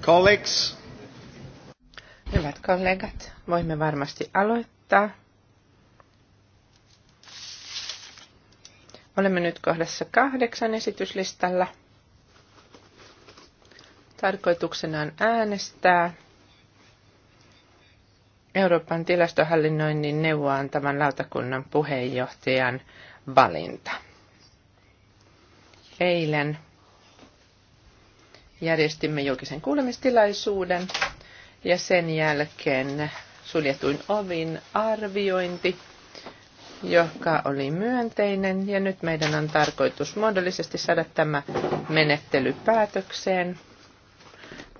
Colleagues. Hyvät kollegat, voimme varmasti aloittaa. Olemme nyt kohdassa kahdeksan esityslistalla. Tarkoituksena on äänestää Euroopan tilastohallinnoinnin neuvoantavan lautakunnan puheenjohtajan valinta. Eilen järjestimme julkisen kuulemistilaisuuden ja sen jälkeen suljetuin ovin arviointi, joka oli myönteinen ja nyt meidän on tarkoitus muodollisesti saada tämä menettely päätökseen.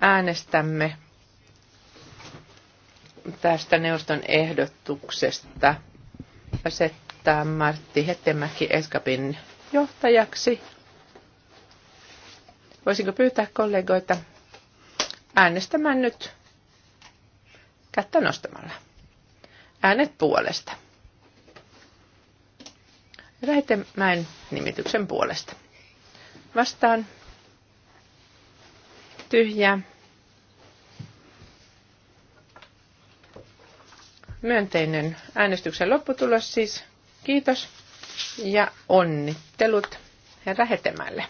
Äänestämme tästä neuvoston ehdotuksesta asettaa Martti Hettemäki Eskapin johtajaksi Voisinko pyytää kollegoita äänestämään nyt kättä nostamalla? Äänet puolesta. Räitemäen nimityksen puolesta. Vastaan. tyhjä Myönteinen äänestyksen lopputulos siis. Kiitos ja onnittelut herra Hetemälle.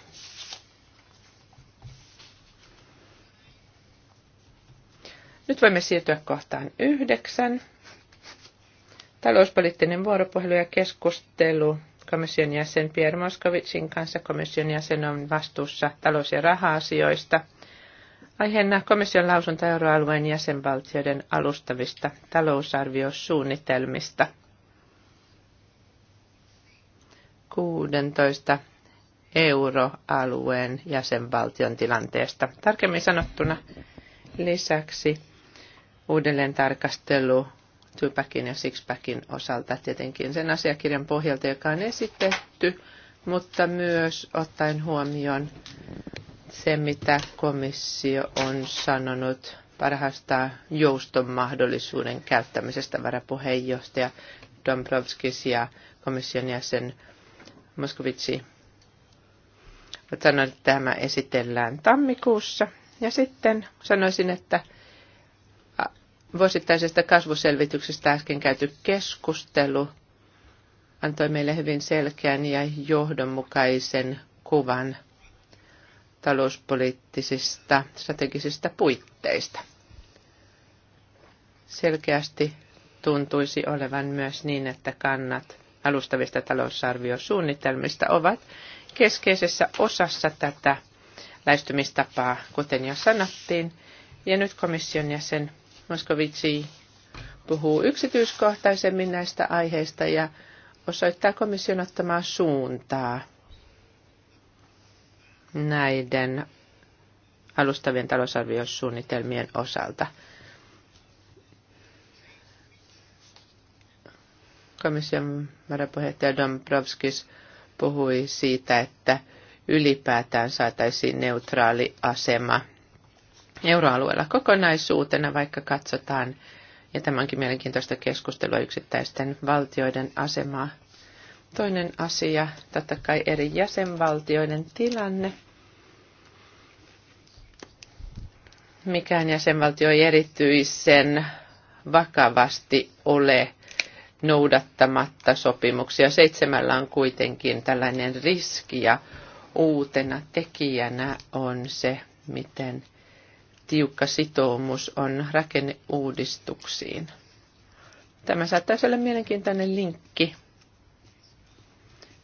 Nyt voimme siirtyä kohtaan yhdeksän. Talouspoliittinen vuoropuhelu ja keskustelu komission jäsen Pierre Moskovitsin kanssa. Komission jäsen on vastuussa talous- ja raha-asioista. Aiheena komission lausunta euroalueen jäsenvaltioiden alustavista talousarviosuunnitelmista. 16 euroalueen jäsenvaltion tilanteesta. Tarkemmin sanottuna lisäksi uudelleen tarkastelu Tupakin ja Sixpackin osalta tietenkin sen asiakirjan pohjalta, joka on esitetty, mutta myös ottaen huomioon se, mitä komissio on sanonut parhaasta jouston mahdollisuuden käyttämisestä varapuheenjohtaja Dombrovskis ja komission jäsen Moskovitsi sanoin, että tämä esitellään tammikuussa. Ja sitten sanoisin, että vuosittaisesta kasvuselvityksestä äsken käyty keskustelu antoi meille hyvin selkeän ja johdonmukaisen kuvan talouspoliittisista strategisista puitteista. Selkeästi tuntuisi olevan myös niin, että kannat alustavista talousarviosuunnitelmista ovat keskeisessä osassa tätä lähestymistapaa, kuten jo sanottiin. Ja nyt komission jäsen Moskovitsi puhuu yksityiskohtaisemmin näistä aiheista ja osoittaa komission ottamaan suuntaa näiden alustavien talousarviosuunnitelmien osalta. Komission varapuheenjohtaja Dombrovskis puhui siitä, että ylipäätään saataisiin neutraali asema euroalueella kokonaisuutena, vaikka katsotaan, ja tämä onkin mielenkiintoista keskustelua yksittäisten valtioiden asemaa. Toinen asia, totta kai eri jäsenvaltioiden tilanne. Mikään jäsenvaltio ei erityisen vakavasti ole noudattamatta sopimuksia. Seitsemällä on kuitenkin tällainen riski ja uutena tekijänä on se, miten – tiukka sitoumus on rakenneuudistuksiin. Tämä saattaisi olla mielenkiintoinen linkki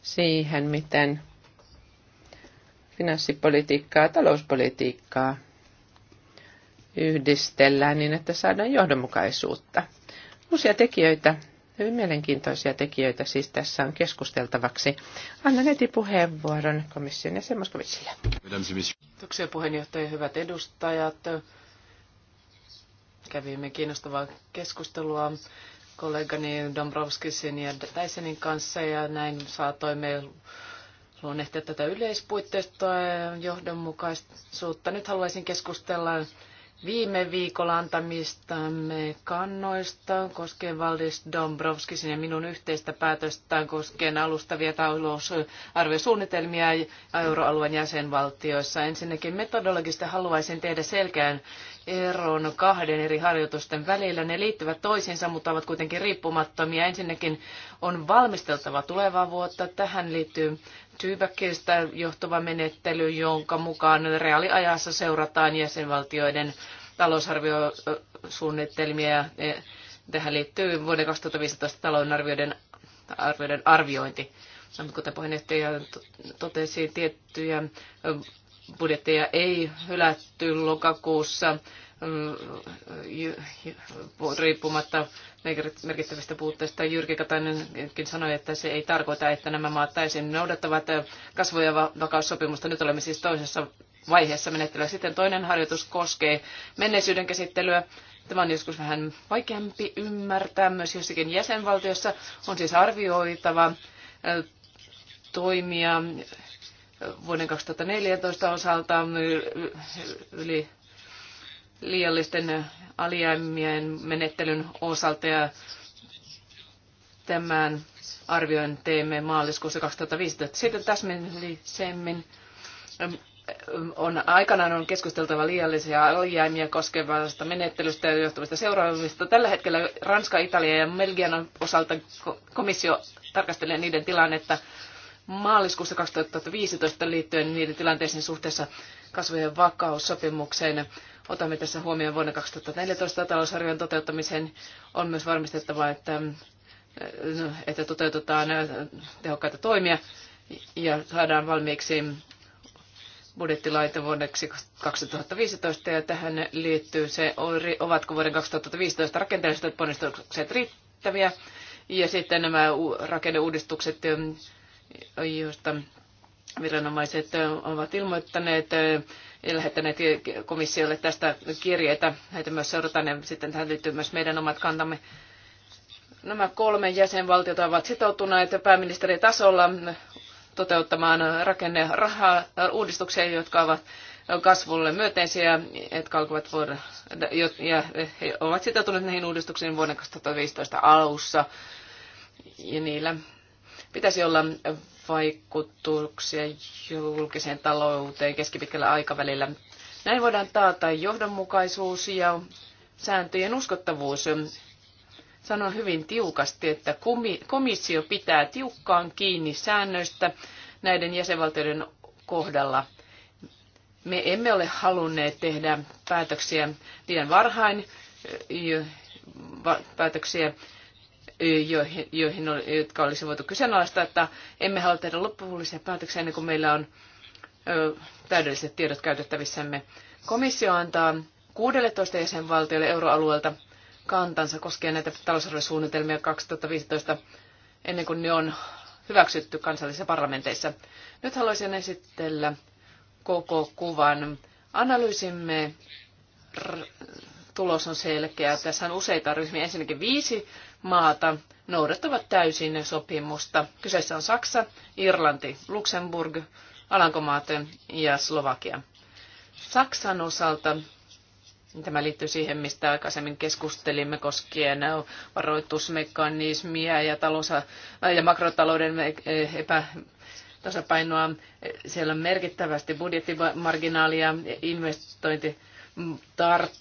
siihen, miten finanssipolitiikkaa ja talouspolitiikkaa yhdistellään niin, että saadaan johdonmukaisuutta. Uusia tekijöitä Hyvin mielenkiintoisia tekijöitä siis tässä on keskusteltavaksi. Annan heti puheenvuoron komission ja Moskovitsille. Kiitoksia puheenjohtaja, hyvät edustajat. Kävimme kiinnostavaa keskustelua kollegani Dombrovskisin ja Täisenin kanssa ja näin saatoimme luonnehtia tätä yleispuitteistoa ja johdonmukaisuutta. Nyt haluaisin keskustella viime viikolla antamistamme kannoista koskien Valdis Dombrovskisin ja minun yhteistä päätöstään koskien alustavia talousarviosuunnitelmia euroalueen jäsenvaltioissa. Ensinnäkin metodologista haluaisin tehdä selkeän eron kahden eri harjoitusten välillä. Ne liittyvät toisiinsa, mutta ovat kuitenkin riippumattomia. Ensinnäkin on valmisteltava tulevaa vuotta. Tähän liittyy syyväkkeestä johtuva menettely, jonka mukaan reaaliajassa seurataan jäsenvaltioiden talousarviosuunnitelmia. E, tähän liittyy vuoden 2015 talouden arvioiden, arvioiden arviointi. Kuten puheenjohtaja totesi, tiettyjä budjetteja ei hylätty lokakuussa Äh, äh, riippumatta merkittävistä puutteista. Jyrki Katainenkin sanoi, että se ei tarkoita, että nämä maat täysin noudattavat äh, kasvu- ja vakaussopimusta. Nyt olemme siis toisessa vaiheessa menettelyä. Sitten toinen harjoitus koskee menneisyyden käsittelyä. Tämä on joskus vähän vaikeampi ymmärtää myös jossakin jäsenvaltiossa. On siis arvioitava toimia vuoden 2014 osalta yli liiallisten alijäämien menettelyn osalta ja tämän arvion teemme maaliskuussa 2015. Sitten täsmällisemmin ähm, on aikanaan on keskusteltava liiallisia alijäämiä koskevasta menettelystä ja johtuvista seuraamista. Tällä hetkellä Ranska, Italia ja Belgian osalta komissio tarkastelee niiden tilannetta maaliskuussa 2015 liittyen niiden tilanteeseen suhteessa kasvojen vakaussopimukseen otamme tässä huomioon vuonna 2014 talousarvion toteuttamisen. On myös varmistettava, että, että toteutetaan tehokkaita toimia ja saadaan valmiiksi budjettilaite vuodeksi 2015 ja tähän liittyy se, ovatko vuoden 2015 rakenteelliset ponnistukset riittäviä ja sitten nämä rakenneuudistukset, joista viranomaiset ovat ilmoittaneet lähettäneet komissiolle tästä kirjeitä. Näitä myös seurataan ja sitten tähän liittyy myös meidän omat kantamme. Nämä kolme jäsenvaltiota ovat sitoutuneet pääministeritasolla toteuttamaan rahaa uudistuksia, jotka ovat kasvulle myönteisiä, jotka alkavat vuoda, ja he ovat sitoutuneet näihin uudistuksiin vuoden 2015 alussa. Ja niillä pitäisi olla vaikutuksia julkiseen talouteen keskipitkällä aikavälillä. Näin voidaan taata johdonmukaisuus ja sääntöjen uskottavuus. Sanon hyvin tiukasti, että komissio pitää tiukkaan kiinni säännöistä näiden jäsenvaltioiden kohdalla. Me emme ole halunneet tehdä päätöksiä liian varhain, päätöksiä joihin, joihin oli, jotka olisi voitu kyseenalaistaa, että emme halua tehdä loppuvuolisia päätöksiä ennen kuin meillä on ö, täydelliset tiedot käytettävissämme. Komissio antaa 16 jäsenvaltiolle euroalueelta kantansa koskien näitä talousarviosuunnitelmia 2015 ennen kuin ne on hyväksytty kansallisissa parlamenteissa. Nyt haluaisin esitellä koko kuvan. Analyysimme tulos on selkeä. Tässä on useita ryhmiä. Ensinnäkin viisi maata noudattavat täysin sopimusta. Kyseessä on Saksa, Irlanti, Luxemburg, Alankomaat ja Slovakia. Saksan osalta Tämä liittyy siihen, mistä aikaisemmin keskustelimme koskien varoitusmekanismia ja, talous- ja makrotalouden epätasapainoa. Siellä on merkittävästi budjettimarginaalia, investointitarpeita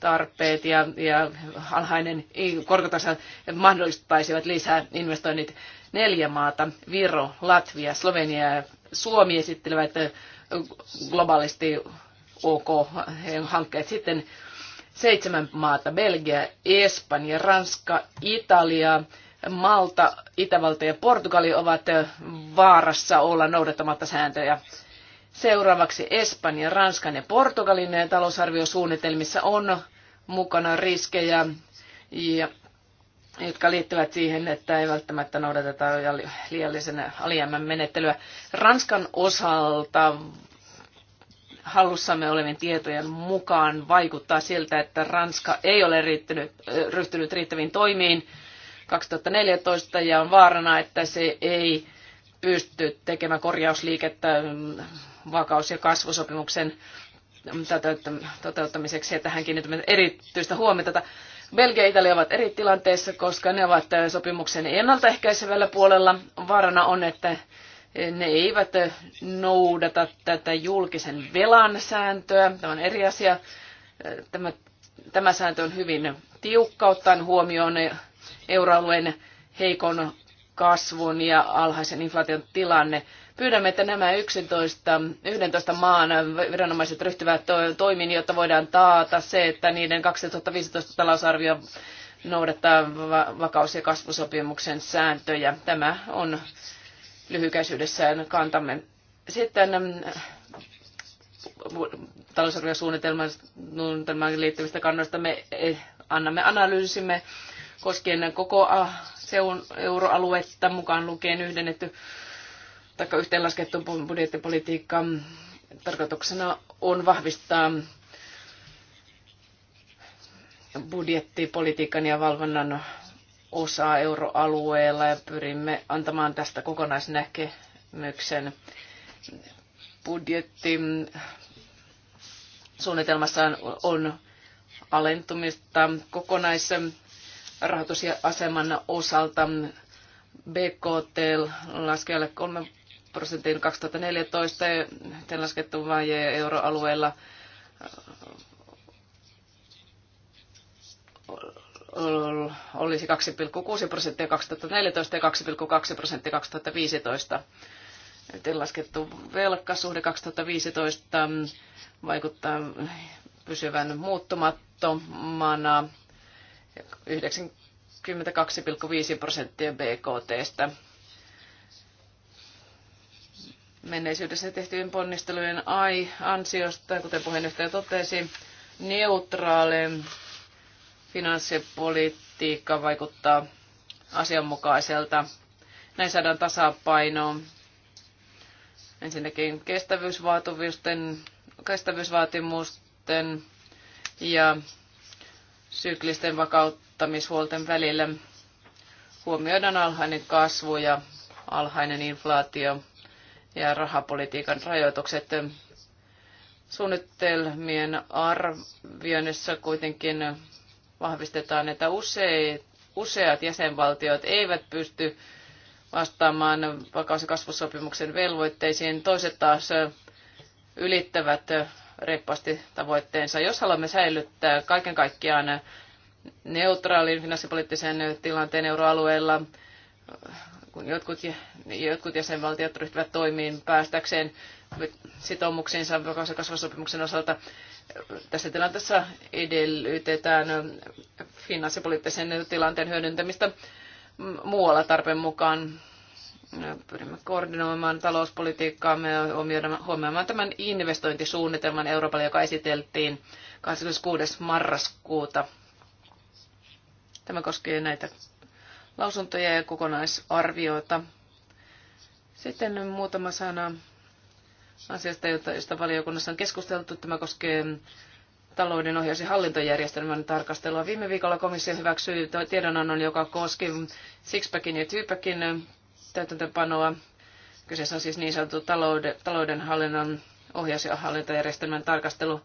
tarpeet ja, ja alhainen korkotaso mahdollistaisivat lisää investoinnit. Neljä maata, Viro, Latvia, Slovenia ja Suomi esittelevät globaalisti OK-hankkeet. OK Sitten seitsemän maata, Belgia, Espanja, Ranska, Italia, Malta, Itävalta ja Portugali ovat vaarassa olla noudattamatta sääntöjä Seuraavaksi Espanjan, Ranskan ja Portugalin talousarviosuunnitelmissa on mukana riskejä, ja, jotka liittyvät siihen, että ei välttämättä noudateta liiallisen alijäämän menettelyä. Ranskan osalta hallussamme olevien tietojen mukaan vaikuttaa siltä, että Ranska ei ole riittynyt, ryhtynyt riittäviin toimiin 2014 ja on vaarana, että se ei pysty tekemään korjausliikettä vakaus- ja kasvusopimuksen toteuttamiseksi, ja tähän kiinnitämme erityistä huomiota. Belgia ja Italia ovat eri tilanteissa, koska ne ovat sopimuksen ennaltaehkäisevällä puolella. Vaarana on, että ne eivät noudata tätä julkisen velan sääntöä. Tämä on eri asia. Tämä, tämä sääntö on hyvin tiukka, ottaen huomioon euroalueen heikon kasvun ja alhaisen inflaation tilanne. Pyydämme, että nämä 11, 11 maan viranomaiset ryhtyvät toimiin, jotta voidaan taata se, että niiden 2015 talousarvio noudattaa vakaus- ja kasvusopimuksen sääntöjä. Tämä on lyhykäisyydessään kantamme. Sitten mm, talousarviosuunnitelmaan liittyvistä kannoista me eh, annamme analyysimme koskien koko euroaluetta mukaan lukien yhdennetty taikka yhteenlaskettu budjettipolitiikka mm, tarkoituksena on vahvistaa budjettipolitiikan ja valvonnan osaa euroalueella ja pyrimme antamaan tästä kokonaisnäkemyksen budjetti mm, suunnitelmassaan on alentumista kokonaisrahoitusaseman osalta mm, BKT laski alle 3 prosentin 2014 ja laskettu vaje euroalueella äh, olisi 2,6 prosenttia 2014 ja 2,2 prosenttia 2015. Joten laskettu velkasuhde 2015 mm, vaikuttaa pysyvän muuttumattomana 92,5 prosenttia BKTstä menneisyydessä tehtyjen ponnistelujen ai ansiosta, kuten puheenjohtaja totesi, neutraalin finanssipolitiikka vaikuttaa asianmukaiselta. Näin saadaan tasapaino ensinnäkin kestävyysvaatimusten, kestävyysvaatimusten ja syklisten vakauttamishuolten välillä. Huomioidaan alhainen kasvu ja alhainen inflaatio ja rahapolitiikan rajoitukset. Suunnitelmien arvioinnissa kuitenkin vahvistetaan, että useat, useat jäsenvaltiot eivät pysty vastaamaan vakaus- ja kasvusopimuksen velvoitteisiin. Toiset taas ylittävät reippaasti tavoitteensa. Jos haluamme säilyttää kaiken kaikkiaan neutraalin finanssipoliittisen tilanteen euroalueella, kun jotkut, jotkut jäsenvaltiot ryhtyvät toimiin päästäkseen sitoumuksiinsa kasvusopimuksen osalta. Tässä tilanteessa edellytetään finanssipoliittisen tilanteen hyödyntämistä muualla tarpeen mukaan. Pyrimme koordinoimaan talouspolitiikkaa ja huomioimaan tämän investointisuunnitelman Euroopalle, joka esiteltiin 26. marraskuuta. Tämä koskee näitä lausuntoja ja kokonaisarvioita. Sitten muutama sana asiasta, josta valiokunnassa on keskusteltu. Tämä koskee talouden ohjaus- ja hallintojärjestelmän tarkastelua. Viime viikolla komissio hyväksyi tiedonannon, joka koski Sixpackin ja Tyypäkin täytäntöpanoa. Kyseessä on siis niin sanottu talouden, taloudenhallinnon ohjaus- ja hallintojärjestelmän tarkastelu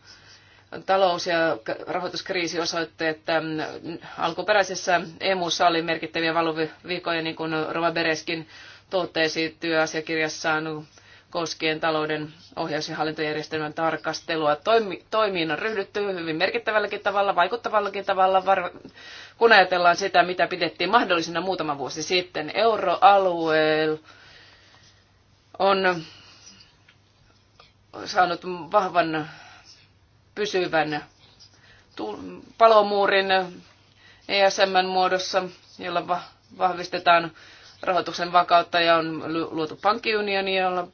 talous- ja rahoituskriisi osoitti, että mm, alkuperäisessä EU-ssa oli merkittäviä valuvikoja, niin kuin Rova Bereskin totesi työasiakirjassaan koskien talouden ohjaus- ja hallintojärjestelmän tarkastelua. Toimi, toimiin on ryhdytty hyvin merkittävälläkin tavalla, vaikuttavallakin tavalla, var, kun ajatellaan sitä, mitä pidettiin mahdollisena muutama vuosi sitten. Euroalueella on saanut vahvan pysyvän palomuurin esm muodossa, jolla vahvistetaan rahoituksen vakautta ja on luotu pankkiunioni, jolla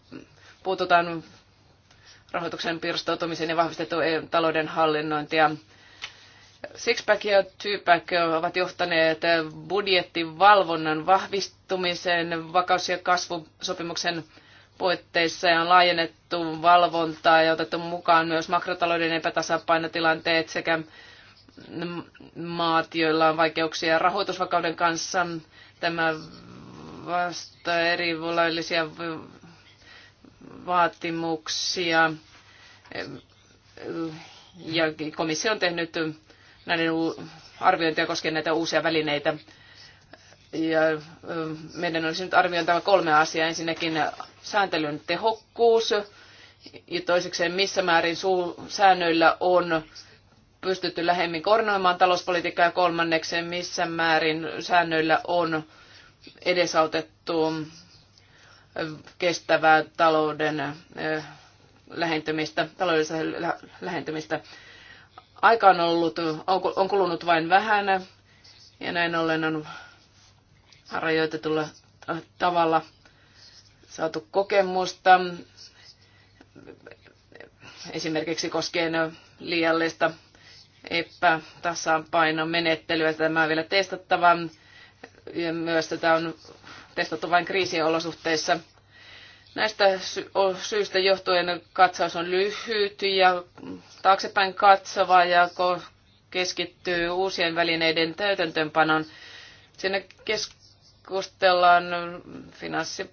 puututaan rahoituksen pirstoutumiseen ja vahvistettu e talouden hallinnointia. Sixpack ja Twopack ovat johtaneet budjettivalvonnan vahvistumiseen, vakaus- ja kasvusopimuksen puitteissa ja on laajennettu valvontaa ja otettu mukaan myös makrotalouden epätasapainotilanteet sekä maat, joilla on vaikeuksia rahoitusvakauden kanssa. Tämä vasta eri laillisia vaatimuksia. Ja komissio on tehnyt näiden arviointia koskien näitä uusia välineitä. Ja meidän olisi nyt arvioitava kolme asiaa. Ensinnäkin sääntelyn tehokkuus ja toisekseen missä määrin säännöillä on pystytty lähemmin koordinoimaan talouspolitiikkaa ja kolmannekseen missä määrin säännöillä on edesautettu äh, kestävää talouden äh, lähentymistä, taloudellista lähentymistä. Aika on, ollut, on kulunut vain vähän ja näin ollen on rajoitetulla äh, tavalla saatu kokemusta esimerkiksi koskien liiallista epätasapainon menettelyä. Tämä on vielä testattava. Ja myös tätä on testattu vain olosuhteissa Näistä syistä johtuen katsaus on lyhyt ja taaksepäin katsova ja keskittyy uusien välineiden täytäntöönpanon. Siinä keskustellaan finanssi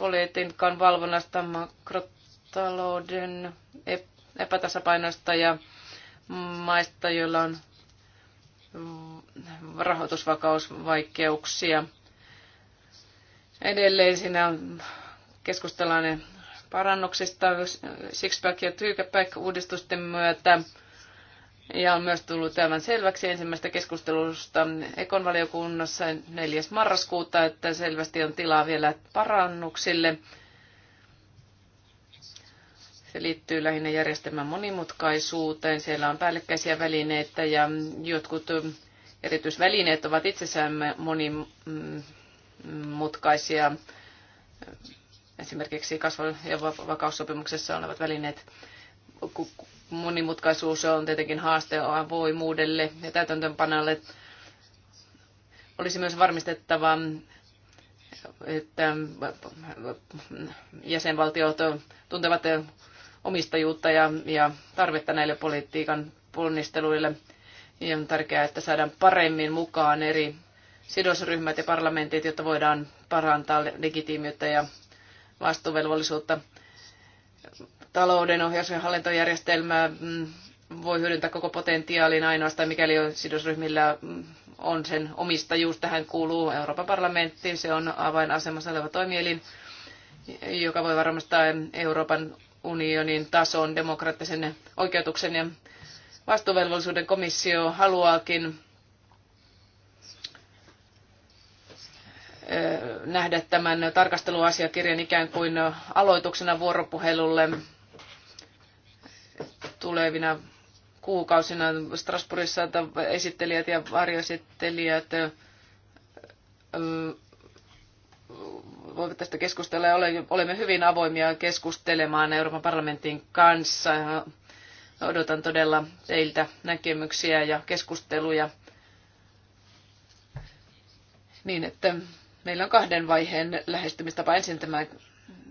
politiikan valvonnasta, makrotalouden epätasapainosta ja maista, joilla on rahoitusvakausvaikeuksia. Edelleen siinä keskustellaan parannuksista Sixpack ja Tyykäpack uudistusten myötä ja on myös tullut aivan selväksi ensimmäistä keskustelusta ekonvaliokunnassa 4. marraskuuta, että selvästi on tilaa vielä parannuksille. Se liittyy lähinnä järjestelmän monimutkaisuuteen. Siellä on päällekkäisiä välineitä ja jotkut erityisvälineet ovat itsessään monimutkaisia. Esimerkiksi kasvu- ja vakaussopimuksessa olevat välineet monimutkaisuus on tietenkin haaste avoimuudelle ja täytäntöönpanolle. Olisi myös varmistettava, että jäsenvaltiot tuntevat omistajuutta ja, ja tarvetta näille politiikan ponnisteluille. Ja on tärkeää, että saadaan paremmin mukaan eri sidosryhmät ja parlamentit, jotta voidaan parantaa legitiimiyttä ja vastuuvelvollisuutta talouden ohjaus- ja hallintojärjestelmä mm, voi hyödyntää koko potentiaalin ainoastaan, mikäli on sidosryhmillä mm, on sen omistajuus. Tähän kuuluu Euroopan parlamentti, se on avainasemassa oleva toimielin, joka voi varmistaa Euroopan unionin tason demokraattisen oikeutuksen ja vastuuvelvollisuuden komissio haluaakin nähdä tämän tarkasteluasiakirjan ikään kuin aloituksena vuoropuhelulle tulevina kuukausina Strasbourgissa esittelijät ja varjoesittelijät voivat tästä keskustella ja olemme hyvin avoimia keskustelemaan Euroopan parlamentin kanssa. Odotan todella teiltä näkemyksiä ja keskusteluja niin, että meillä on kahden vaiheen lähestymistapa. Ensin tämä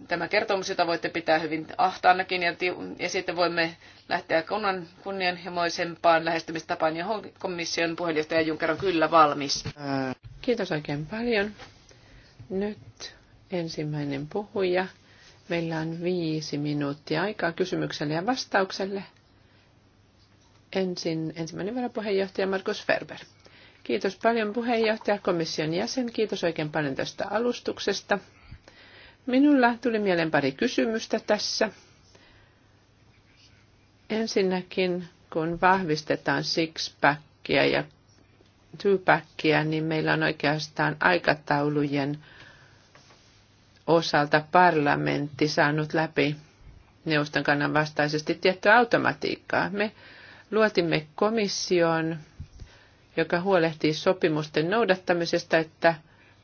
tämä kertomus, jota voitte pitää hyvin ahtaanakin, ja, ja sitten voimme lähteä kunnan, kunnianhimoisempaan lähestymistapaan, johon komission puheenjohtaja Juncker on kyllä valmis. Kiitos oikein paljon. Nyt ensimmäinen puhuja. Meillä on viisi minuuttia aikaa kysymykselle ja vastaukselle. Ensin ensimmäinen varapuheenjohtaja Markus Ferber. Kiitos paljon puheenjohtaja komission jäsen. Kiitos oikein paljon tästä alustuksesta. Minulla tuli mieleen pari kysymystä tässä. Ensinnäkin, kun vahvistetaan six-packia ja two-packia, niin meillä on oikeastaan aikataulujen osalta parlamentti saanut läpi neuvoston kannan vastaisesti tiettyä automatiikkaa. Me luotimme komission, joka huolehtii sopimusten noudattamisesta, että –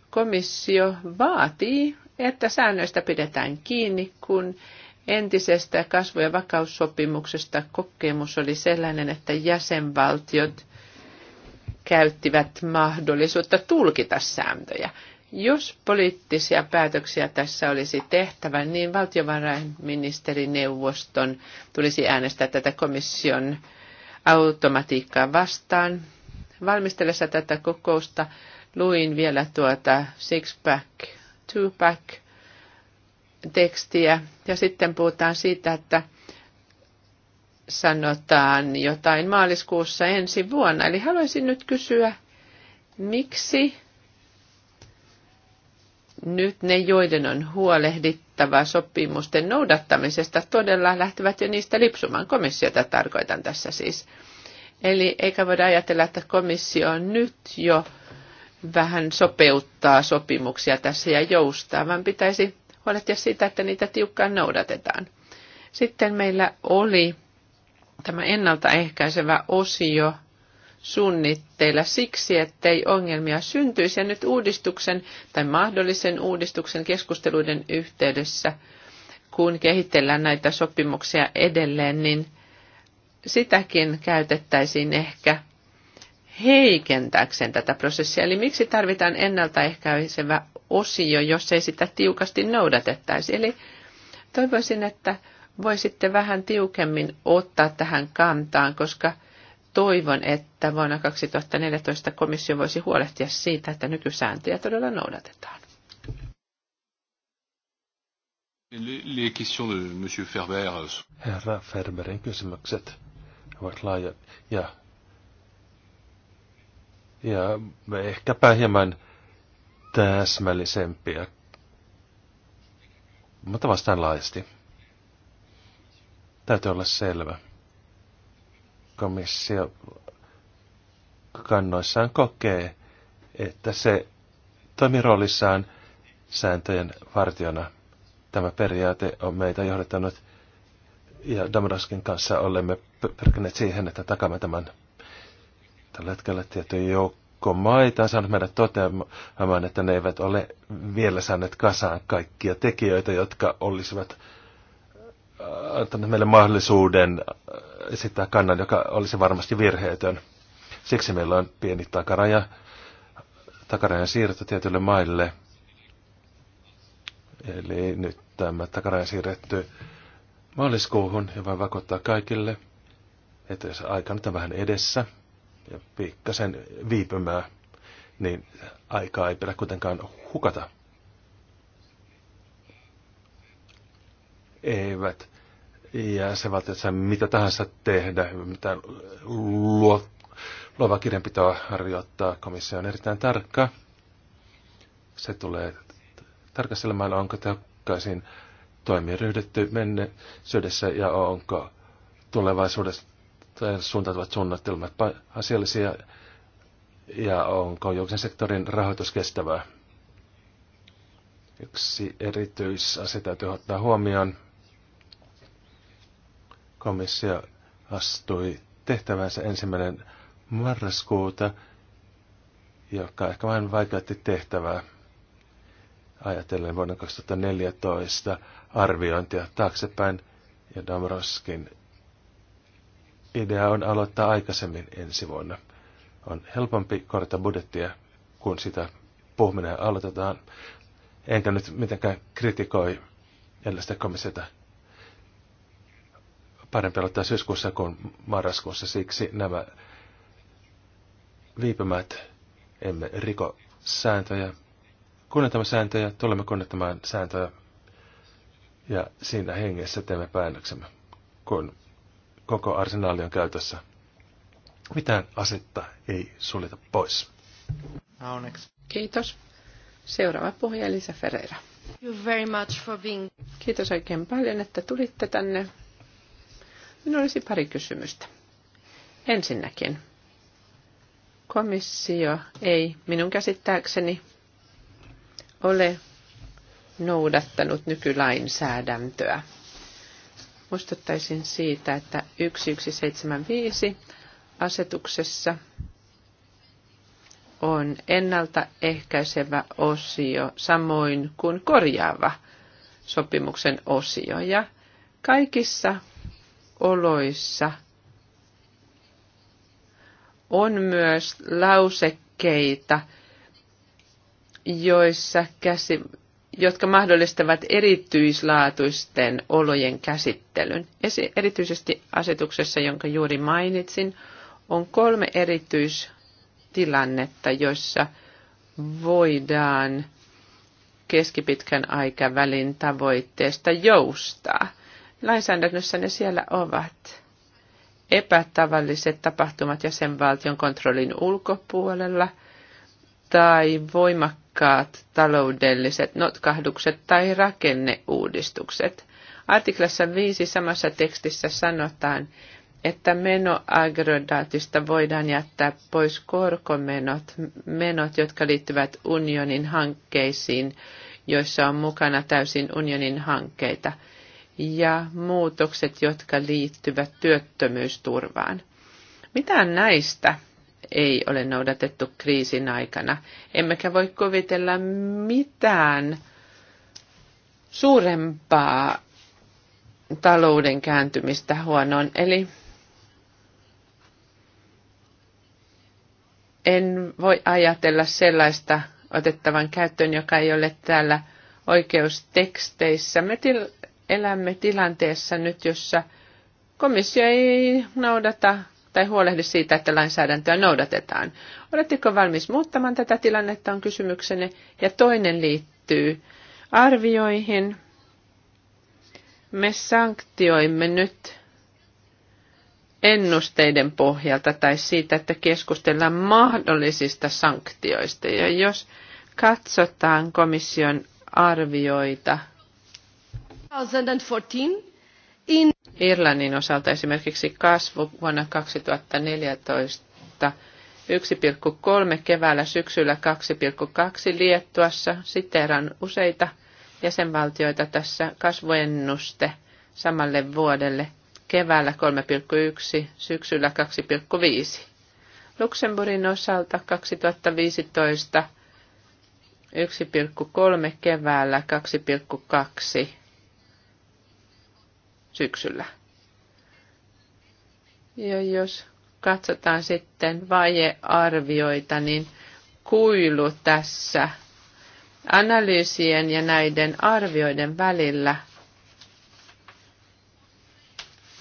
komissio vaatii, että säännöistä pidetään kiinni, kun entisestä kasvu- ja vakaussopimuksesta kokemus oli sellainen, että jäsenvaltiot käyttivät mahdollisuutta tulkita sääntöjä. Jos poliittisia päätöksiä tässä olisi tehtävä, niin valtiovarainministerineuvoston tulisi äänestää tätä komission automatiikkaa vastaan. Valmistellessa tätä kokousta luin vielä tuota six-pack, two-pack tekstiä ja sitten puhutaan siitä, että sanotaan jotain maaliskuussa ensi vuonna. Eli haluaisin nyt kysyä, miksi nyt ne, joiden on huolehdittava sopimusten noudattamisesta, todella lähtevät jo niistä lipsumaan. Komissiota tarkoitan tässä siis. Eli eikä voida ajatella, että komissio on nyt jo vähän sopeuttaa sopimuksia tässä ja joustaa, vaan pitäisi huolehtia siitä, että niitä tiukkaan noudatetaan. Sitten meillä oli tämä ennaltaehkäisevä osio suunnitteilla siksi, ettei ongelmia syntyisi. Ja nyt uudistuksen tai mahdollisen uudistuksen keskusteluiden yhteydessä, kun kehitellään näitä sopimuksia edelleen, niin sitäkin käytettäisiin ehkä – heikentääkseen tätä prosessia. Eli miksi tarvitaan ennaltaehkäisevä osio, jos ei sitä tiukasti noudatettaisi? Eli toivoisin, että voisitte vähän tiukemmin ottaa tähän kantaan, koska toivon, että vuonna 2014 komissio voisi huolehtia siitä, että nykysääntöjä todella noudatetaan. Herra Ferberin kysymykset ovat laajat ja ja ehkäpä hieman täsmällisempiä, mutta vastaan laajasti. Täytyy olla selvä. Komissio kannoissaan kokee, että se toimii roolissaan sääntöjen vartiona. Tämä periaate on meitä johdattanut ja Damadaskin kanssa olemme pyrkineet siihen, että takamme tämän Tällä hetkellä tietty joukko maita on saanut mennä toteamaan, että ne eivät ole vielä saaneet kasaan kaikkia tekijöitä, jotka olisivat äh, antaneet meille mahdollisuuden äh, esittää kannan, joka olisi varmasti virheetön. Siksi meillä on pieni takaraja, takarajan siirto tietylle maille. Eli nyt tämä takaraja siirretty maaliskuuhun ja vain vakuuttaa kaikille, että jos aikana on vähän edessä, ja pikkasen viipymää, niin aikaa ei pidä kuitenkaan hukata. Eivät jäsenvaltiot saa mitä tahansa tehdä, mitä luo, luova kirjanpitoa harjoittaa. Komissio on erittäin tarkka. Se tulee tarkastelemaan, onko tehokkaisiin toimia ryhdytty menneisyydessä ja onko tulevaisuudessa suuntautuvat suunnitelmat asiallisia ja onko julkisen sektorin rahoitus kestävää. Yksi erityisasia täytyy ottaa huomioon. Komissio astui tehtävänsä ensimmäinen marraskuuta, joka ehkä vain vaikeutti tehtävää ajatellen vuonna 2014 arviointia taaksepäin ja Damroskin idea on aloittaa aikaisemmin ensi vuonna. On helpompi korjata budjettia, kun sitä puhuminen aloitetaan. Enkä nyt mitenkään kritikoi edellistä komissiota. Parempi aloittaa syyskuussa kuin marraskuussa, siksi nämä viipymät emme riko sääntöjä. Kunnetamme sääntöjä, tulemme kunnettamaan sääntöjä ja siinä hengessä teemme päätöksemme, kun koko arsenaali on käytössä. Mitään asetta ei suljeta pois. Onneksi. Kiitos. Seuraava puhuja Elisa Ferreira. Very much for being... Kiitos oikein paljon, että tulitte tänne. Minulla olisi pari kysymystä. Ensinnäkin, komissio ei minun käsittääkseni ole noudattanut nykylainsäädäntöä Muistuttaisin siitä, että 1175 asetuksessa on ennaltaehkäisevä osio, samoin kuin korjaava sopimuksen osio. Ja kaikissa oloissa on myös lausekkeita, joissa käsi, jotka mahdollistavat erityislaatuisten olojen käsittelyn. erityisesti asetuksessa, jonka juuri mainitsin, on kolme erityistilannetta, joissa voidaan keskipitkän aikavälin tavoitteesta joustaa. Lainsäädännössä ne siellä ovat epätavalliset tapahtumat jäsenvaltion kontrollin ulkopuolella tai voimakkaat voimakkaat taloudelliset notkahdukset tai rakenneuudistukset. Artiklassa 5 samassa tekstissä sanotaan, että menoaggregaatista voidaan jättää pois korkomenot, menot, jotka liittyvät unionin hankkeisiin, joissa on mukana täysin unionin hankkeita, ja muutokset, jotka liittyvät työttömyysturvaan. Mitä näistä ei ole noudatettu kriisin aikana. Emmekä voi kuvitella mitään suurempaa talouden kääntymistä huonoon. Eli en voi ajatella sellaista otettavan käyttöön, joka ei ole täällä oikeusteksteissä. Me til- elämme tilanteessa nyt, jossa komissio ei noudata tai huolehdi siitä, että lainsäädäntöä noudatetaan. Oletteko valmis muuttamaan tätä tilannetta on kysymyksenne. Ja toinen liittyy arvioihin. Me sanktioimme nyt ennusteiden pohjalta tai siitä, että keskustellaan mahdollisista sanktioista. Ja jos katsotaan komission arvioita. 2014 Irlannin osalta esimerkiksi kasvu vuonna 2014 1,3, keväällä syksyllä 2,2 Liettuassa. Siteeran useita jäsenvaltioita tässä kasvuennuste samalle vuodelle. Keväällä 3,1, syksyllä 2,5. Luxemburgin osalta 2015 1,3 keväällä 2,2 syksyllä. Ja jos katsotaan sitten vajearvioita, niin kuilu tässä analyysien ja näiden arvioiden välillä.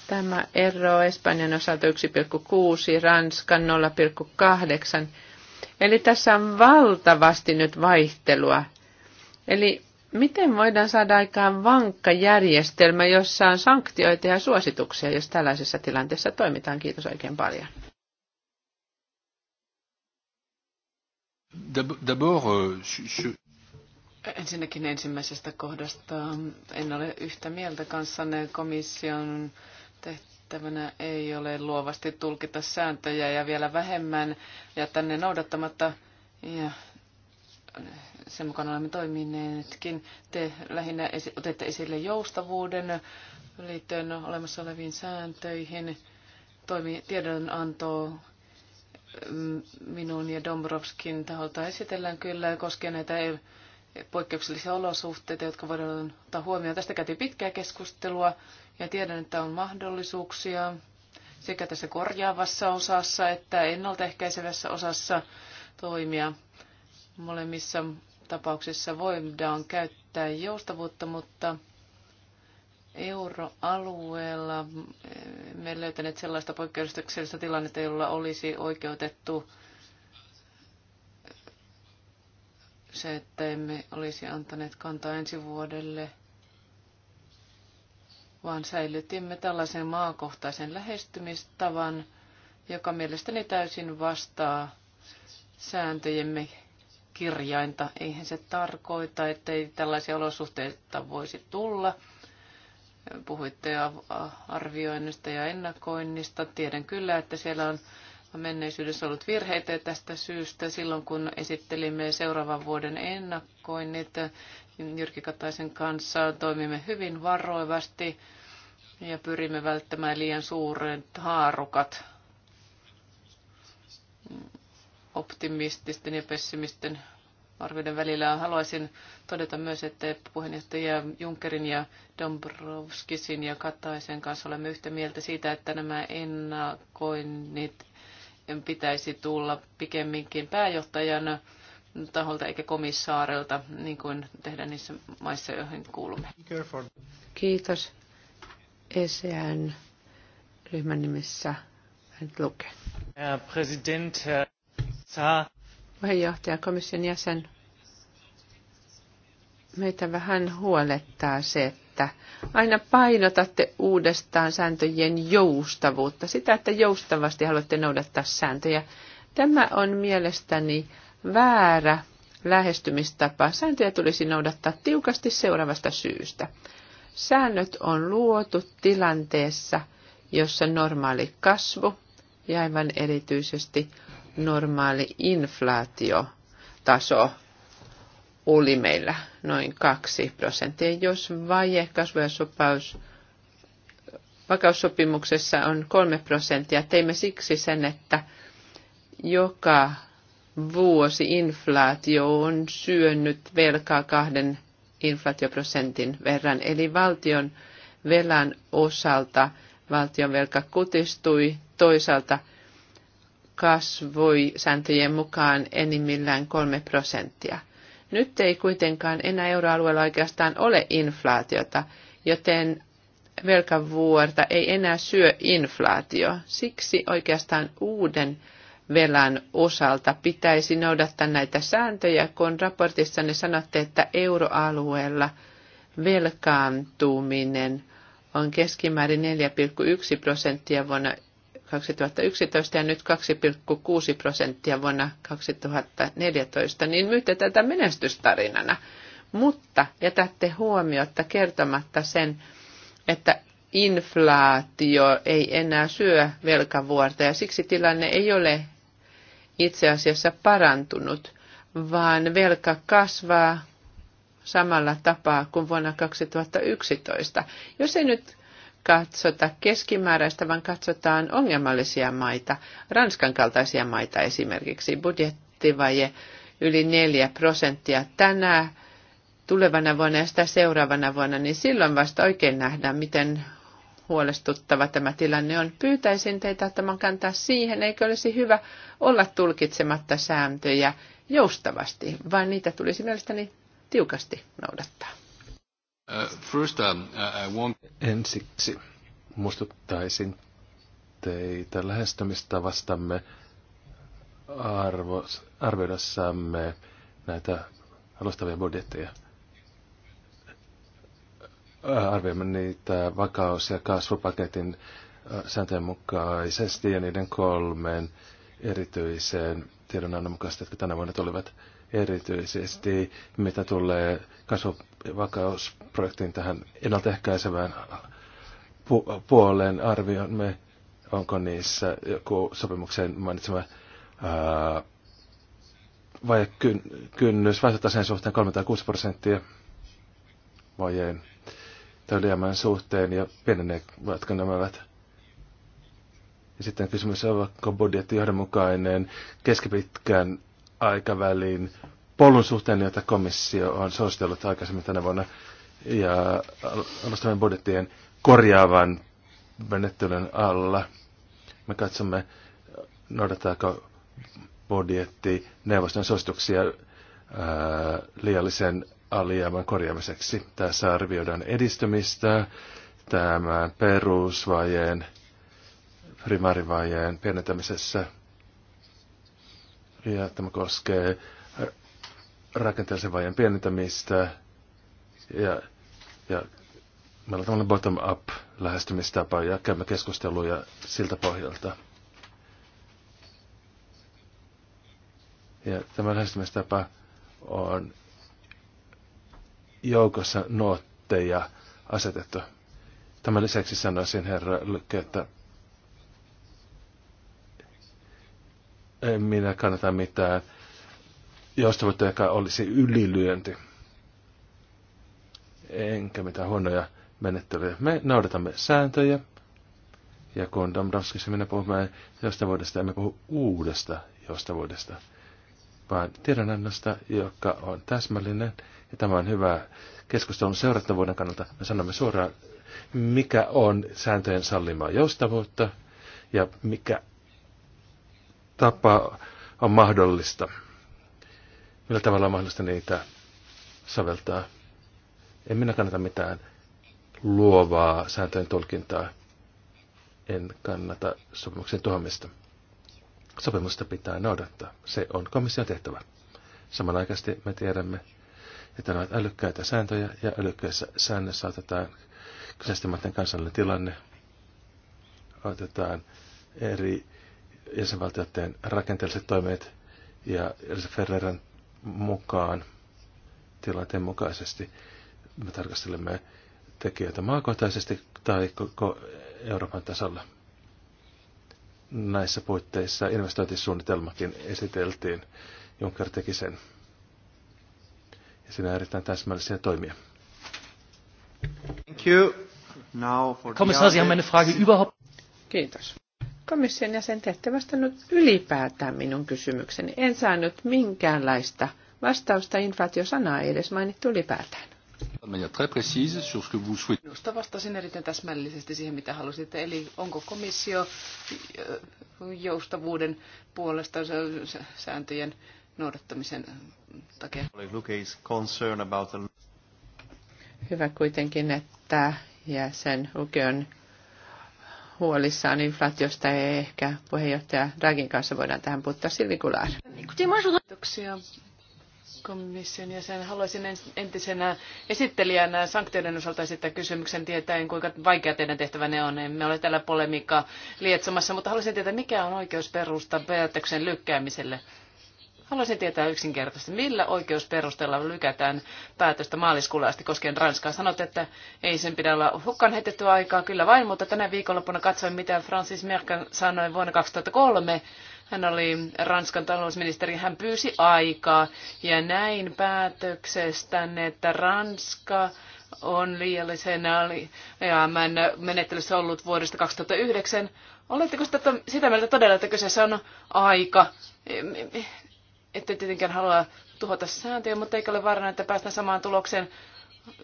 Tämä ero Espanjan osalta 1,6, Ranskan 0,8. Eli tässä on valtavasti nyt vaihtelua. Eli Miten voidaan saada aikaan vankka järjestelmä, jossa on sanktioita ja suosituksia, jos tällaisessa tilanteessa toimitaan? Kiitos oikein paljon. Euh, Ensinnäkin ensimmäisestä kohdasta en ole yhtä mieltä kanssanne. Komission tehtävänä ei ole luovasti tulkita sääntöjä ja vielä vähemmän ja tänne noudattamatta. Ja sen mukaan olemme toimineetkin. Te lähinnä otette esille joustavuuden liittyen olemassa oleviin sääntöihin. Toimi, tiedonanto mm, minun ja Dombrovskin taholta esitellään kyllä koskien näitä e- poikkeuksellisia olosuhteita, jotka voidaan ottaa huomioon. Tästä käytiin pitkää keskustelua ja tiedän, että on mahdollisuuksia sekä tässä korjaavassa osassa että ennaltaehkäisevässä osassa toimia molemmissa tapauksessa voidaan käyttää joustavuutta, mutta euroalueella me löytäneet sellaista poikkeuksellista tilannetta, jolla olisi oikeutettu se, että emme olisi antaneet kantaa ensi vuodelle, vaan säilytimme tällaisen maakohtaisen lähestymistavan, joka mielestäni täysin vastaa sääntöjemme kirjainta. Eihän se tarkoita, että ei tällaisia olosuhteita voisi tulla. Puhuitte arvioinnista ja ennakoinnista. Tiedän kyllä, että siellä on menneisyydessä ollut virheitä tästä syystä silloin, kun esittelimme seuraavan vuoden ennakoinnit Jyrki Kataisen kanssa, toimimme hyvin varoivasti ja pyrimme välttämään liian suuret haarukat optimististen ja pessimisten arvioiden välillä. Haluaisin todeta myös, että puheenjohtaja Junckerin ja Dombrovskisin ja Kataisen kanssa olemme yhtä mieltä siitä, että nämä ennakoinnit pitäisi tulla pikemminkin pääjohtajan taholta eikä komissaarilta, niin kuin tehdään niissä maissa, joihin kuulumme. Kiitos. ECN ryhmän nimissä Herr Präsident, Herr saa. Puheenjohtaja, komission jäsen. Meitä vähän huolettaa se, että aina painotatte uudestaan sääntöjen joustavuutta, sitä, että joustavasti haluatte noudattaa sääntöjä. Tämä on mielestäni väärä lähestymistapa. Sääntöjä tulisi noudattaa tiukasti seuraavasta syystä. Säännöt on luotu tilanteessa, jossa normaali kasvu ja aivan erityisesti normaali inflaatiotaso oli meillä noin 2 prosenttia. Jos vaje kasvu- ja sopaus, vakaussopimuksessa on 3 prosenttia, teimme siksi sen, että joka vuosi inflaatio on syönyt velkaa kahden inflaatioprosentin verran. Eli valtion velan osalta valtion velka kutistui, toisaalta – kasvoi sääntöjen mukaan enimmillään kolme prosenttia. Nyt ei kuitenkaan enää euroalueella oikeastaan ole inflaatiota, joten velkavuorta ei enää syö inflaatio. Siksi oikeastaan uuden velan osalta pitäisi noudattaa näitä sääntöjä, kun ne sanotte, että euroalueella velkaantuminen on keskimäärin 4,1 prosenttia vuonna 2011 ja nyt 2,6 prosenttia vuonna 2014, niin myytte tätä menestystarinana. Mutta jätätte huomiota kertomatta sen, että inflaatio ei enää syö velkavuorta ja siksi tilanne ei ole itse asiassa parantunut, vaan velka kasvaa samalla tapaa kuin vuonna 2011. Jos ei nyt katsota keskimääräistä, vaan katsotaan ongelmallisia maita, Ranskan kaltaisia maita esimerkiksi. Budjettivaje yli 4 prosenttia tänä tulevana vuonna ja sitä seuraavana vuonna, niin silloin vasta oikein nähdään, miten huolestuttava tämä tilanne on. Pyytäisin teitä ottamaan kantaa siihen, eikö olisi hyvä olla tulkitsematta sääntöjä joustavasti, vaan niitä tulisi mielestäni tiukasti noudattaa. Uh, first, um, uh, I want... Ensiksi muistuttaisin teitä lähestymistavastamme arvo, arvioidessamme näitä alustavia budjetteja. Äh, arvioimme niitä vakaus- ja kasvupaketin äh, sääntöjen mukaisesti ja niiden kolmen erityiseen tiedonannon mukaisesti, jotka tänä vuonna tulivat erityisesti, mitä tulee kasvu- vakausprojektin tähän ennaltaehkäisevään pu- puoleen arvioimme, onko niissä joku sopimuksen mainitsema ää, vai kyn, kynnys vaihtotaseen suhteen 36 prosenttia vajeen tai suhteen ja pienenevätkö nämä ovat. Ja sitten kysymys on, onko budjetti johdonmukainen keskipitkään aikavälin polun suhteen, jota komissio on suositellut aikaisemmin tänä vuonna, ja alustavien budjettien korjaavan menettelyn alla. Me katsomme, noudataanko budjetti neuvoston suosituksia äh, liiallisen alijäämän korjaamiseksi. Tässä arvioidaan edistymistä, tämän perusvajeen, primaarivajeen pienentämisessä. Ja tämä koskee rakenteellisen vajan pienentämistä ja, ja meillä on tämmöinen bottom-up lähestymistapa ja käymme keskusteluja siltä pohjalta. Ja tämä lähestymistapa on joukossa nootteja asetettu. Tämän lisäksi sanoisin herra Lykke, että en minä kannata mitään voitte ehkä olisi ylilyönti. Enkä mitään huonoja menettelyjä. Me noudatamme sääntöjä. Ja kun Dombrovskissa minä puhumme vuodesta, emme puhu uudesta vuodesta, vaan tiedonannosta, joka on täsmällinen. Ja tämä on hyvä keskustelun seurattavuuden kannalta. Me sanomme suoraan, mikä on sääntöjen sallimaa joustavuutta ja mikä tapa on mahdollista millä tavalla on mahdollista niitä soveltaa. En minä kannata mitään luovaa sääntöjen tulkintaa. En kannata sopimuksen tuomista. Sopimusta pitää noudattaa. Se on komission tehtävä. Samanaikaisesti me tiedämme, että ne ovat älykkäitä sääntöjä ja älykkäissä säännössä otetaan kyseisten kansallinen tilanne, otetaan eri jäsenvaltioiden rakenteelliset toimet ja Elisa Ferreran mukaan tilanteen mukaisesti. Me tarkastelemme tekijöitä maakohtaisesti tai koko Euroopan tasolla. Näissä puitteissa investointisuunnitelmakin esiteltiin. Juncker teki sen. Ja siinä on erittäin täsmällisiä toimia. Thank you. Now for Kommissar, Kiitos komission jäsen, te ette vastannut ylipäätään minun kysymykseni. En saanut minkäänlaista vastausta, inflaatiosanaa ei edes mainittu ylipäätään. Minusta vastasin erittäin täsmällisesti siihen, mitä halusitte. Eli onko komissio joustavuuden puolesta sääntöjen noudattamisen takia? Hyvä kuitenkin, että jäsen Uke on huolissaan inflaatiosta ja ehkä puheenjohtaja Dragin kanssa voidaan tähän puuttua silvikulaan. Kiitoksia komission jäsen. Haluaisin entisenä esittelijänä sanktioiden osalta esittää kysymyksen tietäen, kuinka vaikea teidän tehtävänne on. me ole täällä polemiikkaa lietsomassa, mutta haluaisin tietää, mikä on oikeus perusta päätöksen lykkäämiselle. Haluaisin tietää yksinkertaisesti, millä oikeusperusteella lykätään päätöstä maaliskuulla asti koskien Ranskaa. Sanot, että ei sen pidä olla hukkaan heitettyä aikaa, kyllä vain, mutta tänä viikonloppuna katsoin, mitä Francis Merkel sanoi vuonna 2003. Hän oli Ranskan talousministeri, hän pyysi aikaa ja näin päätöksestänne, että Ranska on liiallisen alijäämän menettelyssä ollut vuodesta 2009. Oletteko sitä, sitä mieltä todella, että kyseessä on aika? ette tietenkään halua tuhota sääntöjä, mutta eikä ole varana, että päästään samaan tulokseen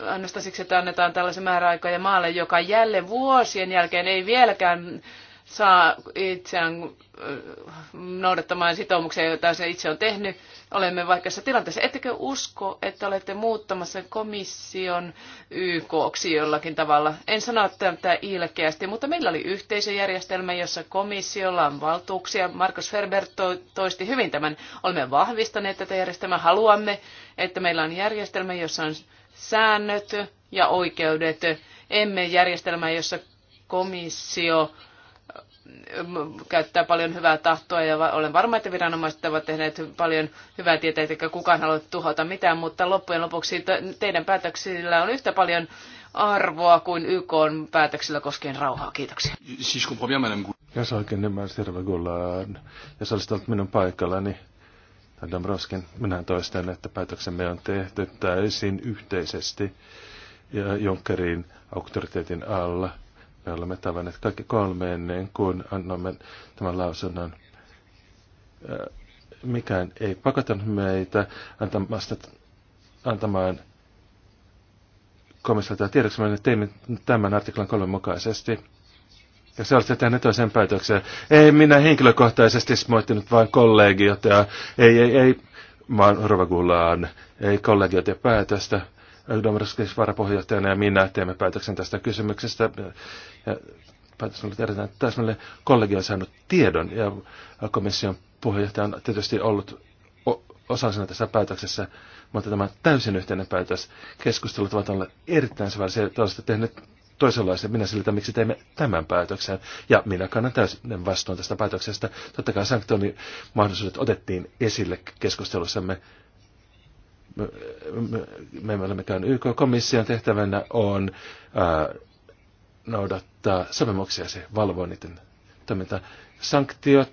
ainoastaan siksi, että annetaan tällaisen määräaikojen maalle, joka jälleen vuosien jälkeen ei vieläkään saa itseään äh, noudattamaan sitoumuksia, joita se itse on tehnyt. Olemme vaikeassa tilanteessa. Ettekö usko, että olette muuttamassa komission YKksi jollakin tavalla? En sano tätä ilkeästi, mutta meillä oli yhteisöjärjestelmä, jossa komissiolla on valtuuksia. Markus Ferber toisti hyvin tämän. Olemme vahvistaneet tätä järjestelmää. Haluamme, että meillä on järjestelmä, jossa on säännöt ja oikeudet. Emme järjestelmää, jossa komissio käyttää paljon hyvää tahtoa ja olen varma, että viranomaiset ovat tehneet paljon hyvää tietä, eikä kukaan halua tuhota mitään, mutta loppujen lopuksi teidän päätöksillä on yhtä paljon arvoa kuin YK on päätöksillä koskien rauhaa. Kiitoksia. Siis kun bien, madame. Jos oikein ymmärsin, Ja sä olisit ollut minun paikallani, niin Adam Roskin, minä toistan, että päätöksemme on tehty täysin yhteisesti ja Junckerin auktoriteetin alla – me olemme tavanneet kaikki kolme ennen kuin annamme tämän lausunnon. Mikään ei pakottanut meitä antamasta, antamaan komissiolta tiedoksi. Me teimme tämän artiklan kolmen mukaisesti. Ja se olette tehneet toisen päätöksen. Ei minä henkilökohtaisesti moittinut vain kollegiota. Ei, ei, ei maan oon Ei kollegiota ja päätöstä Domarskis varapuheenjohtajana ja minä teemme päätöksen tästä kysymyksestä. Ja päätös on ollut erittäin täsmälleen. Kollegi on saanut tiedon ja komission puheenjohtaja on tietysti ollut osallisena tässä päätöksessä, mutta tämä täysin yhteinen päätös. Keskustelut ovat olleet erittäin syvällisiä. Te olette tehneet toisenlaisia. Minä siltä, miksi teimme tämän päätöksen. Ja minä kannan täysin vastuun tästä päätöksestä. Totta kai sanktioni mahdollisuudet otettiin esille keskustelussamme me, me, me emme ole YK-komission tehtävänä on ää, noudattaa sopimuksia, se valvoa niiden toiminta. Sanktiot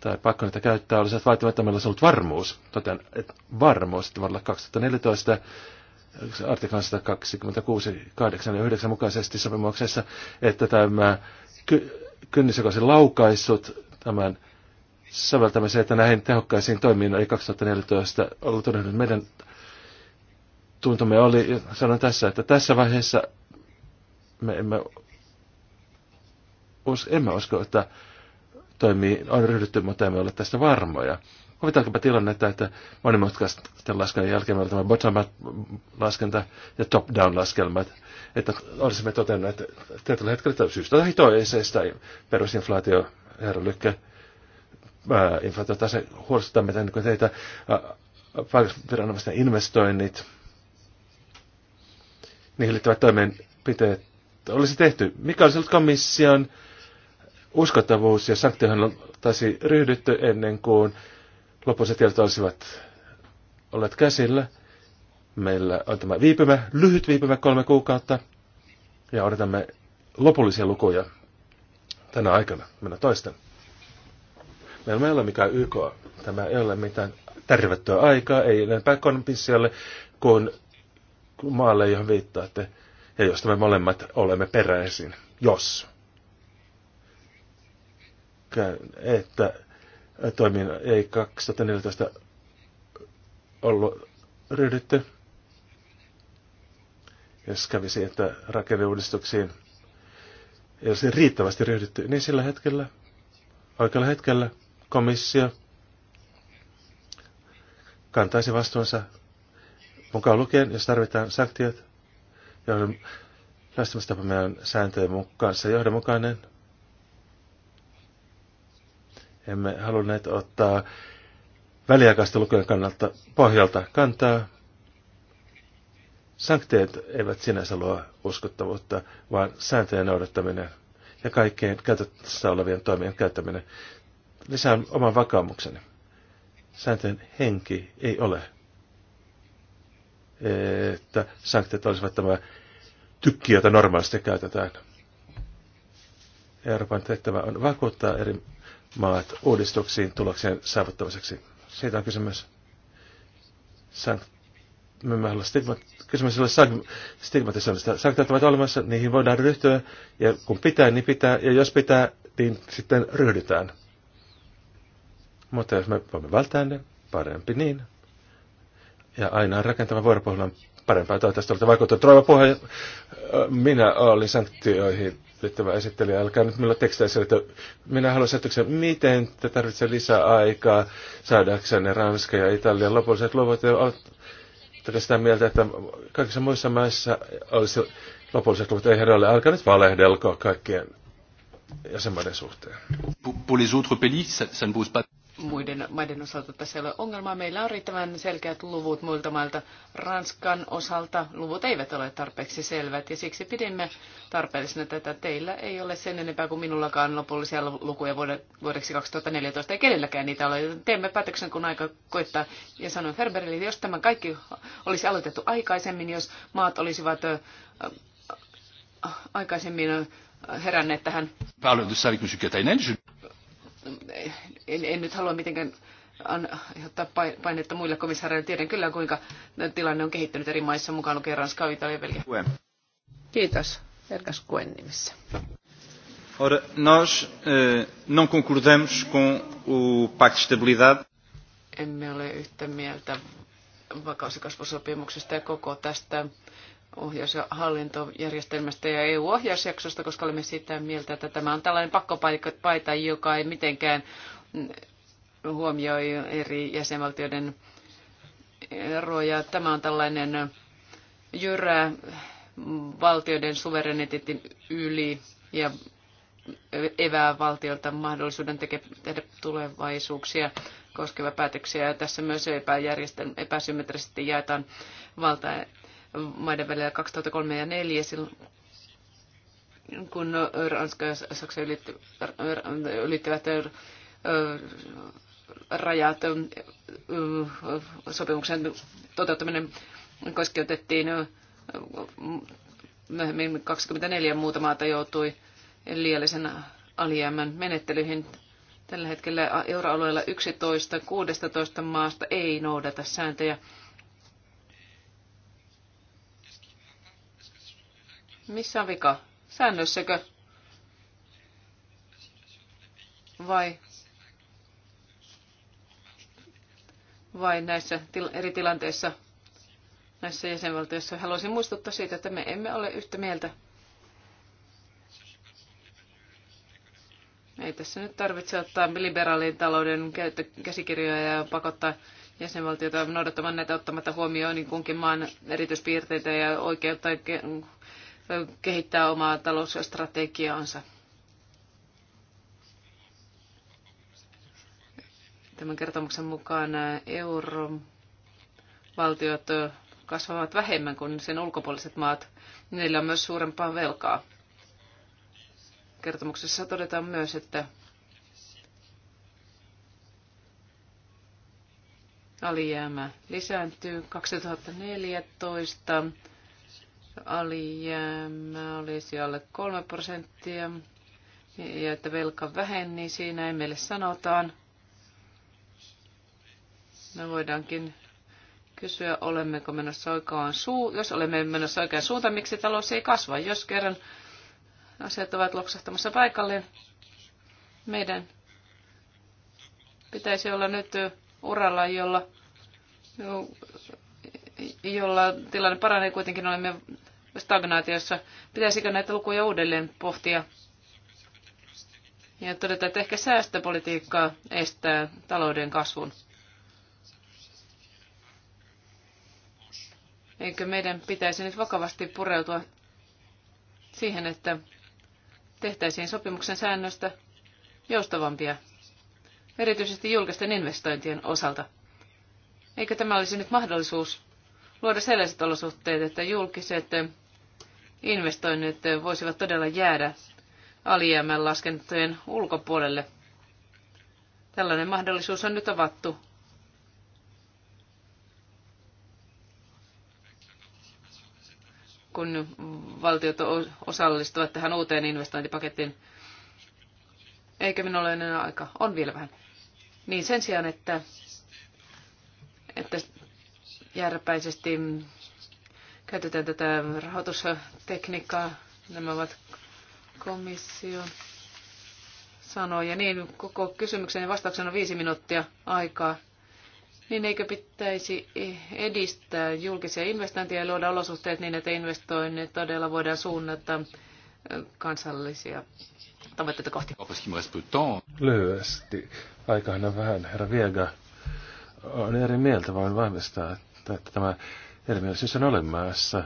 tai pakko niitä käyttää olisivat vaativat, että meillä olisi ollut varmuus. Totean, että varmuus, että vuonna 2014 artiklan 126, 8 ja 9 mukaisesti sopimuksessa, että tämä ky- joka laukaissut tämän soveltamiseen, että näihin tehokkaisiin toimiin oli 2014 ollut todennut. Meidän tuntomme oli, sanon tässä, että tässä vaiheessa me emme, us, emme usko, että toimii, on ryhdytty, mutta emme ole tästä varmoja. Kuvitaankopa tilannetta, että monimutkaisten laskennan jälkeen meillä on tämä bottom-laskenta ja top-down-laskelmat, että olisimme todenneet, että tietyllä hetkellä syystä tai toisesta perusinflaatio herra Lykke, Äh, se huolestuttaa meitä niin teitä teitä äh, paikallisviranomaisten investoinnit, niihin liittyvät toimenpiteet olisi tehty. Mikä olisi ollut komission uskottavuus ja sanktioihin taisi ryhdytty ennen kuin lopulliset tiedot olisivat olleet käsillä. Meillä on tämä viipymä, lyhyt viipymä kolme kuukautta ja odotamme lopullisia lukuja tänä aikana. mennään toistan. Meillä ei ole mikään YK, tämä ei ole mitään tärvettyä aikaa, ei enempää konfissialle kuin maalle, johon viittaatte, ja josta me molemmat olemme peräisin, jos. Että toimin ei 2014 ollut ryhdytty, jos kävisi, että rakenneuudistuksiin ei olisi riittävästi ryhdytty, niin sillä hetkellä, oikealla hetkellä, komissio kantaisi vastuunsa mukaan lukien, jos tarvitaan sanktiot, joiden lähestymistapamme on sääntöjen mukaan se johdonmukainen. Emme halunneet ottaa väliaikaista lukujen kannalta pohjalta kantaa. Sanktiot eivät sinänsä luo uskottavuutta, vaan sääntöjen noudattaminen ja kaikkien käytettävissä olevien toimien käyttäminen lisään oman vakaumukseni. Sääntöjen henki ei ole, että sanktiot olisivat tämä tykki, jota normaalisti käytetään. Euroopan tehtävä on vakuuttaa eri maat uudistuksiin tuloksien saavuttamiseksi. Siitä on kysymys. Sankt- me emme kysymys ole stigmatisoinnista. Sanktiot ovat olemassa, niihin voidaan ryhtyä, ja kun pitää, niin pitää, ja jos pitää, niin sitten ryhdytään. Mutta jos me voimme välttää ne, parempi niin. Ja aina rakentava vuoropuhelu on parempaa. Toivottavasti olette vaikuttaneet. Rouva puheen, minä olin sanktioihin liittyvä esittelijä. Älkää nyt minulla teksteissä, että minä haluan selityksen, miten te tarvitsee lisää aikaa saadaksenne Ranska ja Italian lopulliset luvut. Oletteko sitä mieltä, että kaikissa muissa maissa olisi lopulliset luvut ei ole. Älkää nyt valehdelko kaikkien jäsenmaiden suhteen. Pour les autres pays, ça, ça ne pose pas muiden maiden osalta tässä ei ole ongelmaa. Meillä on riittävän selkeät luvut muilta mailta. Ranskan osalta luvut eivät ole tarpeeksi selvät ja siksi pidimme tarpeellisena tätä. Teillä ei ole sen enempää kuin minullakaan lopullisia lukuja vuodeksi 2014 ei kenelläkään niitä ole. Teemme päätöksen kun aika koittaa ja sanoin Ferberille, että jos tämä kaikki olisi aloitettu aikaisemmin, jos maat olisivat aikaisemmin heränneet tähän. Parle de ça avec M. Katainen en, en nyt halua mitenkään aiheuttaa painetta muille komissaareille. Tiedän kyllä, kuinka tilanne on kehittynyt eri maissa, mukaan lukien Ranska, Italia ja Belgia. Kiitos. Erkas Kuen nimissä. Ora, nós eh, não concordamos com o Pacto de Estabilidade. Emme ole yhtä mieltä vakaus- ja kasvusopimuksesta ja koko tästä ohjaus- ja hallintojärjestelmästä ja EU-ohjausjaksosta, koska olemme sitä mieltä, että tämä on tällainen pakkopaita, joka ei mitenkään huomioi eri jäsenvaltioiden eroja. Tämä on tällainen jyrä valtioiden suvereniteetin yli ja evää valtiolta mahdollisuuden teke, tehdä tulevaisuuksia koskevia päätöksiä. Ja tässä myös epäsymmetrisesti jaetaan valta maiden välillä 2003 ja 2004, silloin, kun Ranska ja Saksa ylittivät rajat, sopimuksen toteuttaminen koskeutettiin myöhemmin 24 muuta maata joutui liiallisen alijäämän menettelyihin. Tällä hetkellä euroalueella 11 16 maasta ei noudata sääntöjä. Missä on vika? Säännössäkö? Vai, vai näissä til- eri tilanteissa näissä jäsenvaltioissa. Haluaisin muistuttaa siitä, että me emme ole yhtä mieltä. Ei tässä nyt tarvitse ottaa liberaalin talouden käsikirjoja ja pakottaa jäsenvaltiota noudattamaan näitä ottamatta huomioon niin kunkin maan erityispiirteitä ja oikeutta kehittää omaa talousstrategiaansa. Tämän kertomuksen mukaan eurovaltiot kasvavat vähemmän kuin sen ulkopuoliset maat. Niillä on myös suurempaa velkaa. Kertomuksessa todetaan myös, että alijäämä lisääntyy 2014 alijäämä oli alle 3 prosenttia ja että velka niin siinä, ei meille sanotaan. Me voidaankin kysyä, olemmeko menossa oikeaan suu, jos olemme menossa oikeaan suuntaan, miksi talous ei kasva, jos kerran asiat ovat loksahtamassa paikalleen. Meidän pitäisi olla nyt uralla, jolla, jolla tilanne paranee. Kuitenkin olemme stagnaatiossa. Pitäisikö näitä lukuja uudelleen pohtia? Ja todeta, että ehkä säästöpolitiikkaa estää talouden kasvun. Eikö meidän pitäisi nyt vakavasti pureutua siihen, että tehtäisiin sopimuksen säännöstä joustavampia, erityisesti julkisten investointien osalta? Eikö tämä olisi nyt mahdollisuus luoda sellaiset olosuhteet, että julkiset investoinnit voisivat todella jäädä alijäämän laskentojen ulkopuolelle. Tällainen mahdollisuus on nyt avattu. kun valtiot osallistuvat tähän uuteen investointipakettiin. Eikö minulla ole enää aika? On vielä vähän. Niin sen sijaan, että, että järpäisesti käytetään tätä rahoitustekniikkaa. Nämä ovat komission sanoja. Niin, koko kysymyksen ja vastauksen on viisi minuuttia aikaa. Niin eikö pitäisi edistää julkisia investointeja ja luoda olosuhteet niin, että investoinnit todella voidaan suunnata kansallisia tavoitteita kohti? Lyhyesti. Aikahan on vähän. Herra Viega on eri mieltä, voin vahvistaa, että tämä Erimielisyys on olemassa,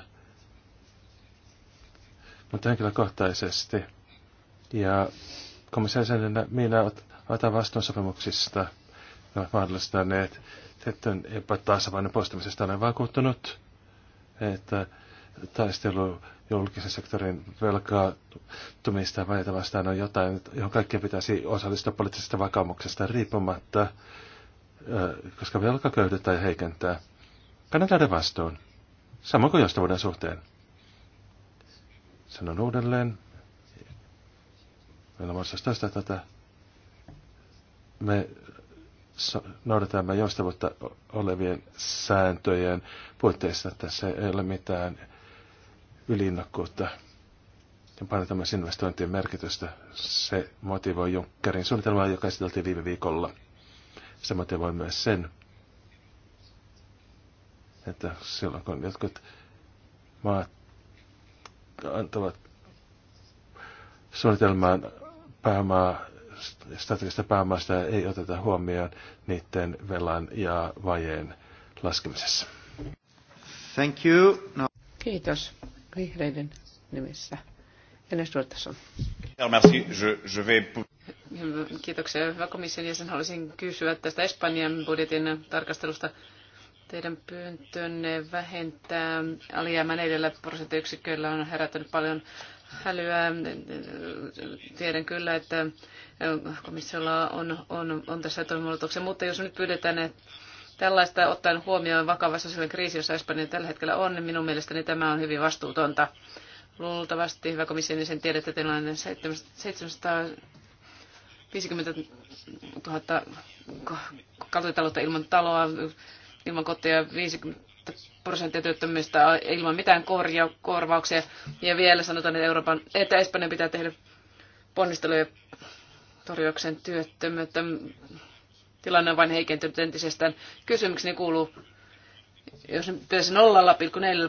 mutta henkilökohtaisesti. Ja komissaarisenä minä otan vastuun sopimuksista, ne ovat mahdollistaneet tietyn epätasapainon poistamisesta. Olen vakuuttunut, että taistelu julkisen sektorin velkaantumista ja vajeita vastaan on jotain, johon kaikkien pitäisi osallistua poliittisesta vakaumuksesta riippumatta, koska velka köyhdyttää ja heikentää. Kannatamme vastuun. Samoin kuin joustavuuden suhteen. Sanon uudelleen. Meillä on tästä tätä. Me noudatamme joustavuutta olevien sääntöjen puitteissa. Tässä ei ole mitään ylinnokkuutta. Ja painotamme investointien merkitystä. Se motivoi Junckerin suunnitelmaa, joka esiteltiin viime viikolla. Se motivoi myös sen, että silloin kun jotkut maat antavat suunnitelmaan päämaa, strategista päämaasta ei oteta huomioon niiden velan ja vajeen laskemisessa. Thank you. No. Kiitos. Vihreiden nimissä. Ennen Ruotason. Kiitoksia. Hyvä komission jäsen. Haluaisin kysyä tästä Espanjan budjetin tarkastelusta. Teidän pyyntönne vähentää alijäämä 4 prosenttiyksiköllä on herättänyt paljon hälyä. Tiedän kyllä, että komissiolla on, on, on tässä toimimuutoksia, mutta jos nyt pyydetään, että tällaista ottaen huomioon vakava sosiaalinen kriisi, jossa Espanja tällä hetkellä on, niin minun mielestäni tämä on hyvin vastuutonta. Luultavasti, hyvä komissio, niin sen tiedätte, teillä on 750 000 kaltoitaloutta ilman taloa, ilman kotia 50 prosenttia työttömyystä ilman mitään korja, korvauksia. Ja vielä sanotaan, että, Euroopan, että Espanja pitää tehdä ponnisteluja torjuakseen työttömyyttä. Tilanne on vain heikentynyt entisestään. Kysymykseni kuuluu, jos pitäisi 0,4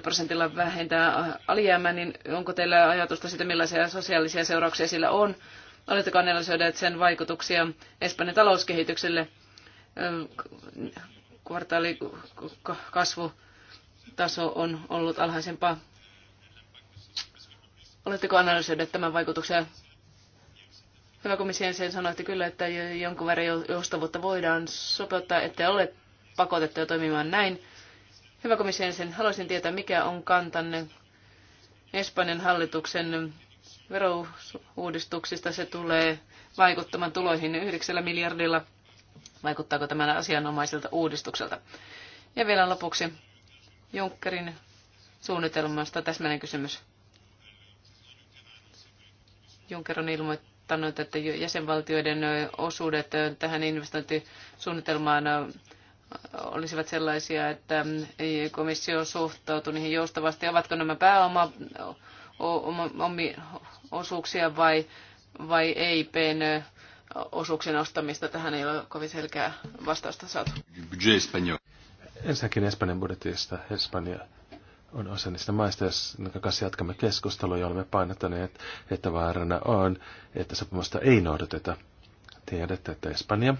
prosentilla vähentää alijäämää, niin onko teillä ajatusta siitä, millaisia sosiaalisia seurauksia sillä on? Oletteko analysoida sen vaikutuksia Espanjan talouskehitykselle kvartaalikasvutaso on ollut alhaisempaa. Oletteko analysoineet tämän vaikutuksen? Hyvä ensin sanoi, että kyllä, että jonkun verran joustavuutta voidaan sopeuttaa, ettei ole pakotettuja toimimaan näin. Hyvä komissio ensin, haluaisin tietää, mikä on kantanne Espanjan hallituksen verouudistuksista. Se tulee vaikuttamaan tuloihin 9 miljardilla Vaikuttaako tämän asianomaiselta uudistukselta? Ja vielä lopuksi Junckerin suunnitelmasta täsmäinen kysymys. Juncker on ilmoittanut, että jäsenvaltioiden osuudet tähän investointisuunnitelmaan olisivat sellaisia, että komissio suhtautuu niihin joustavasti. Ovatko nämä pääoma osuuksia vai, vai ei? osuuksien ostamista. Tähän ei ole kovin selkeää vastausta saatu. Ensinnäkin Espanjan budjetista. Espanja on osa niistä maista, jonka kanssa jatkamme keskustelua ja olemme painottaneet, että vaarana on, että sopimusta ei noudateta. Tiedätte, että Espanja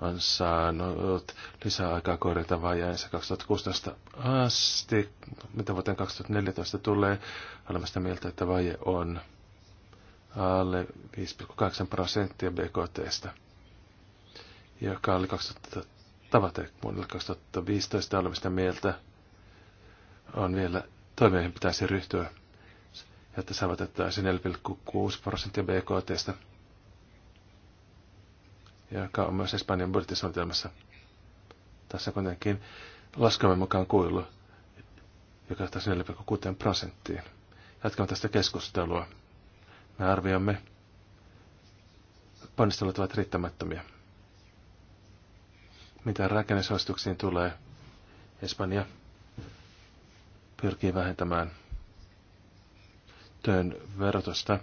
on saanut lisäaikaa korjata vajeensa 2016 asti. Mitä vuoteen 2014 tulee, olemme sitä mieltä, että vaje on alle 5,8 prosenttia BKTstä, joka oli 2000, tavoite vuodelle 2015 olevista mieltä on vielä toimeen pitäisi ryhtyä, jotta saavutettaisiin 4,6 prosenttia BKTstä, joka on myös Espanjan budjettisuunnitelmassa. Tässä kuitenkin laskemme mukaan kuilu, joka taas 4,6 prosenttiin. Jatkamme tästä keskustelua. Me arviomme ponnistelut ovat riittämättömiä. Mitä rakennusostuksiin tulee, Espanja pyrkii vähentämään työn verotusta,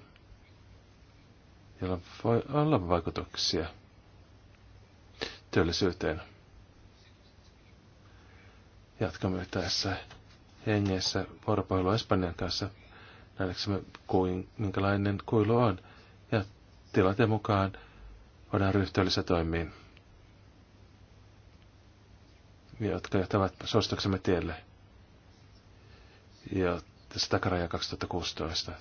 jolla voi olla vaikutuksia työllisyyteen. Jatkamme tässä hengessä vuoropuhelua Espanjan kanssa nähdäksemme, kuin, minkälainen kuilu on. Ja tilanteen mukaan voidaan ryhtyä toimiin, jotka johtavat suosituksemme tielle. Ja tässä takaraja 2016.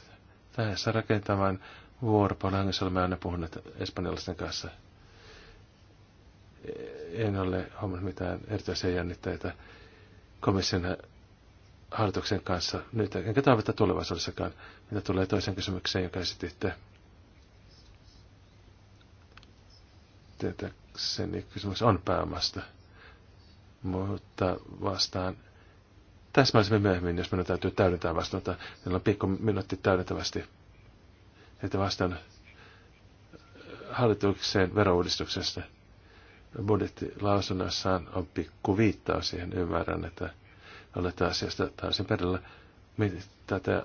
Tässä rakentamaan vuoropuolella olemme aina puhuneet espanjalaisten kanssa. En ole huomannut mitään erityisiä jännitteitä komission hallituksen kanssa nyt, enkä tarvita tulevaisuudessakaan, mitä tulee toisen kysymykseen, joka esititte. Tietääkseni kysymys on pääomasta, mutta vastaan täsmällisemmin myöhemmin, jos minun täytyy täydentää vastuuta. Meillä on pikku minuutti täydentävästi, että vastaan hallituksen verouudistuksesta budjettilausunnossaan on pikku viittaus siihen. Ymmärrän, että olette asiasta täysin perillä. Mitä te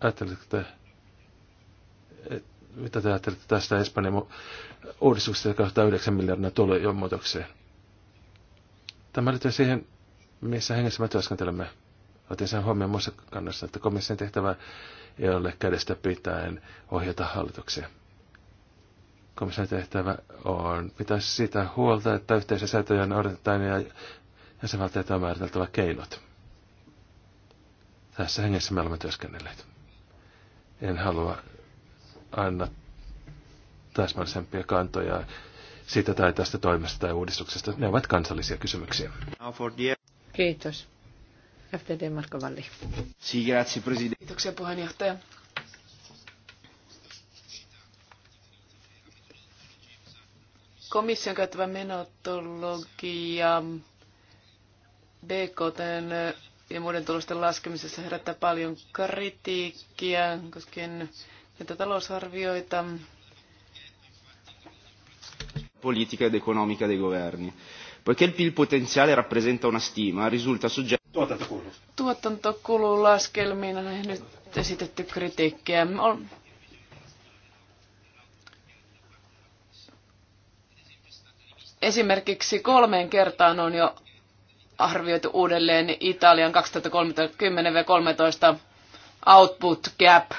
ajattelette, mitä te ajattelette tästä Espanjan uudistuksesta, joka johtaa 9 tulee jo muutokseen? Tämä liittyy siihen, missä hengessä me työskentelemme. Otin sen huomioon muissa kannassa, että komission tehtävä ei ole kädestä pitäen ohjata hallituksia. Komission tehtävä on pitää siitä huolta, että yhteisösäätöjä sääntöjä noudatetaan ja jäsenvaltiot on määriteltävä keinot. Tässä hengessä me olemme työskennelleet. En halua anna täsmällisempiä kantoja siitä tai tästä toimesta tai uudistuksesta. Ne ovat kansallisia kysymyksiä. Kiitos. FTT Marko Valli. Kiitoksia puheenjohtaja. Komission käyttävä menotologia BKT ja muiden tulosten laskemisessa herättää paljon kritiikkiä koskien näitä talousarvioita. Politica ed economica dei governi. Poiché il PIL potenziale rappresenta una stima, risulta soggetto... Tuotantokulu. laskelmiin on nyt esitetty kritiikkiä. On... Esimerkiksi kolmeen kertaan on jo arvioitu uudelleen Italian 2010-2013 output gap.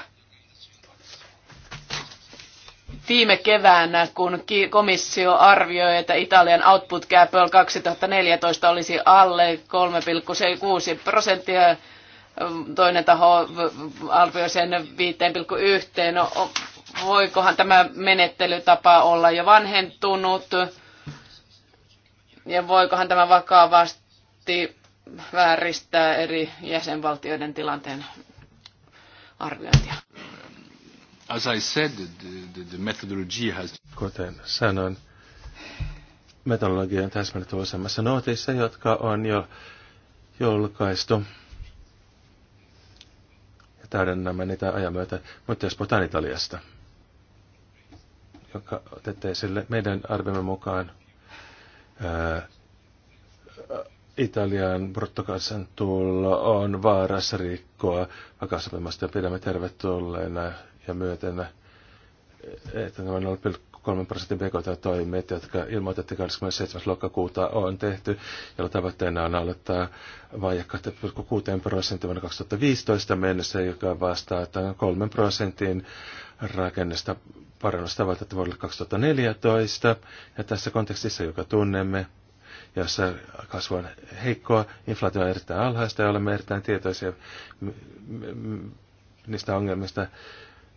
Viime keväänä, kun komissio arvioi, että Italian output gap 2014 olisi alle 3,6 prosenttia, toinen taho arvioi sen 5,1. No, voikohan tämä menettelytapa olla jo vanhentunut? Ja voikohan tämä vakavasti yritti vääristää eri jäsenvaltioiden tilanteen arviointia. As I said, the, the methodology has... Kuten sanoin, metodologia on täsmennetty useammassa nooteissa, jotka on jo julkaistu. Ja täydennämme niitä ajan myötä. Mutta jos puhutaan Italiasta, joka otettiin sille meidän arvemme mukaan ää, Italian bruttokansantulo on vaarassa rikkoa vakaussopimasta ja pidämme tervetulleena ja myötenä, että nämä 0,3 prosentin BKT-toimet, jotka ilmoitettiin 27. lokakuuta, on tehty, jolla tavoitteena on aloittaa vaje 2,6 prosenttia vuonna 2015 mennessä, joka vastaa tämän 3 prosentin rakennesta parannustavoitetta vuodelle 2014. Ja tässä kontekstissa, joka tunnemme, jossa kasvu on heikkoa, inflaatio on erittäin alhaista ja olemme erittäin tietoisia niistä ongelmista,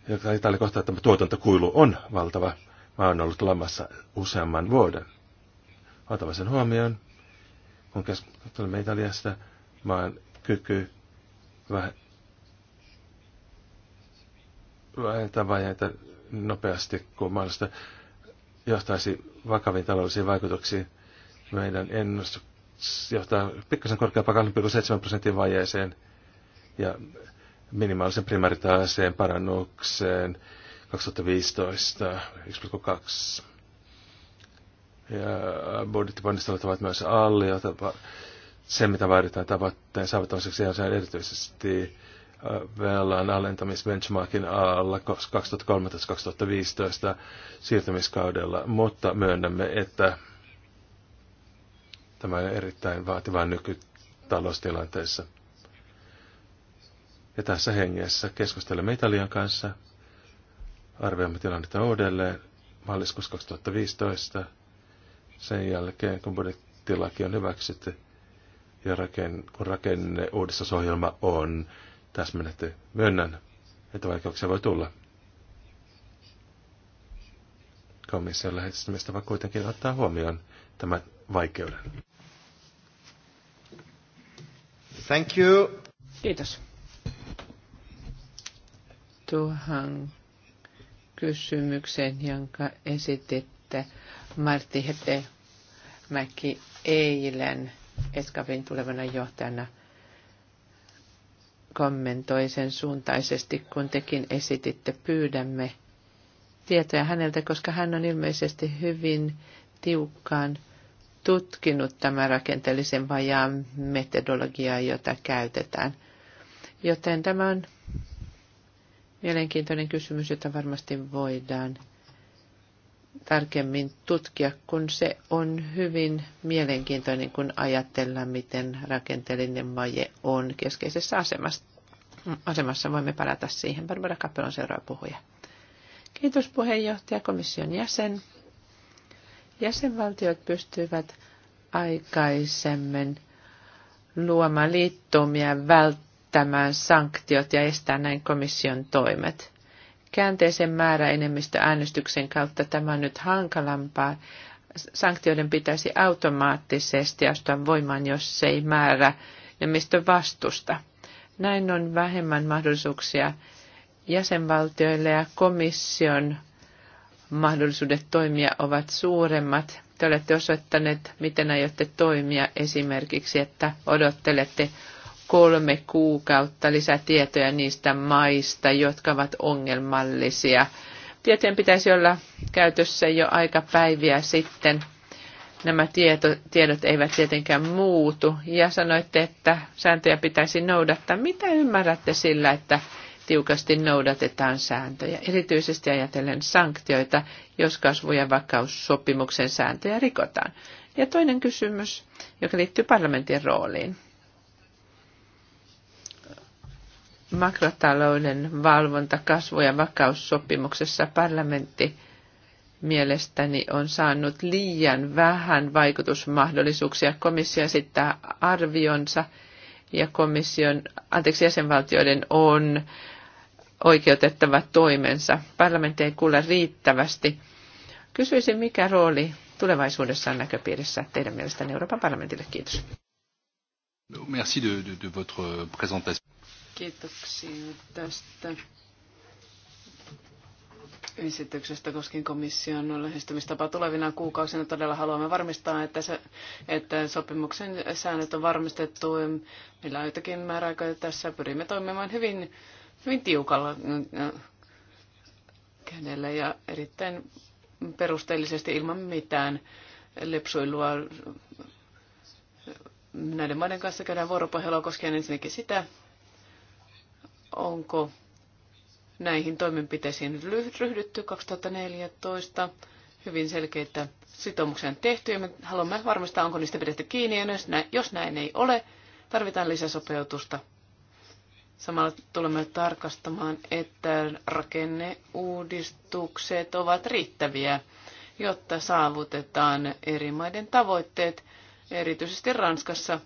jotka Italia kohtaa, että tuotantokuilu on valtava. Mä oon ollut lamassa useamman vuoden. Otamme sen huomioon, kun keskustelemme Italiasta, maan kyky vähentää vaiheita nopeasti, kun mahdollista johtaisi vakaviin taloudellisiin vaikutuksiin – meidän ennustus johtaa pikkasen korkeampaan 2,7 prosentin vajeeseen ja minimaalisen primäritaaseen parannukseen 2015 1,2. Ja budjettiponnistelut ovat myös alle, se mitä vaaditaan tavoitteen saavuttamiseksi on se erityisesti velan alentamisbenchmarkin alla 2013-2015 siirtymiskaudella, mutta myönnämme, että Tämä on erittäin vaativaa nykytaloustilanteessa. Ja tässä hengessä keskustelemme Italian kanssa, arvioimme tilannetta uudelleen maaliskuussa 2015, sen jälkeen kun budjettilaki on hyväksytty ja kun rakenne uudistusohjelma on täsmennetty. Myönnän, että vaikeuksia voi tulla. Komission lähestymistapa kuitenkin ottaa huomioon tämän vaikeuden. Thank you. Kiitos. Tuohon kysymykseen, jonka esititte Martti Hetemäki eilen Eskavin tulevana johtajana kommentoi sen suuntaisesti, kun tekin esititte pyydämme tietoja häneltä, koska hän on ilmeisesti hyvin tiukkaan tutkinut tämän rakenteellisen vajaan metodologiaa, jota käytetään. Joten tämä on mielenkiintoinen kysymys, jota varmasti voidaan tarkemmin tutkia, kun se on hyvin mielenkiintoinen, kun ajatellaan, miten rakenteellinen vaje on keskeisessä asemassa. asemassa. Voimme palata siihen. Barbara Kappel on seuraava puhuja. Kiitos puheenjohtaja, komission jäsen jäsenvaltiot pystyvät aikaisemmin luomaan liittomia välttämään sanktiot ja estää näin komission toimet. Käänteisen enemmistö äänestyksen kautta tämä on nyt hankalampaa. Sanktioiden pitäisi automaattisesti astua voimaan, jos se ei määrä enemmistön vastusta. Näin on vähemmän mahdollisuuksia jäsenvaltioille ja komission mahdollisuudet toimia ovat suuremmat. Te olette osoittaneet, miten aiotte toimia esimerkiksi, että odottelette kolme kuukautta lisätietoja niistä maista, jotka ovat ongelmallisia. Tieteen pitäisi olla käytössä jo aika päiviä sitten. Nämä tieto, tiedot eivät tietenkään muutu. Ja sanoitte, että sääntöjä pitäisi noudattaa. Mitä ymmärrätte sillä, että tiukasti noudatetaan sääntöjä, erityisesti ajatellen sanktioita, jos kasvu- ja vakaussopimuksen sääntöjä rikotaan. Ja toinen kysymys, joka liittyy parlamentin rooliin. Makrotalouden valvonta kasvu- ja vakaussopimuksessa parlamentti mielestäni on saanut liian vähän vaikutusmahdollisuuksia. Komissio esittää arvionsa ja komission, anteeksi, jäsenvaltioiden on Oikeutettavat toimensa. Parlamentti ei kuule riittävästi. Kysyisin, mikä rooli tulevaisuudessa on näköpiirissä teidän mielestänne Euroopan parlamentille. Kiitos. Merci de, de, de votre présentation. Kiitoksia tästä esityksestä koskien komission lähestymistapaa tulevina kuukausina. Todella haluamme varmistaa, että, se, että sopimuksen säännöt on varmistettu. Meillä on jotakin määräaikoja tässä. Pyrimme toimimaan hyvin hyvin tiukalla äh, kädellä ja erittäin perusteellisesti ilman mitään lepsuilua näiden maiden kanssa käydään vuoropohjelua koskien ensinnäkin sitä, onko näihin toimenpiteisiin ryhdytty 2014. Hyvin selkeitä sitoumuksia on tehty ja me haluamme varmistaa, onko niistä pidetty kiinni. Ja jos näin ei ole, tarvitaan lisäsopeutusta Samalla tulemme tarkastamaan, että rakenneuudistukset ovat riittäviä, jotta saavutetaan eri maiden tavoitteet, erityisesti Ranskassa.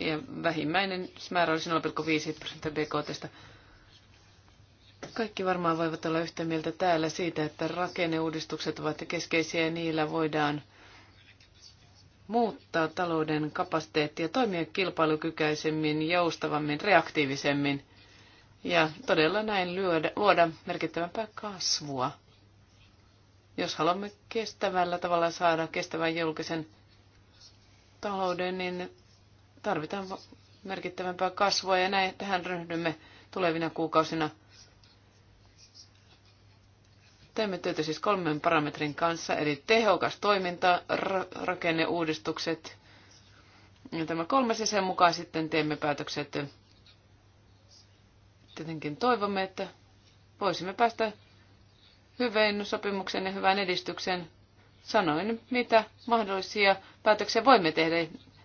Ja vähimmäinen määrä olisi 0,5 prosenttia stä. Kaikki varmaan voivat olla yhtä mieltä täällä siitä, että rakenneuudistukset ovat keskeisiä ja niillä voidaan muuttaa talouden kapasiteettia, toimia kilpailukykyisemmin, joustavammin, reaktiivisemmin ja todella näin lyödä, luoda merkittävämpää kasvua. Jos haluamme kestävällä tavalla saada kestävän julkisen talouden, niin tarvitaan merkittävämpää kasvua ja näin tähän ryhdymme tulevina kuukausina – Teemme työtä siis kolmen parametrin kanssa, eli tehokas toiminta, ra- rakenneuudistukset. Ja tämä kolmas ja sen mukaan sitten teemme päätökset. Tietenkin toivomme, että voisimme päästä hyvän sopimuksen ja hyvään edistyksen. Sanoin, mitä mahdollisia päätöksiä voimme tehdä,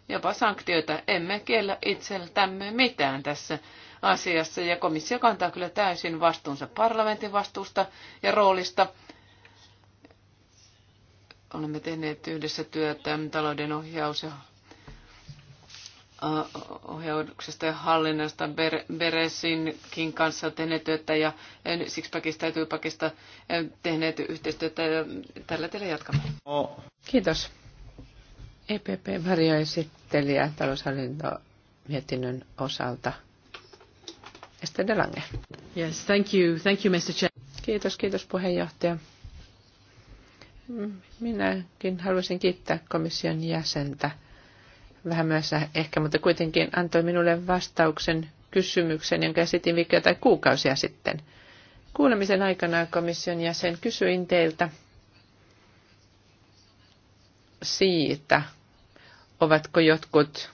jopa sanktioita. Emme kiellä itseltämme mitään tässä asiassa ja komissio kantaa kyllä täysin vastuunsa parlamentin vastuusta ja roolista. Olemme tehneet yhdessä työtä talouden ohjaus ja ohjauksesta ja hallinnasta Beresinkin kanssa tehneet työtä ja pakista ja pakista tehneet yhteistyötä ja tällä teillä jatkamme. Kiitos. EPP-varjoesittelijä taloushallintomietinnön osalta. Esther de Lange. Yes, thank you. Thank you, Mr. Chair. Kiitos, kiitos puheenjohtaja. Minäkin haluaisin kiittää komission jäsentä vähän myös ehkä, mutta kuitenkin antoi minulle vastauksen kysymykseen, jonka esitin viikkoja tai kuukausia sitten. Kuulemisen aikana komission jäsen kysyin teiltä siitä, ovatko jotkut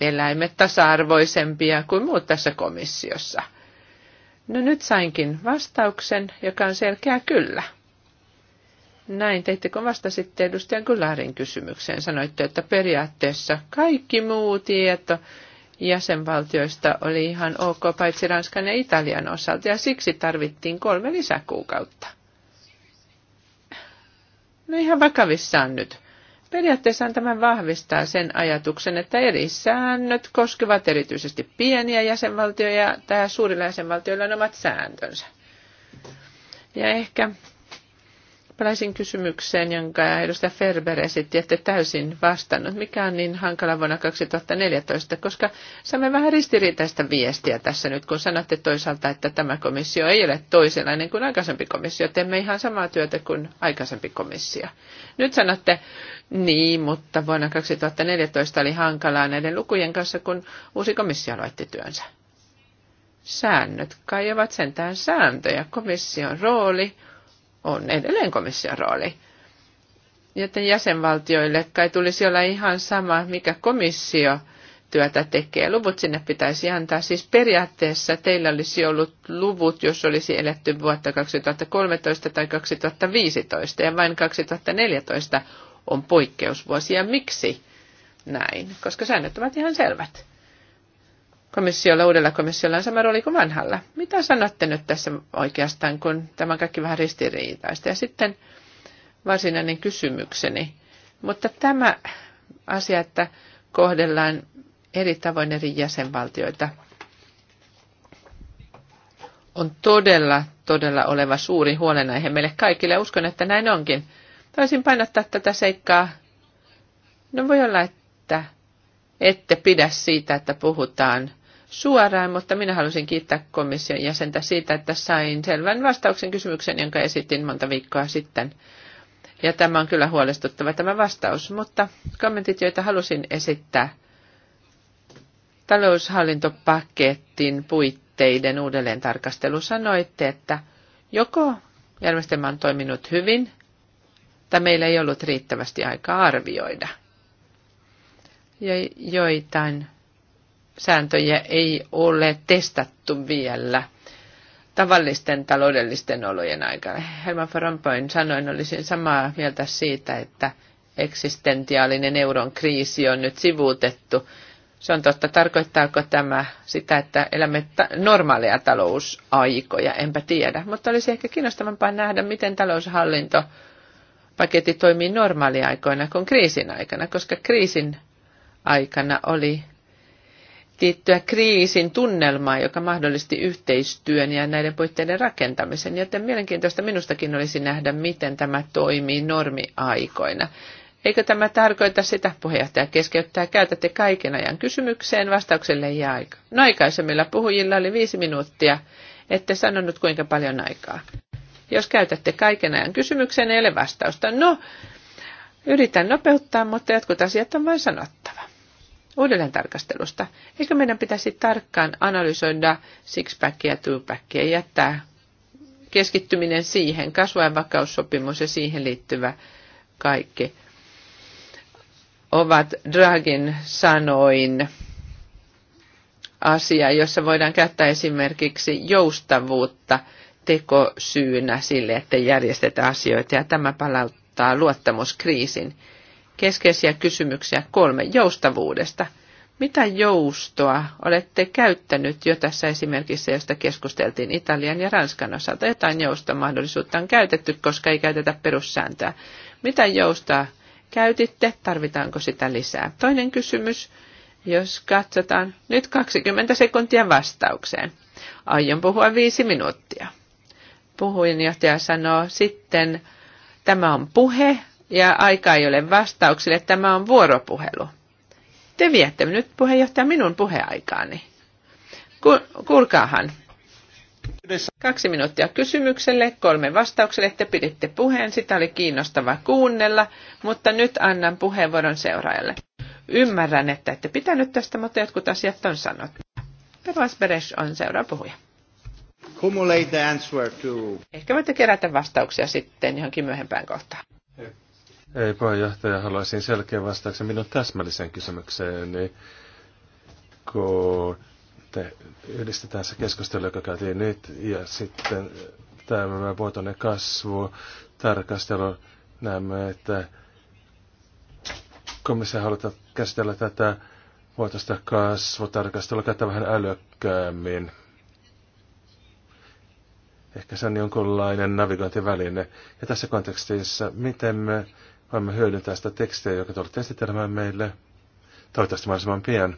eläimet tasa-arvoisempia kuin muut tässä komissiossa? No nyt sainkin vastauksen, joka on selkeä kyllä. Näin teitte, kun vastasitte edustajan Kylärin kysymykseen. Sanoitte, että periaatteessa kaikki muu tieto jäsenvaltioista oli ihan ok, paitsi Ranskan ja Italian osalta, ja siksi tarvittiin kolme lisäkuukautta. No ihan vakavissaan nyt. Periaatteessaan tämä vahvistaa sen ajatuksen, että eri säännöt koskevat erityisesti pieniä jäsenvaltioja tai suurilla jäsenvaltioilla on omat sääntönsä. Ja ehkä Palaisin kysymykseen, jonka edustaja Ferber esitti, että täysin vastannut. Mikä on niin hankala vuonna 2014, koska saamme vähän ristiriitaista viestiä tässä nyt, kun sanotte toisaalta, että tämä komissio ei ole toisenlainen kuin aikaisempi komissio. Teemme ihan samaa työtä kuin aikaisempi komissio. Nyt sanotte, niin, mutta vuonna 2014 oli hankalaa näiden lukujen kanssa, kun uusi komissio aloitti työnsä. Säännöt kai ovat sentään sääntöjä. Komission rooli on edelleen komission rooli. Joten jäsenvaltioille kai tulisi olla ihan sama, mikä komissio työtä tekee. Luvut sinne pitäisi antaa. Siis periaatteessa teillä olisi ollut luvut, jos olisi eletty vuotta 2013 tai 2015 ja vain 2014 on poikkeusvuosi. Ja miksi näin? Koska säännöt ovat ihan selvät komissiolla, uudella komissiolla on sama rooli kuin vanhalla. Mitä sanotte nyt tässä oikeastaan, kun tämä on kaikki vähän ristiriitaista? Ja sitten varsinainen kysymykseni. Mutta tämä asia, että kohdellaan eri tavoin eri jäsenvaltioita, on todella, todella oleva suuri huolenaihe meille kaikille. Uskon, että näin onkin. Taisin painottaa tätä seikkaa. No voi olla, että ette pidä siitä, että puhutaan suoraan, mutta minä halusin kiittää komission jäsentä siitä, että sain selvän vastauksen kysymykseen, jonka esitin monta viikkoa sitten. Ja tämä on kyllä huolestuttava tämä vastaus, mutta kommentit, joita halusin esittää taloushallintopakettin puitteiden uudelleen tarkastelu sanoitte, että joko järjestelmä on toiminut hyvin, tai meillä ei ollut riittävästi aikaa arvioida. Ja joitain sääntöjä ei ole testattu vielä tavallisten taloudellisten olojen aikana. Herman van Rompuyn sanoin, olisin samaa mieltä siitä, että eksistentiaalinen euron kriisi on nyt sivuutettu. Se on totta. Tarkoittaako tämä sitä, että elämme ta- normaaleja talousaikoja? Enpä tiedä. Mutta olisi ehkä kiinnostavampaa nähdä, miten taloushallinto paketti toimii normaaliaikoina kuin kriisin aikana, koska kriisin aikana oli liittyä kriisin tunnelmaan, joka mahdollisti yhteistyön ja näiden puitteiden rakentamisen. Joten mielenkiintoista minustakin olisi nähdä, miten tämä toimii normiaikoina. Eikö tämä tarkoita sitä, puheenjohtaja keskeyttää, käytätte kaiken ajan kysymykseen, vastaukselle ja aika. No aikaisemmilla puhujilla oli viisi minuuttia, ette sanonut kuinka paljon aikaa. Jos käytätte kaiken ajan kysymykseen, ei ole vastausta. No, yritän nopeuttaa, mutta jotkut asiat on vain sanottu uudelleen tarkastelusta. Eikö meidän pitäisi tarkkaan analysoida six-packia ja two-packia ja jättää keskittyminen siihen, kasvu- ja vakaussopimus ja siihen liittyvä kaikki ovat Dragin sanoin asia, jossa voidaan käyttää esimerkiksi joustavuutta tekosyynä sille, että järjestetään asioita ja tämä palauttaa luottamuskriisin keskeisiä kysymyksiä. Kolme. Joustavuudesta. Mitä joustoa olette käyttänyt jo tässä esimerkissä, josta keskusteltiin Italian ja Ranskan osalta? Jotain joustomahdollisuutta on käytetty, koska ei käytetä perussääntöä. Mitä joustoa käytitte? Tarvitaanko sitä lisää? Toinen kysymys, jos katsotaan nyt 20 sekuntia vastaukseen. Aion puhua viisi minuuttia. Puhuinjohtaja sanoo sitten, tämä on puhe, ja aika ei ole vastauksille. Tämä on vuoropuhelu. Te viette nyt puheenjohtaja minun puheaikaani. Ku- kuulkaahan. Kaksi minuuttia kysymykselle, kolme vastaukselle. Te piditte puheen, sitä oli kiinnostava kuunnella, mutta nyt annan puheenvuoron seuraajalle. Ymmärrän, että ette pitänyt tästä, mutta jotkut asiat on sanottu. Pervas Beres on seuraava puhuja. Ehkä voitte kerätä vastauksia sitten johonkin myöhempään kohtaan. Ei puheenjohtaja, haluaisin selkeän vastauksen minun täsmälliseen kysymykseen, kun te yhdistetään se keskustelu, joka käytiin nyt, ja sitten tämä vuotoinen kasvu, tarkastelu, näemme, että komissio halutaan käsitellä tätä vuotoista kasvutarkastelua käyttää vähän älykkäämmin. Ehkä se on jonkunlainen navigointiväline. Ja tässä kontekstissa, miten me voimme hyödyntää sitä tekstiä, joka tulette esittelemään meille, toivottavasti mahdollisimman pian,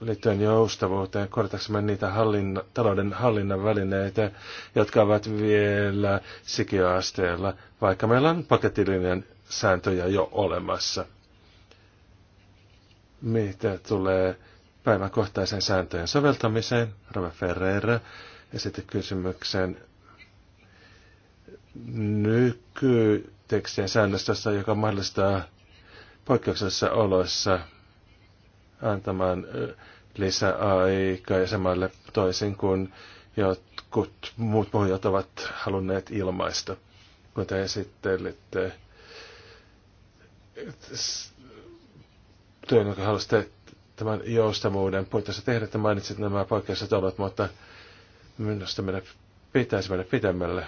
liittyen joustavuuteen, korjataksemme niitä hallinna, talouden hallinnan välineitä, jotka ovat vielä sikiöasteella, vaikka meillä on paketillinen sääntöjä jo olemassa. Mitä tulee päiväkohtaisen sääntöjen soveltamiseen, Rave Ferreira esitti kysymyksen nykytekstien säännöstössä, joka mahdollistaa poikkeuksellisissa oloissa antamaan lisäaikaa jäsenmaille toisin kuin jotkut muut pohjat ovat halunneet ilmaista, kun te esittelitte työn, joka halusitte tämän joustavuuden puitteissa tehdä, että mainitsit nämä poikkeukset olot, mutta minusta meidän pitäisi mennä pitemmälle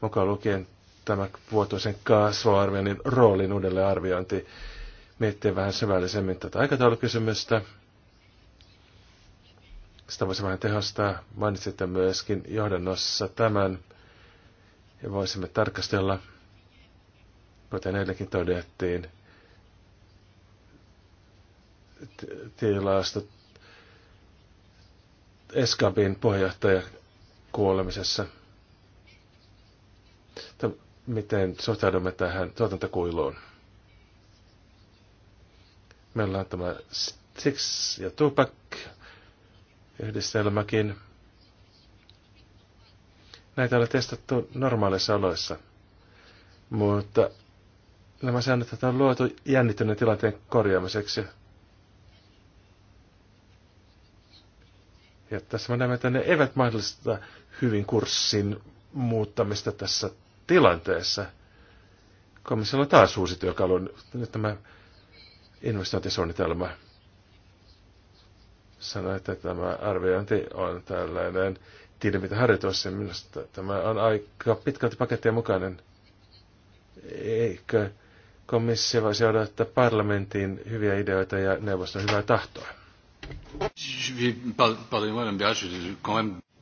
mukaan lukien tämä vuotuisen kasvoarvioinnin roolin uudelleen arviointi, miettiä vähän syvällisemmin tätä aikataulukysymystä. Sitä voisi vähän tehostaa. Mainitsitte myöskin johdannossa tämän. Ja voisimme tarkastella, kuten eilenkin todettiin, tilasta Eskabin puheenjohtaja kuolemisessa – miten suhtaudumme tähän tuotantokuiluun. Meillä on tämä Six ja Tupac yhdistelmäkin. Näitä on testattu normaaleissa oloissa, mutta nämä säännöt on luotu jännittyneen tilanteen korjaamiseksi. Ja tässä me näemme, että ne eivät mahdollista hyvin kurssin muuttamista tässä tilanteessa. Komissiolla on taas uusi työkalu, nyt tämä investointisuunnitelma. Sanoi, että tämä arviointi on tällainen tilmitä harjoitus, minusta tämä on aika pitkälti pakettia mukainen. Eikö komissio voisi odottaa parlamentin hyviä ideoita ja neuvoston hyvää tahtoa?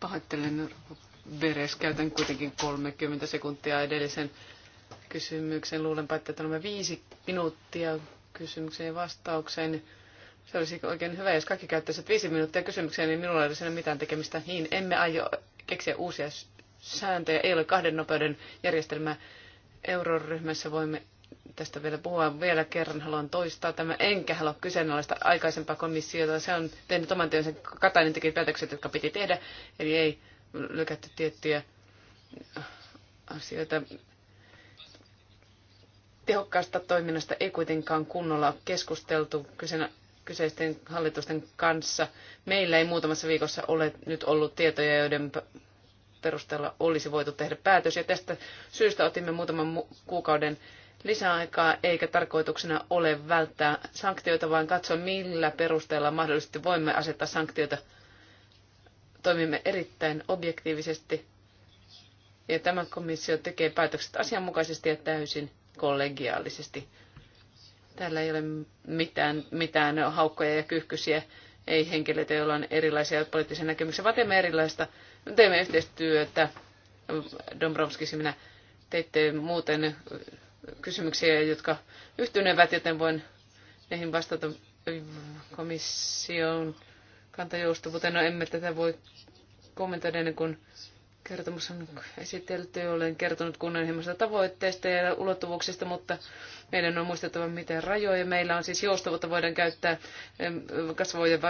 Pahoittelen, Beres, käytän kuitenkin 30 sekuntia edellisen kysymyksen. Luulenpa, että tämä viisi minuuttia kysymykseen ja vastaukseen. Se olisi oikein hyvä, jos kaikki käyttäisivät viisi minuuttia kysymykseen, niin minulla ei olisi mitään tekemistä. Niin, emme aio keksiä uusia sääntöjä. Ei ole kahden nopeuden järjestelmää. Euroryhmässä voimme tästä vielä puhua. Vielä kerran haluan toistaa tämä. Enkä halua kyseenalaista aikaisempaa komissiota. Se on tehnyt oman työnsä. Katainen teki päätökset, jotka piti tehdä. Eli ei lykätty tiettyjä asioita. Tehokkaasta toiminnasta ei kuitenkaan kunnolla keskusteltu kyseisten hallitusten kanssa. Meillä ei muutamassa viikossa ole nyt ollut tietoja, joiden perusteella olisi voitu tehdä päätös. Ja tästä syystä otimme muutaman kuukauden lisäaikaa, eikä tarkoituksena ole välttää sanktioita, vaan katsoa millä perusteella mahdollisesti voimme asettaa sanktioita toimimme erittäin objektiivisesti ja tämä komissio tekee päätökset asianmukaisesti ja täysin kollegiaalisesti. Täällä ei ole mitään, mitään haukkoja ja kyyhkysiä, ei henkilöitä, joilla on erilaisia poliittisia näkemyksiä, vaan teemme erilaista, teemme yhteistyötä. Dombrovskis minä teitte muuten kysymyksiä, jotka yhtynevät, joten voin niihin vastata komission kantajoustavuuteen. No emme tätä voi kommentoida ennen kuin kertomus on esitelty. Olen kertonut kunnianhimoisista tavoitteista ja ulottuvuuksista, mutta meidän on muistettava, miten rajoja meillä on. Siis joustavuutta voidaan käyttää kasvojen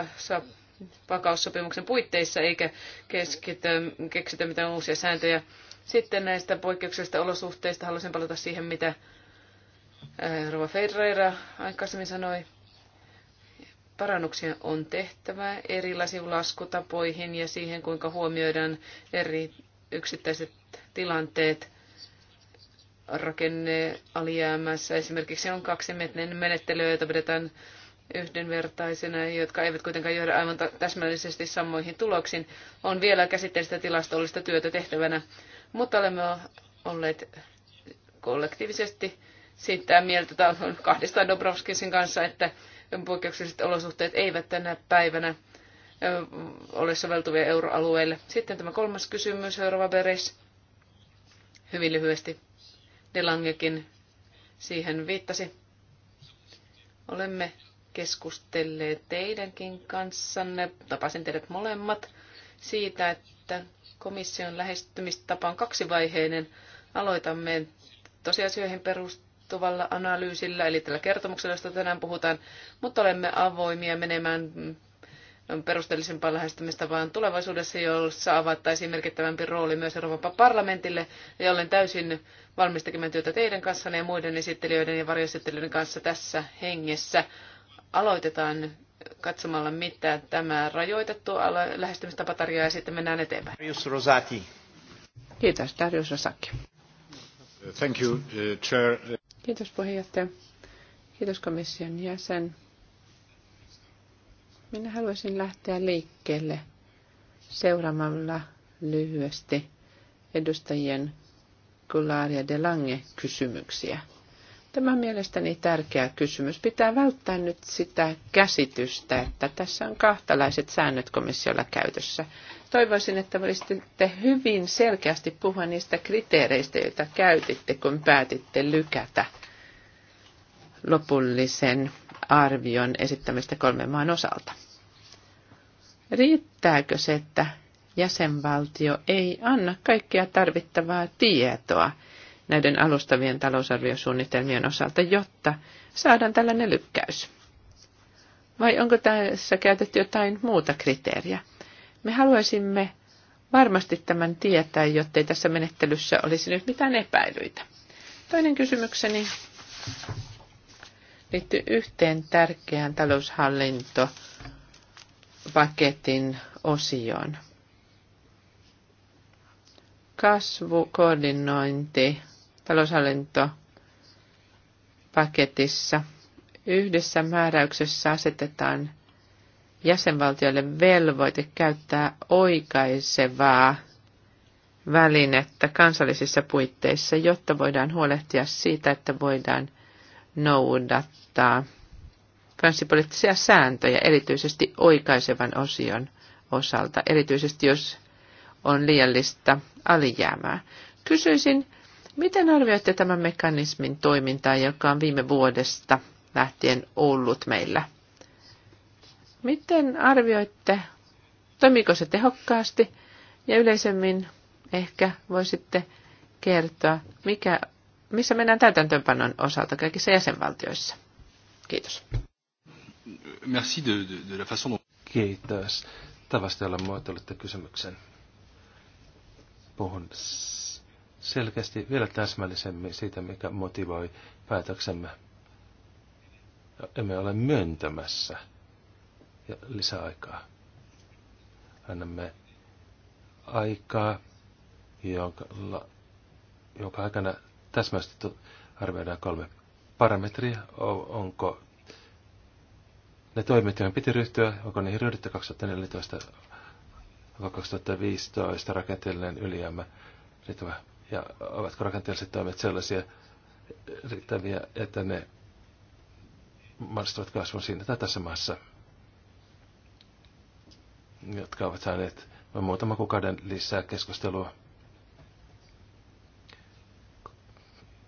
vakaussopimuksen puitteissa, eikä keskitä, keksitä mitään uusia sääntöjä. Sitten näistä poikkeuksellisista olosuhteista haluaisin palata siihen, mitä Rova Fedreira aikaisemmin sanoi. Parannuksia on tehtävä erilaisiin laskutapoihin ja siihen, kuinka huomioidaan eri yksittäiset tilanteet rakenne alijäämässä. Esimerkiksi on kaksi menettelyä, joita pidetään yhdenvertaisena, jotka eivät kuitenkaan johda aivan täsmällisesti samoihin tuloksiin. On vielä käsitteellistä tilastollista työtä tehtävänä, mutta olemme olleet kollektiivisesti sitä mieltä, kahdestaan Dobrovskisin kanssa, että poikkeukselliset olosuhteet eivät tänä päivänä ole soveltuvia euroalueelle. Sitten tämä kolmas kysymys, Rova Beres. Hyvin lyhyesti. Delangekin siihen viittasi. Olemme keskustelleet teidänkin kanssanne, tapasin teidät molemmat, siitä, että komission lähestymistapa on kaksivaiheinen. Aloitamme tosiasioihin perustuen perustuvalla analyysillä, eli tällä kertomuksella, josta tänään puhutaan, mutta olemme avoimia menemään perusteellisempaan vaan tulevaisuudessa, jossa avattaisiin merkittävämpi rooli myös Euroopan parlamentille, ja olen täysin valmis tekemään työtä teidän kanssanne ja muiden esittelijöiden ja varjoesittelijöiden kanssa tässä hengessä. Aloitetaan katsomalla, mitä tämä rajoitettu lähestymistapa tarjoaa, ja sitten mennään eteenpäin. Darius Rosati. Kiitos, Darius Thank you, uh, Chair. Kiitos puheenjohtaja. Kiitos komission jäsen. Minä haluaisin lähteä liikkeelle seuraamalla lyhyesti edustajien Kular ja Delange kysymyksiä. Tämä on mielestäni tärkeä kysymys. Pitää välttää nyt sitä käsitystä, että tässä on kahtalaiset säännöt komissiolla käytössä. Toivoisin, että voisitte hyvin selkeästi puhua niistä kriteereistä, joita käytitte, kun päätitte lykätä lopullisen arvion esittämistä kolmen maan osalta. Riittääkö se, että jäsenvaltio ei anna kaikkea tarvittavaa tietoa näiden alustavien talousarviosuunnitelmien osalta, jotta saadaan tällainen lykkäys? Vai onko tässä käytetty jotain muuta kriteeriä? Me haluaisimme varmasti tämän tietää, jottei tässä menettelyssä olisi nyt mitään epäilyitä. Toinen kysymykseni liittyy yhteen tärkeään taloushallintopaketin osioon. koordinointi, taloushallintopaketissa yhdessä määräyksessä asetetaan jäsenvaltioille velvoite käyttää oikaisevaa välinettä kansallisissa puitteissa, jotta voidaan huolehtia siitä, että voidaan noudattaa finanssipoliittisia sääntöjä, erityisesti oikaisevan osion osalta, erityisesti jos on liiallista alijäämää. Kysyisin, miten arvioitte tämän mekanismin toimintaa, joka on viime vuodesta lähtien ollut meillä? Miten arvioitte, toimiko se tehokkaasti ja yleisemmin ehkä voisitte kertoa, mikä missä mennään täytäntöönpanon osalta kaikissa jäsenvaltioissa? Kiitos. Merci de, de, de la façon dont... Kiitos. Tavasta, jolla muotoilitte kysymyksen. Puhun selkeästi vielä täsmällisemmin siitä, mikä motivoi päätöksemme. Emme ole myöntämässä ja lisäaikaa. Annamme aikaa, jonka, jonka aikana täsmästi arvioidaan kolme parametria. Onko ne toimet, joihin piti ryhtyä, onko niihin ryhdytty 2014, onko 2015 rakenteellinen ylijäämä riittävä, ja ovatko rakenteelliset toimet sellaisia riittäviä, että ne mahdollistavat kasvun siinä tai tässä maassa, jotka ovat saaneet muutaman kuukauden lisää keskustelua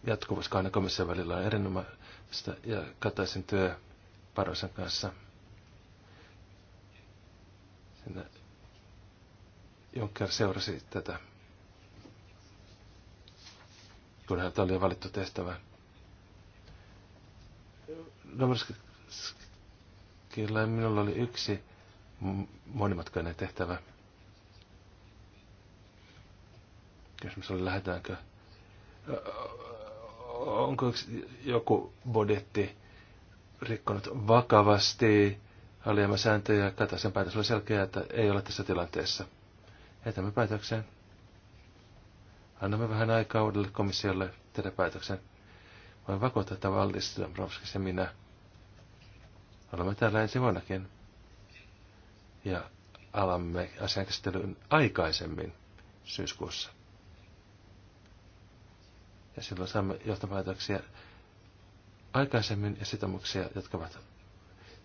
jatkuvassa kahden komission välillä on erinomaista ja Kataisen työ Parosen kanssa. Siinä Juncker seurasi tätä, kun hän oli valittu tehtävä. Domarskilla minulla oli yksi monimutkainen tehtävä. Kysymys oli, lähdetäänkö onko joku budjetti rikkonut vakavasti alijäämäsääntöjä. Kataisen päätös oli selkeä, että ei ole tässä tilanteessa. Jätämme päätökseen. Annamme vähän aikaa uudelle komissiolle tehdä päätöksen. Voin vakuuttaa, että Valdis Dombrovskis ja minä olemme täällä ensi vuonnakin. Ja alamme asian aikaisemmin syyskuussa. Ja silloin saamme johtopäätöksiä aikaisemmin ja sitomuksia, jotka ovat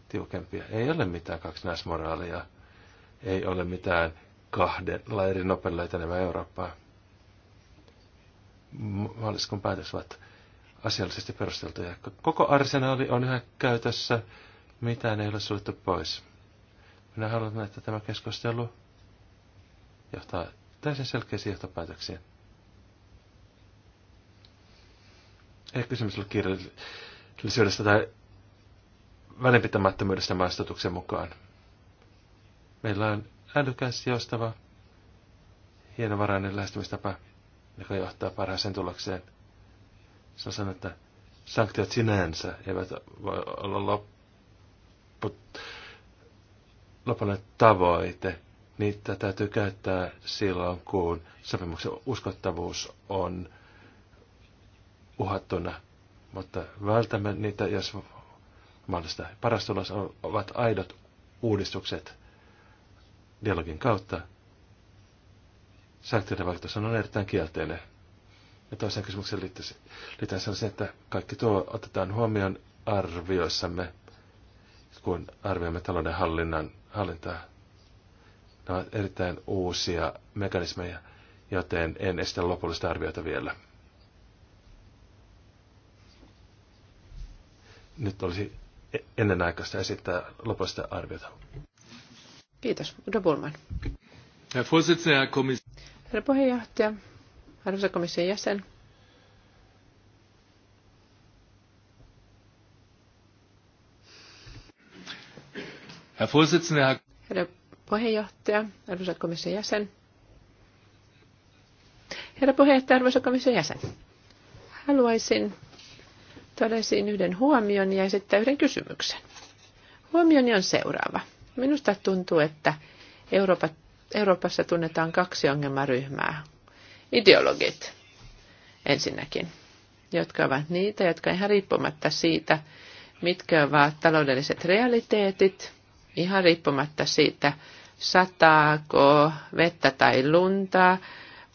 tiukempia. Ei ole mitään kaksinaismoraalia. Ei ole mitään kahden lairin nopeilla etenemään Eurooppaa. Maaliskuun päätös ovat asiallisesti perusteltuja. Koko arsenaali on yhä käytössä. Mitään ei ole suljettu pois. Minä haluan, että tämä keskustelu johtaa täysin selkeisiin johtopäätöksiin. Ehkä semmoisella kirjallisuudesta tai välinpitämättömyydestä maastotuksen mukaan. Meillä on älykäs, joustava, hienovarainen lähestymistapa, joka johtaa parhaaseen tulokseen. Se on että sanktiot sinänsä eivät voi olla loppu, lopullinen tavoite. Niitä täytyy käyttää silloin, kun sopimuksen uskottavuus on uhattuna, mutta vältämme niitä, jos mahdollista. Paras tulos ovat aidot uudistukset dialogin kautta. Sanktioiden vaikutus on erittäin kielteinen. Ja toiseen kysymykseen liittyisi, liittyen sellaisen, että kaikki tuo otetaan huomioon arvioissamme, kun arvioimme talouden hallinnan, hallintaa. Nämä ovat erittäin uusia mekanismeja, joten en estä lopullista arviota vielä. nyt olisi e- ennenaikaista esittää lopullista arviota. Kiitos. Udo Bulman. Herra puheenjohtaja, arvoisa komission jäsen. Herra puheenjohtaja, arvoisa komission jäsen. Herra puheenjohtaja, arvoisa komission jäsen. Haluaisin tuoda esiin yhden huomion ja esittää yhden kysymyksen. Huomioni on seuraava. Minusta tuntuu, että Euroopat, Euroopassa tunnetaan kaksi ongelmaryhmää. Ideologit ensinnäkin, jotka ovat niitä, jotka ihan riippumatta siitä, mitkä ovat taloudelliset realiteetit, ihan riippumatta siitä, sataako vettä tai lunta,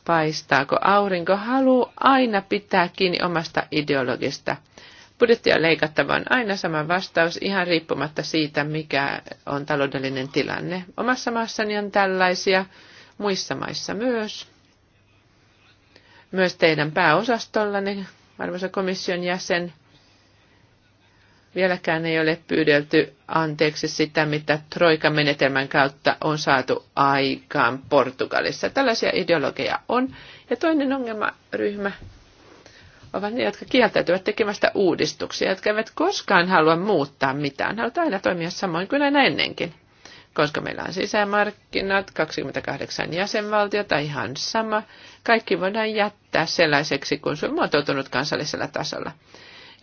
paistaako aurinko, haluaa aina pitää kiinni omasta ideologista budjettia leikattava on aina sama vastaus, ihan riippumatta siitä, mikä on taloudellinen tilanne. Omassa maassani on tällaisia, muissa maissa myös. Myös teidän pääosastollanne, arvoisa komission jäsen, vieläkään ei ole pyydelty anteeksi sitä, mitä Troikan menetelmän kautta on saatu aikaan Portugalissa. Tällaisia ideologeja on. Ja toinen ongelmaryhmä ovat ne, jotka kieltäytyvät tekemästä uudistuksia, jotka eivät koskaan halua muuttaa mitään. Haluat aina toimia samoin kuin aina ennenkin. Koska meillä on sisämarkkinat, 28 jäsenvaltiota, ihan sama. Kaikki voidaan jättää sellaiseksi kuin se on muotoutunut kansallisella tasolla.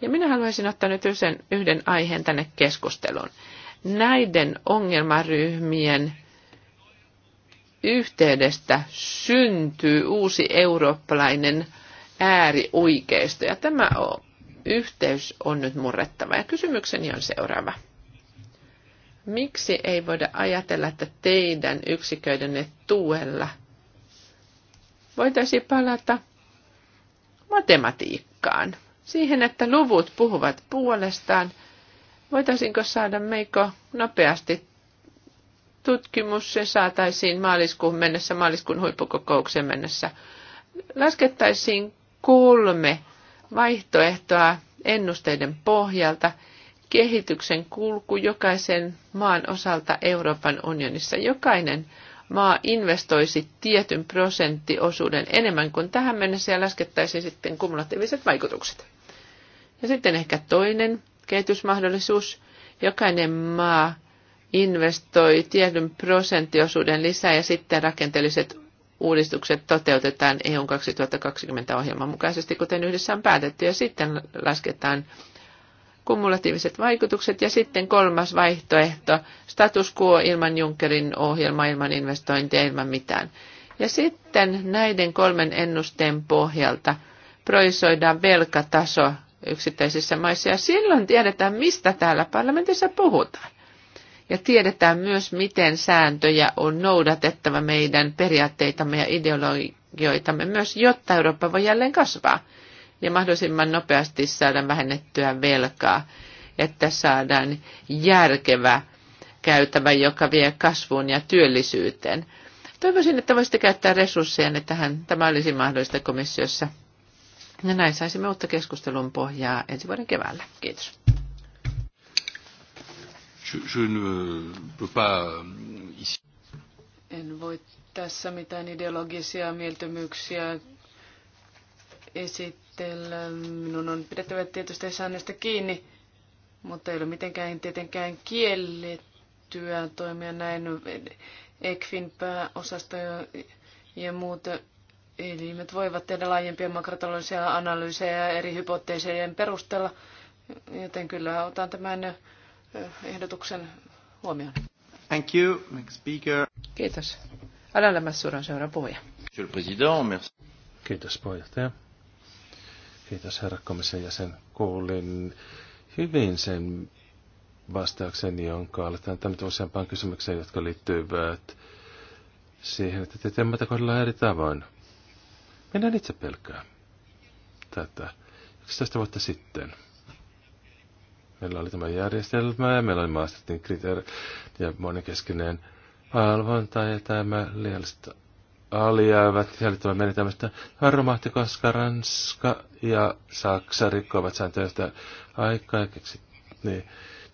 Ja minä haluaisin ottaa nyt yhden, yhden aiheen tänne keskusteluun. Näiden ongelmaryhmien yhteydestä syntyy uusi eurooppalainen äärioikeisto. Ja tämä on, yhteys on nyt murrettava. Ja kysymykseni on seuraava. Miksi ei voida ajatella, että teidän yksiköidenne tuella voitaisiin palata matematiikkaan? Siihen, että luvut puhuvat puolestaan. Voitaisinko saada meiko nopeasti tutkimus, se saataisiin maaliskuun mennessä, maaliskuun huippukokouksen mennessä. Laskettaisiin kolme vaihtoehtoa ennusteiden pohjalta kehityksen kulku jokaisen maan osalta Euroopan unionissa. Jokainen maa investoisi tietyn prosenttiosuuden enemmän kuin tähän mennessä ja laskettaisiin sitten kumulatiiviset vaikutukset. Ja sitten ehkä toinen kehitysmahdollisuus. Jokainen maa investoi tietyn prosenttiosuuden lisää ja sitten rakenteelliset uudistukset toteutetaan EUn 2020 ohjelman mukaisesti, kuten yhdessä on päätetty, ja sitten lasketaan kumulatiiviset vaikutukset. Ja sitten kolmas vaihtoehto, status quo ilman Junckerin ohjelma, ilman investointia, ilman mitään. Ja sitten näiden kolmen ennusteen pohjalta projisoidaan velkataso yksittäisissä maissa, ja silloin tiedetään, mistä täällä parlamentissa puhutaan. Ja tiedetään myös, miten sääntöjä on noudatettava meidän periaatteitamme ja ideologioitamme myös, jotta Eurooppa voi jälleen kasvaa ja mahdollisimman nopeasti saada vähennettyä velkaa, että saadaan järkevä käytävä, joka vie kasvuun ja työllisyyteen. Toivoisin, että voisitte käyttää resursseja että tähän. Tämä olisi mahdollista komissiossa. Ja näin saisimme uutta keskustelun pohjaa ensi vuoden keväällä. Kiitos. Je, ne peux pas euh, ici. En voi tässä mitään ideologisia mieltymyksiä esitellä. Minun on pidettävä tietysti säännöstä kiinni, mutta ei ole mitenkään tietenkään kiellettyä toimia näin. ECFin pääosasta ja muut elimet voivat tehdä laajempia makrotaloudellisia analyysejä eri hypoteeseiden perusteella, joten kyllä otan tämän ehdotuksen huomioon. Thank you. Next speaker. Kiitos. Alain Lamassuran seuraava puhuja. Monsieur le Président, merci. Kiitos puheenjohtaja. Kiitos herra komission jäsen. Kuulin hyvin sen vastauksen, jonka olette antanut useampaan kysymykseen, jotka liittyvät siihen, että te teemme kohdellaan eri tavoin. Minä en itse pelkää tätä. 11 vuotta sitten – Meillä oli tämä järjestelmä ja meillä oli Maastrichtin kriteeri ja monikeskinen valvonta ja tämä liialliset alijäävät tämä meni tämmöistä romahti, koska Ranska ja Saksa rikkovat sääntöjä aikaa. Niin,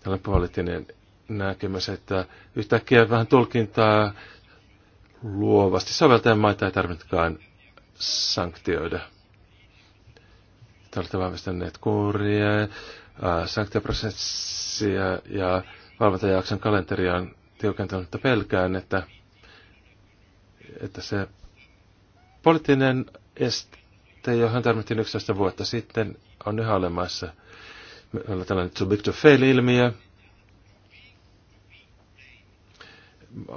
tällainen poliittinen näkemys, että yhtäkkiä vähän tulkintaa luovasti soveltajan maita ei tarvitsekaan sanktioida. Te olette vahvistaneet kuuria sanktioprosessia ja valvontajakson kalenteria on tiukentunut, että pelkään, että, että se poliittinen este, johon tarvittiin 11 vuotta sitten, on yhä olemassa. Meillä on tällainen too big to fail-ilmiö.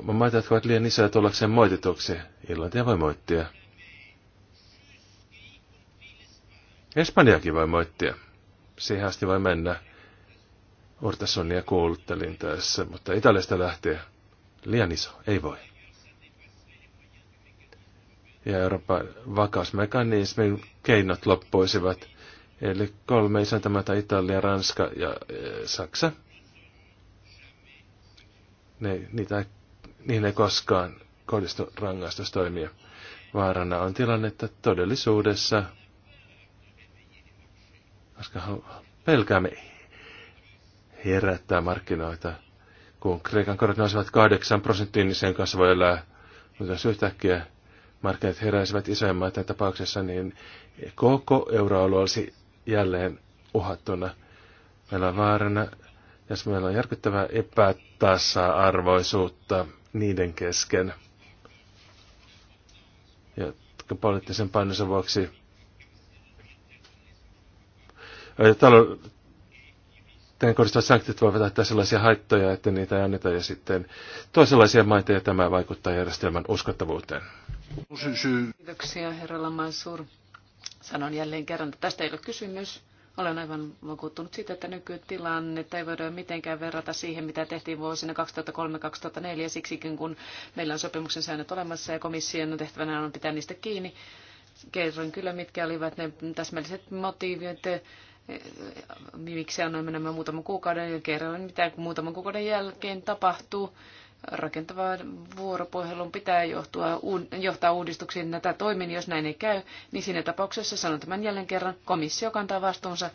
Maita, jotka ovat liian isoja tullakseen moitituksi. Irlantia voi moittia. Espanjaakin voi moittia siihen asti vain mennä. Ortasonia kuuluttelin tässä, mutta Italiasta lähtee liian iso, ei voi. Ja Euroopan vakausmekanismin keinot loppuisivat, eli kolme isäntämätä Italia, Ranska ja eh, Saksa. Ne, niitä, niihin ei koskaan kohdistu rangaistustoimia. Vaarana on tilanne, että todellisuudessa – koska pelkäämme herättää markkinoita. Kun Kreikan korot nousivat 8 prosenttiin, niin sen kanssa voi elää. Mutta jos yhtäkkiä markkinat heräisivät isojen maiden tapauksessa, niin koko euroalue olisi jälleen uhattuna. Meillä on vaarana, jos meillä on järkyttävää epätasa-arvoisuutta niiden kesken, ja poliittisen painonsa vuoksi tämän kohdistuvat sanktiot voivat aiheuttaa sellaisia haittoja, että niitä ei anneta ja sitten toisenlaisia maita ja tämä vaikuttaa järjestelmän uskottavuuteen. Kiitoksia herra Lamansur. Sanon jälleen kerran, että tästä ei ole kysymys. Olen aivan vakuuttunut siitä, että nykytilanne ei voida mitenkään verrata siihen, mitä tehtiin vuosina 2003-2004, siksikin kun meillä on sopimuksen säännöt olemassa ja komission tehtävänä on pitää niistä kiinni. Kerron kyllä, mitkä olivat ne täsmälliset motiivit miksi annoin menemään muutaman kuukauden ja kerroin, mitä muutaman kuukauden jälkeen tapahtuu. Rakentavan vuoropuhelun pitää johtua, johtaa uudistuksiin. näitä toimin, jos näin ei käy, niin siinä tapauksessa sanon tämän jälleen kerran, komissio kantaa vastuunsa.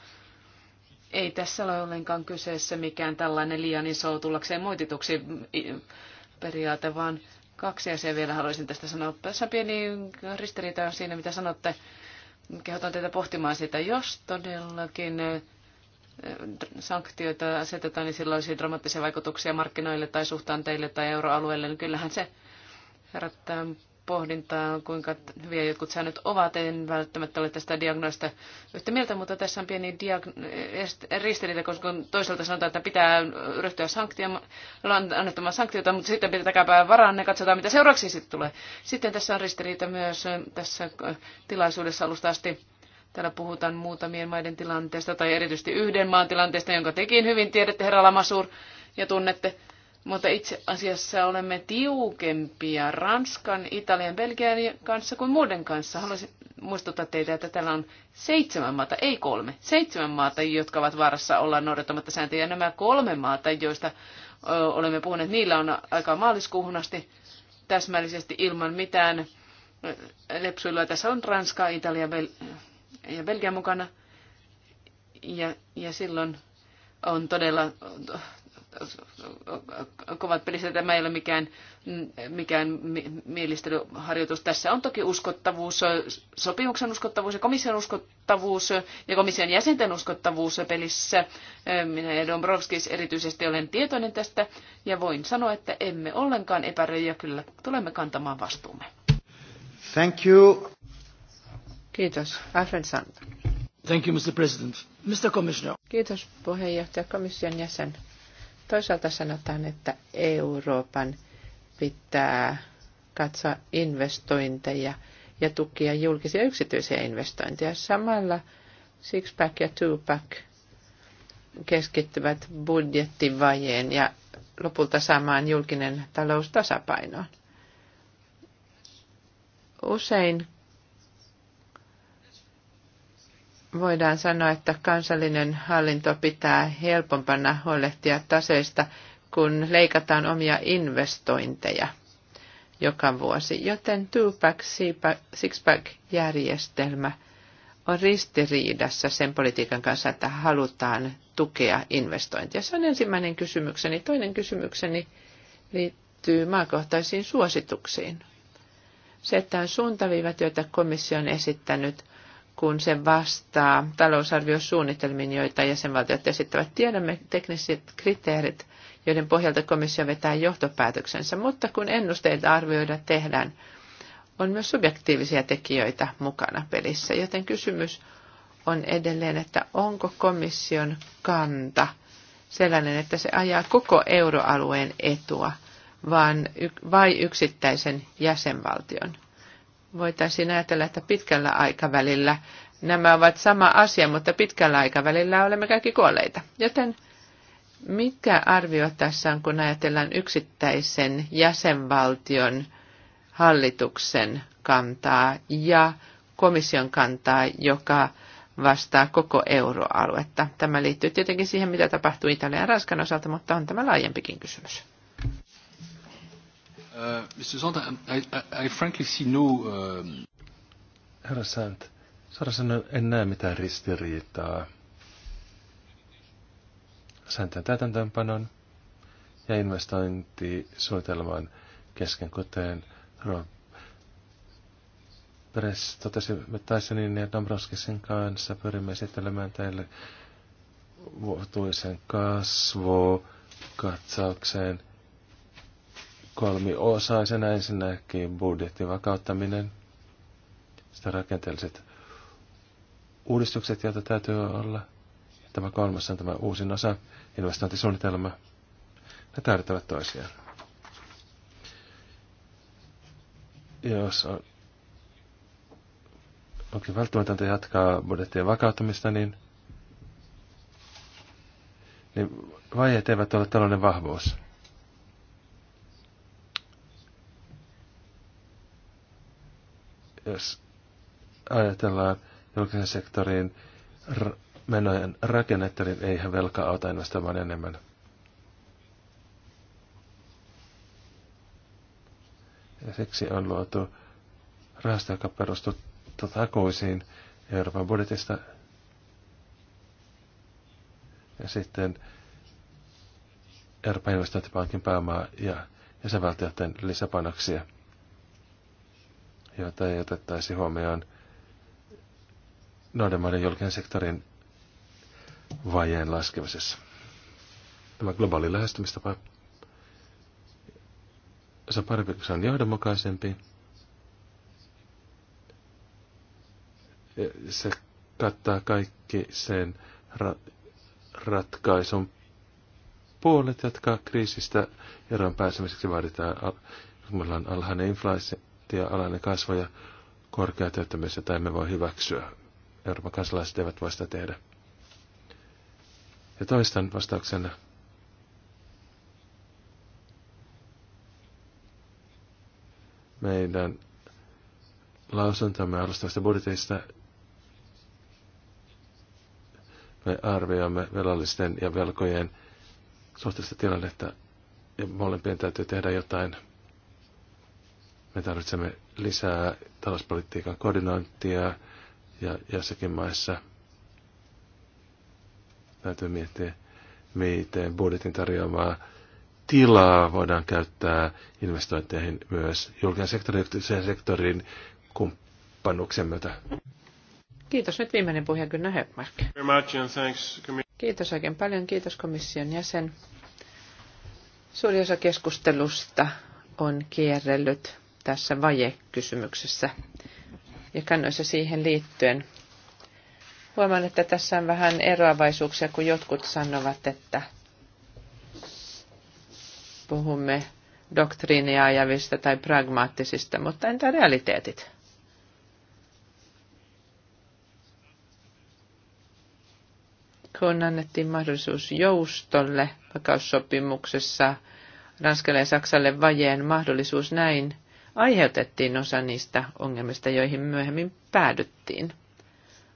Ei tässä ole ollenkaan kyseessä mikään tällainen liian iso tullakseen moitituksi periaate, vaan kaksi asiaa vielä haluaisin tästä sanoa. Tässä pieni ristiriita on siinä, mitä sanotte kehotan teitä pohtimaan sitä, jos todellakin sanktioita asetetaan, niin sillä olisi dramaattisia vaikutuksia markkinoille tai suhtaanteille tai euroalueelle, niin kyllähän se herättää pohdintaa, kuinka hyviä jotkut säännöt ovat. En välttämättä ole tästä diagnoista yhtä mieltä, mutta tässä on pieni diagno- ristiriita, koska toisaalta sanotaan, että pitää ryhtyä sanktioon, annettamaan sanktiota, mutta sitten pitää pitäkääpä varaan ja niin katsotaan, mitä seuraavaksi sitten tulee. Sitten tässä on ristiriita myös tässä tilaisuudessa alusta asti. Täällä puhutaan muutamien maiden tilanteesta tai erityisesti yhden maan tilanteesta, jonka tekin hyvin tiedätte, herra Lamasur, ja tunnette mutta itse asiassa olemme tiukempia Ranskan, Italian, Belgian kanssa kuin muiden kanssa. Haluaisin muistuttaa teitä, että täällä on seitsemän maata, ei kolme, seitsemän maata, jotka ovat varassa olla noudattamatta sääntöjä. Nämä kolme maata, joista olemme puhuneet, niillä on aika maaliskuuhun asti täsmällisesti ilman mitään lepsuilua. Tässä on Ranska, Italia Bel- ja Belgia mukana. Ja, ja silloin on todella kovat pelissä. Tämä ei ole mikään, mikään mielistelyharjoitus. Tässä on toki uskottavuus, sopimuksen uskottavuus ja komission uskottavuus ja komission jäsenten uskottavuus pelissä. Minä ja Dombrovskis erityisesti olen tietoinen tästä ja voin sanoa, että emme ollenkaan epäröi ja kyllä tulemme kantamaan vastuumme. Thank you. Kiitos. Alfred Sand. Thank you, Mr. President. Mr. Commissioner. Kiitos puheenjohtaja komission jäsen Toisaalta sanotaan, että Euroopan pitää katsoa investointeja ja tukia julkisia yksityisiä investointeja. Samalla Sixpack ja Twopack keskittyvät budjettivajeen ja lopulta saamaan julkinen talous tasapainoon. Usein voidaan sanoa, että kansallinen hallinto pitää helpompana huolehtia taseista, kun leikataan omia investointeja joka vuosi. Joten two-pack, six-pack järjestelmä on ristiriidassa sen politiikan kanssa, että halutaan tukea investointia. Se on ensimmäinen kysymykseni. Toinen kysymykseni liittyy maakohtaisiin suosituksiin. Se, että on suuntaviivat, joita komissio on esittänyt – kun se vastaa talousarviosuunnitelmiin, joita jäsenvaltiot esittävät. Tiedämme tekniset kriteerit, joiden pohjalta komissio vetää johtopäätöksensä, mutta kun ennusteita arvioida tehdään, on myös subjektiivisia tekijöitä mukana pelissä, joten kysymys on edelleen, että onko komission kanta sellainen, että se ajaa koko euroalueen etua vaan vai yksittäisen jäsenvaltion voitaisiin ajatella, että pitkällä aikavälillä nämä ovat sama asia, mutta pitkällä aikavälillä olemme kaikki kuolleita. Joten mitkä arvio tässä on, kun ajatellaan yksittäisen jäsenvaltion hallituksen kantaa ja komission kantaa, joka vastaa koko euroaluetta. Tämä liittyy tietenkin siihen, mitä tapahtuu Italian ja Ranskan osalta, mutta on tämä laajempikin kysymys. Uh, Mr. Zonta, I, I, I frankly see no... Um... Herra Sant, en näe mitään ristiriitaa sääntöjen täytäntöönpanon ja investointisuunnitelman kesken, kuten Rob Press totesi, me Tysonin ja Dombrovskisin kanssa pyrimme esittelemään teille vuotuisen kasvukatsauksen – kolmiosaisena ensinnäkin budjetin vakauttaminen, sitä rakenteelliset uudistukset, joita täytyy olla. Tämä kolmas on tämä uusin osa, investointisuunnitelma. Ne täydentävät toisiaan. Jos on, onkin välttämätöntä jatkaa budjettien vakauttamista, niin, niin vaiheet eivät ole tällainen vahvuus. jos ajatellaan julkisen sektorin menojen rakennetta, niin eihän velka auta investoimaan enemmän. Ja siksi on luotu rahasto, joka perustuu takuisiin tuota Euroopan budjetista. Ja sitten Euroopan investointipankin pääomaa ja jäsenvaltioiden lisäpanoksia joita ei otettaisi huomioon noiden maiden julkisen sektorin vajeen laskemisessa. Tämä globaali lähestymistapa se on parempi, kun se on johdonmukaisempi. Se kattaa kaikki sen ra- ratkaisun puolet, jotka kriisistä eroon pääsemiseksi vaaditaan. Meillä on alhainen inflaatio, korruptio, alainen kasvo ja korkea työttömyys, jota emme voi hyväksyä. Euroopan kansalaiset eivät voi sitä tehdä. Ja toistan vastauksena. Meidän lausuntamme alustavasta budjetista me arvioimme velallisten ja velkojen suhteellista tilannetta ja molempien täytyy tehdä jotain – me tarvitsemme lisää talouspolitiikan koordinointia ja jossakin maissa täytyy miettiä, miten budjetin tarjoamaa tilaa voidaan käyttää investointeihin myös julkisen sektorin sektorin kumppanuksen myötä. Kiitos. Nyt viimeinen puhe Gunnar Högmark. Kiitos oikein paljon. Kiitos komission jäsen. Suuri osa keskustelusta on kierrellyt tässä vajekysymyksessä ja kannoissa siihen liittyen. Huomaan, että tässä on vähän eroavaisuuksia, kun jotkut sanovat, että puhumme doktriinia ajavista tai pragmaattisista, mutta entä realiteetit? kun annettiin mahdollisuus joustolle vakaussopimuksessa Ranskalle ja Saksalle vajeen mahdollisuus näin aiheutettiin osa niistä ongelmista, joihin myöhemmin päädyttiin.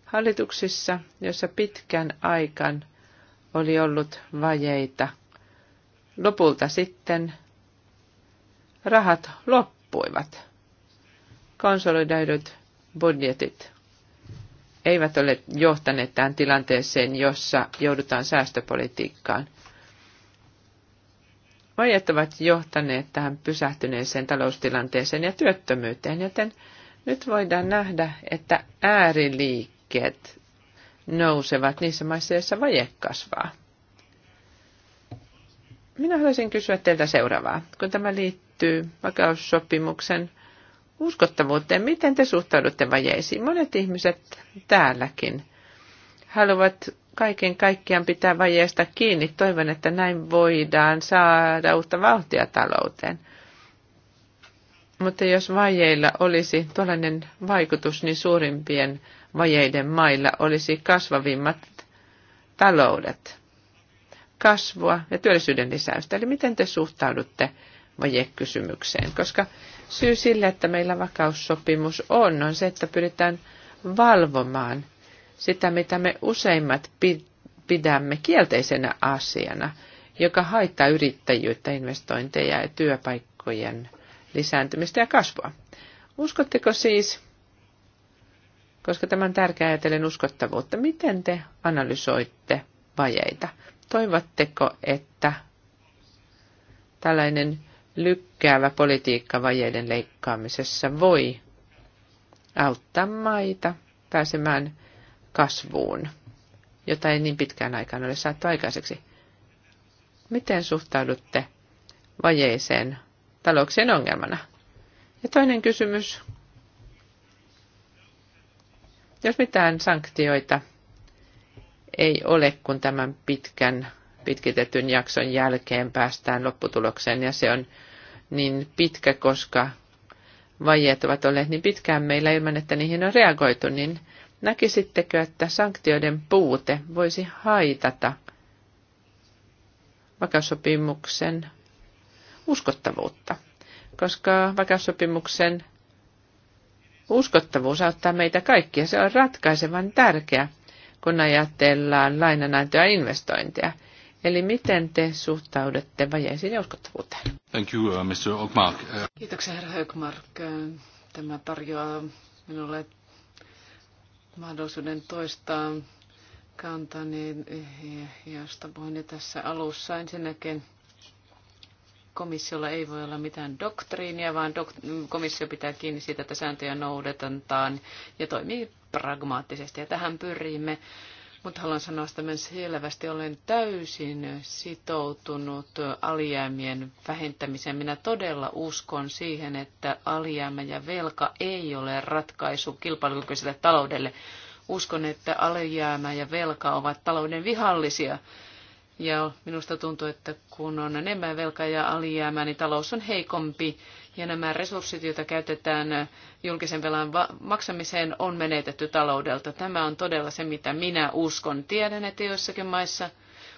Hallituksissa, joissa pitkän aikan oli ollut vajeita, lopulta sitten rahat loppuivat. Konsolidoidut budjetit eivät ole johtaneet tähän tilanteeseen, jossa joudutaan säästöpolitiikkaan. Vajeet ovat johtaneet tähän pysähtyneeseen taloustilanteeseen ja työttömyyteen, joten nyt voidaan nähdä, että ääriliikkeet nousevat niissä maissa, joissa vaje kasvaa. Minä haluaisin kysyä teiltä seuraavaa, kun tämä liittyy vakaussopimuksen uskottavuuteen. Miten te suhtaudutte vajeisiin? Monet ihmiset täälläkin haluavat kaiken kaikkiaan pitää vajeesta kiinni. Toivon, että näin voidaan saada uutta vauhtia talouteen. Mutta jos vajeilla olisi tuollainen vaikutus, niin suurimpien vajeiden mailla olisi kasvavimmat taloudet. Kasvua ja työllisyyden lisäystä. Eli miten te suhtaudutte vajekysymykseen? Koska syy sille, että meillä vakaussopimus on, on se, että pyritään valvomaan – sitä, mitä me useimmat pidämme kielteisenä asiana, joka haittaa yrittäjyyttä, investointeja ja työpaikkojen lisääntymistä ja kasvua. Uskotteko siis, koska tämän tärkeä ajatellen uskottavuutta, miten te analysoitte vajeita? Toivotteko, että tällainen lykkäävä politiikka vajeiden leikkaamisessa voi auttaa maita pääsemään kasvuun, jota ei niin pitkään aikaan ole saatu aikaiseksi. Miten suhtaudutte vajeeseen talouksien ongelmana? Ja toinen kysymys. Jos mitään sanktioita ei ole, kun tämän pitkän pitkitetyn jakson jälkeen päästään lopputulokseen, ja se on niin pitkä, koska vajeet ovat olleet niin pitkään meillä ilman, että niihin on reagoitu, niin Näkisittekö, että sanktioiden puute voisi haitata vakaussopimuksen uskottavuutta? Koska vakaussopimuksen uskottavuus auttaa meitä kaikkia. Se on ratkaisevan tärkeä, kun ajatellaan lainanantoja ja investointeja. Eli miten te suhtaudutte vajeisiin ja uskottavuuteen? Thank you, uh, Mr. Ockmark. Kiitoksia, herra Högmark. Tämä tarjoaa minulle mahdollisuuden toistaa kantani, eh, josta puhuin jo tässä alussa. Ensinnäkin komissiolla ei voi olla mitään doktriinia, vaan dok- komissio pitää kiinni siitä, että sääntöjä noudatetaan ja toimii pragmaattisesti. Ja tähän pyrimme mutta haluan sanoa sitä myös selvästi. Olen täysin sitoutunut alijäämien vähentämiseen. Minä todella uskon siihen, että alijäämä ja velka ei ole ratkaisu kilpailukykyiselle taloudelle. Uskon, että alijäämä ja velka ovat talouden vihallisia. Ja minusta tuntuu, että kun on enemmän velkaa ja alijäämää, niin talous on heikompi ja nämä resurssit, joita käytetään julkisen velan maksamiseen, on menetetty taloudelta. Tämä on todella se, mitä minä uskon. Tiedän, että joissakin maissa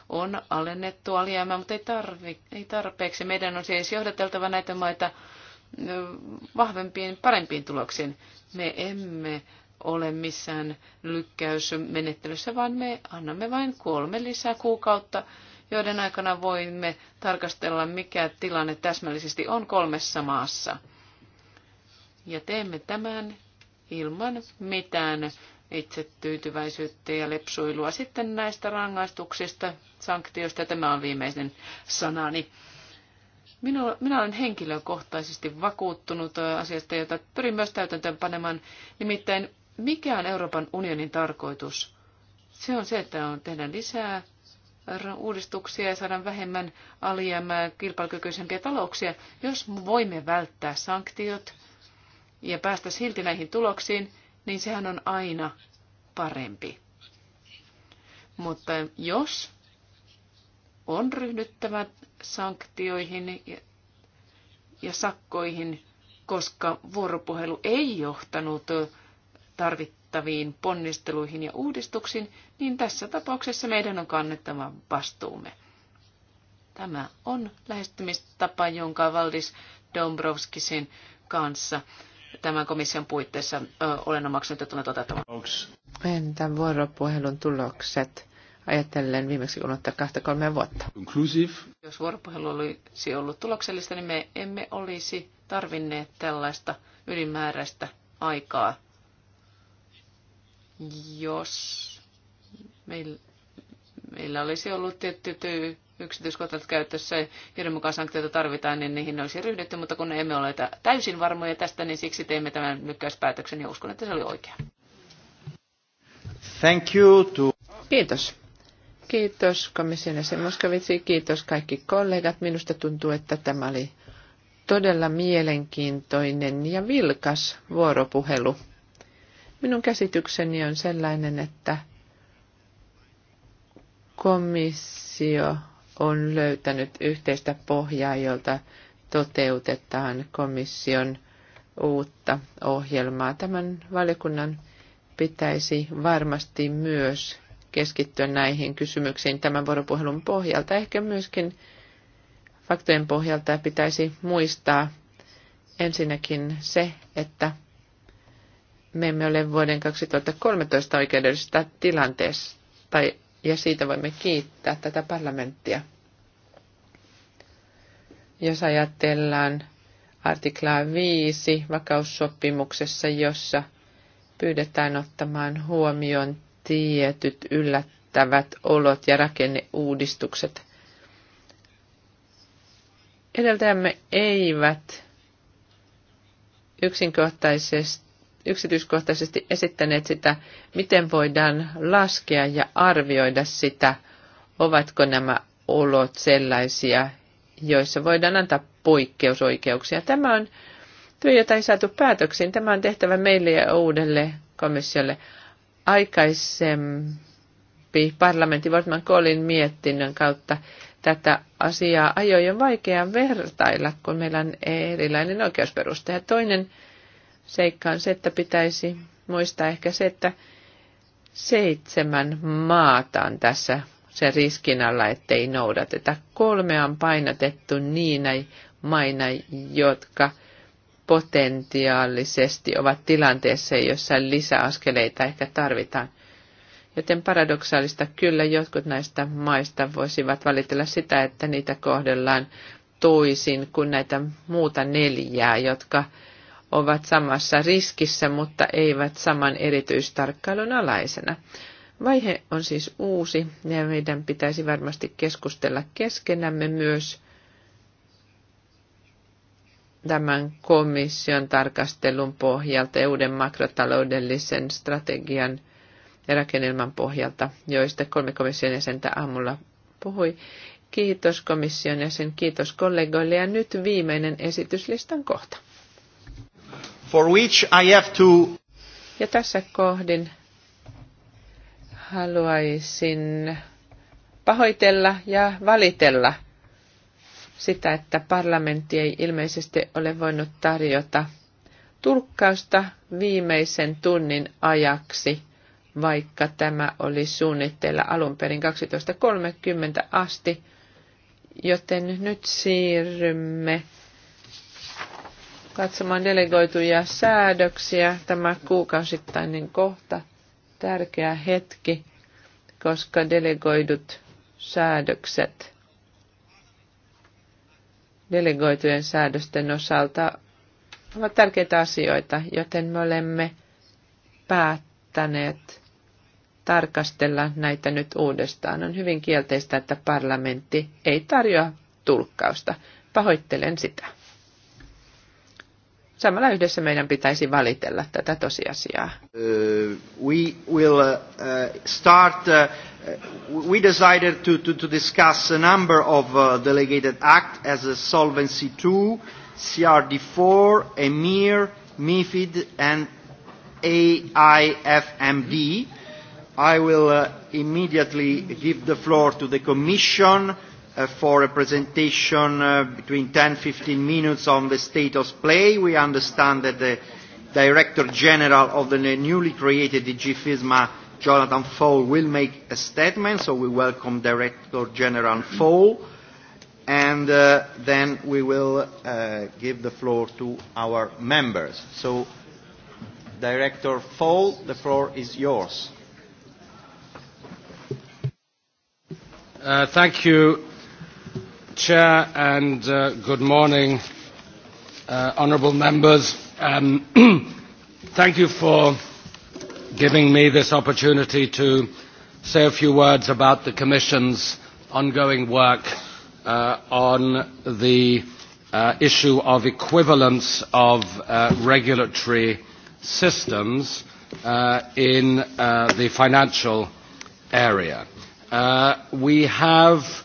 on alennettu alijäämä, mutta ei, tarvi, ei tarpeeksi. Meidän on siis johdateltava näitä maita vahvempiin, parempiin tuloksiin. Me emme ole missään lykkäysmenettelyssä, vaan me annamme vain kolme lisää kuukautta joiden aikana voimme tarkastella, mikä tilanne täsmällisesti on kolmessa maassa. Ja teemme tämän ilman mitään itse tyytyväisyyttä ja lepsuilua sitten näistä rangaistuksista, sanktioista. Tämä on viimeisen sanani. Minulla, minä olen henkilökohtaisesti vakuuttunut asiasta, jota pyrin myös täytäntöön panemaan. Nimittäin, mikä on Euroopan unionin tarkoitus? Se on se, että on tehdä lisää uudistuksia ja saadaan vähemmän alijäämää kilpailukykyisempiä talouksia, jos voimme välttää sanktiot ja päästä silti näihin tuloksiin, niin sehän on aina parempi. Mutta jos on ryhdyttävä sanktioihin ja sakkoihin, koska vuoropuhelu ei johtanut tarvittu mittaviin ponnisteluihin ja uudistuksiin, niin tässä tapauksessa meidän on kannettava vastuumme. Tämä on lähestymistapa, jonka Valdis Dombrovskisin kanssa tämän komission puitteissa ö, olen omaksunut ja tulen toteuttamaan. Entä vuoropuhelun tulokset? ajatellen viimeksi kulunutta kahta kolmea vuotta. Inclusive. Jos vuoropuhelu olisi ollut tuloksellista, niin me emme olisi tarvinneet tällaista ylimääräistä aikaa jos meillä, meillä olisi ollut tietty yksityiskohtaiset käytössä, joiden mukaan sanktioita tarvitaan, niin niihin olisi ryhdytty, mutta kun emme ole täysin varmoja tästä, niin siksi teimme tämän lykkäyspäätöksen ja uskon, että se oli oikea. Thank you to... Kiitos. Kiitos komission jäsen Moskovitsi, kiitos kaikki kollegat. Minusta tuntuu, että tämä oli todella mielenkiintoinen ja vilkas vuoropuhelu. Minun käsitykseni on sellainen, että komissio on löytänyt yhteistä pohjaa, jolta toteutetaan komission uutta ohjelmaa. Tämän valiokunnan pitäisi varmasti myös keskittyä näihin kysymyksiin tämän vuoropuhelun pohjalta. Ehkä myöskin faktojen pohjalta pitäisi muistaa ensinnäkin se, että me emme ole vuoden 2013 oikeudellisesta tilanteessa, tai, ja siitä voimme kiittää tätä parlamenttia. Jos ajatellaan artiklaa 5 vakaussopimuksessa, jossa pyydetään ottamaan huomioon tietyt yllättävät olot ja rakenneuudistukset. Edeltäjämme eivät yksinkohtaisesti yksityiskohtaisesti esittäneet sitä, miten voidaan laskea ja arvioida sitä, ovatko nämä olot sellaisia, joissa voidaan antaa poikkeusoikeuksia. Tämä on työ, jota ei saatu päätöksiin. Tämä on tehtävä meille ja uudelle komissiolle. Aikaisempi parlamentti Wortman kolin mietinnön kautta tätä asiaa ajoin on vaikea vertailla, kun meillä on erilainen oikeusperuste. Ja toinen seikka on se, että pitäisi muistaa ehkä se, että seitsemän maata on tässä sen riskin alla, ettei noudateta. Kolme on painotettu niinä maina, jotka potentiaalisesti ovat tilanteessa, jossa lisäaskeleita ehkä tarvitaan. Joten paradoksaalista kyllä jotkut näistä maista voisivat valitella sitä, että niitä kohdellaan toisin kuin näitä muuta neljää, jotka ovat samassa riskissä, mutta eivät saman erityistarkkailun alaisena. Vaihe on siis uusi ja meidän pitäisi varmasti keskustella keskenämme myös tämän komission tarkastelun pohjalta ja uuden makrotaloudellisen strategian ja rakennelman pohjalta, joista kolme komission jäsentä aamulla puhui. Kiitos komission jäsen, kiitos kollegoille ja nyt viimeinen esityslistan kohta for which I have to... Ja tässä kohdin haluaisin pahoitella ja valitella sitä, että parlamentti ei ilmeisesti ole voinut tarjota tulkkausta viimeisen tunnin ajaksi, vaikka tämä oli suunnitteilla alun perin 12.30 asti, joten nyt siirrymme katsomaan delegoituja säädöksiä. Tämä kuukausittainen kohta, tärkeä hetki, koska delegoidut säädökset delegoitujen säädösten osalta ovat tärkeitä asioita, joten me olemme päättäneet tarkastella näitä nyt uudestaan. On hyvin kielteistä, että parlamentti ei tarjoa tulkkausta. Pahoittelen sitä samalla yhdessä meidän pitäisi valitella tätä tosiasiaa. Uh, we will uh, uh start, uh, uh, we decided to, to, to discuss a number of uh, delegated act as a Solvency 2, CRD4, EMIR, MIFID and AIFMD. I will uh, immediately give the floor to the Commission Uh, for a presentation uh, between 10-15 minutes on the state of play. We understand that the Director General of the newly created DG FISMA, Jonathan Fowle, will make a statement, so we welcome Director General Fowle. And uh, then we will uh, give the floor to our members. So, Director Fowle, the floor is yours. Uh, thank you, Chair, and uh, good morning, uh, honourable members. Um, thank you for giving me this opportunity to say a few words about the Commission's ongoing work uh, on the uh, issue of equivalence of uh, regulatory systems uh, in uh, the financial area. Uh, we have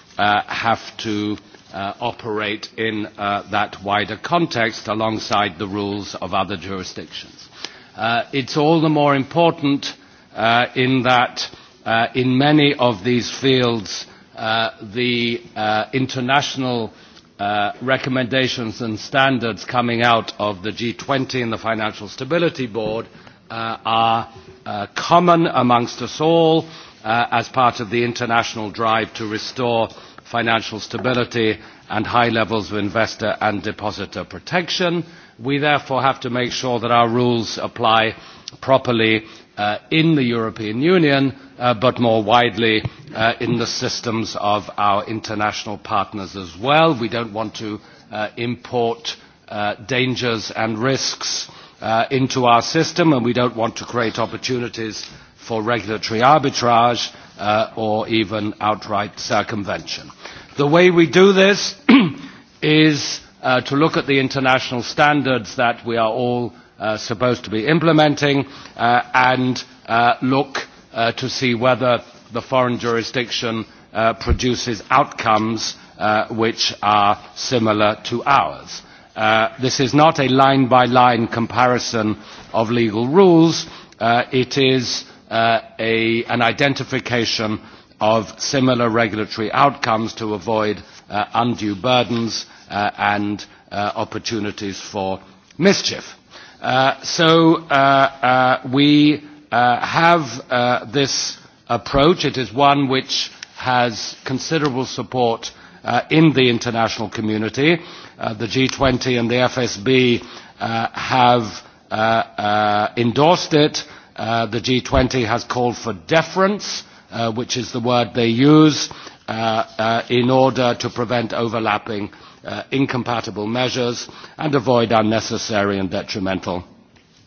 uh, have to uh, operate in uh, that wider context alongside the rules of other jurisdictions. Uh, it's all the more important uh, in that uh, in many of these fields uh, the uh, international uh, recommendations and standards coming out of the G20 and the Financial Stability Board uh, are uh, common amongst us all uh, as part of the international drive to restore financial stability and high levels of investor and depositor protection. We therefore have to make sure that our rules apply properly uh, in the European Union, uh, but more widely uh, in the systems of our international partners as well. We don't want to uh, import uh, dangers and risks uh, into our system, and we don't want to create opportunities for regulatory arbitrage uh, or even outright circumvention. The way we do this is uh, to look at the international standards that we are all uh, supposed to be implementing uh, and uh, look uh, to see whether the foreign jurisdiction uh, produces outcomes uh, which are similar to ours. Uh, this is not a line-by-line -line comparison of legal rules. Uh, it is uh, a, an identification of similar regulatory outcomes to avoid uh, undue burdens uh, and uh, opportunities for mischief. Uh, so uh, uh, we uh, have uh, this approach. It is one which has considerable support uh, in the international community. Uh, the G20 and the FSB uh, have uh, uh, endorsed it. Uh, Uh, the G20 has called for deference, uh, which is the word they use, uh, uh, in order to prevent overlapping uh, incompatible measures and avoid unnecessary and detrimental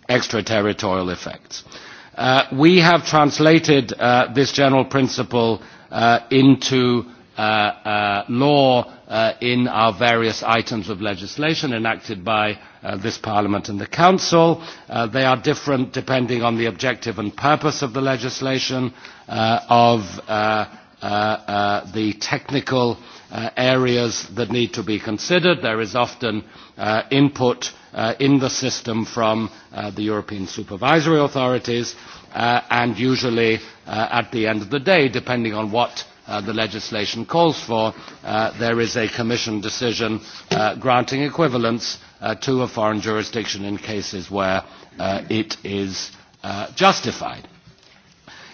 extraterritorial effects. Uh, we have translated uh, this general principle uh, into uh, uh, law uh, in our various items of legislation enacted by uh, this Parliament and the Council. Uh, they are different depending on the objective and purpose of the legislation, uh, of uh, uh, uh, the technical uh, areas that need to be considered. There is often uh, input uh, in the system from uh, the European supervisory authorities uh, and usually uh, at the end of the day, depending on what Uh, the legislation calls for, uh, there is a Commission decision uh, granting equivalence uh, to a foreign jurisdiction in cases where uh, it is uh, justified.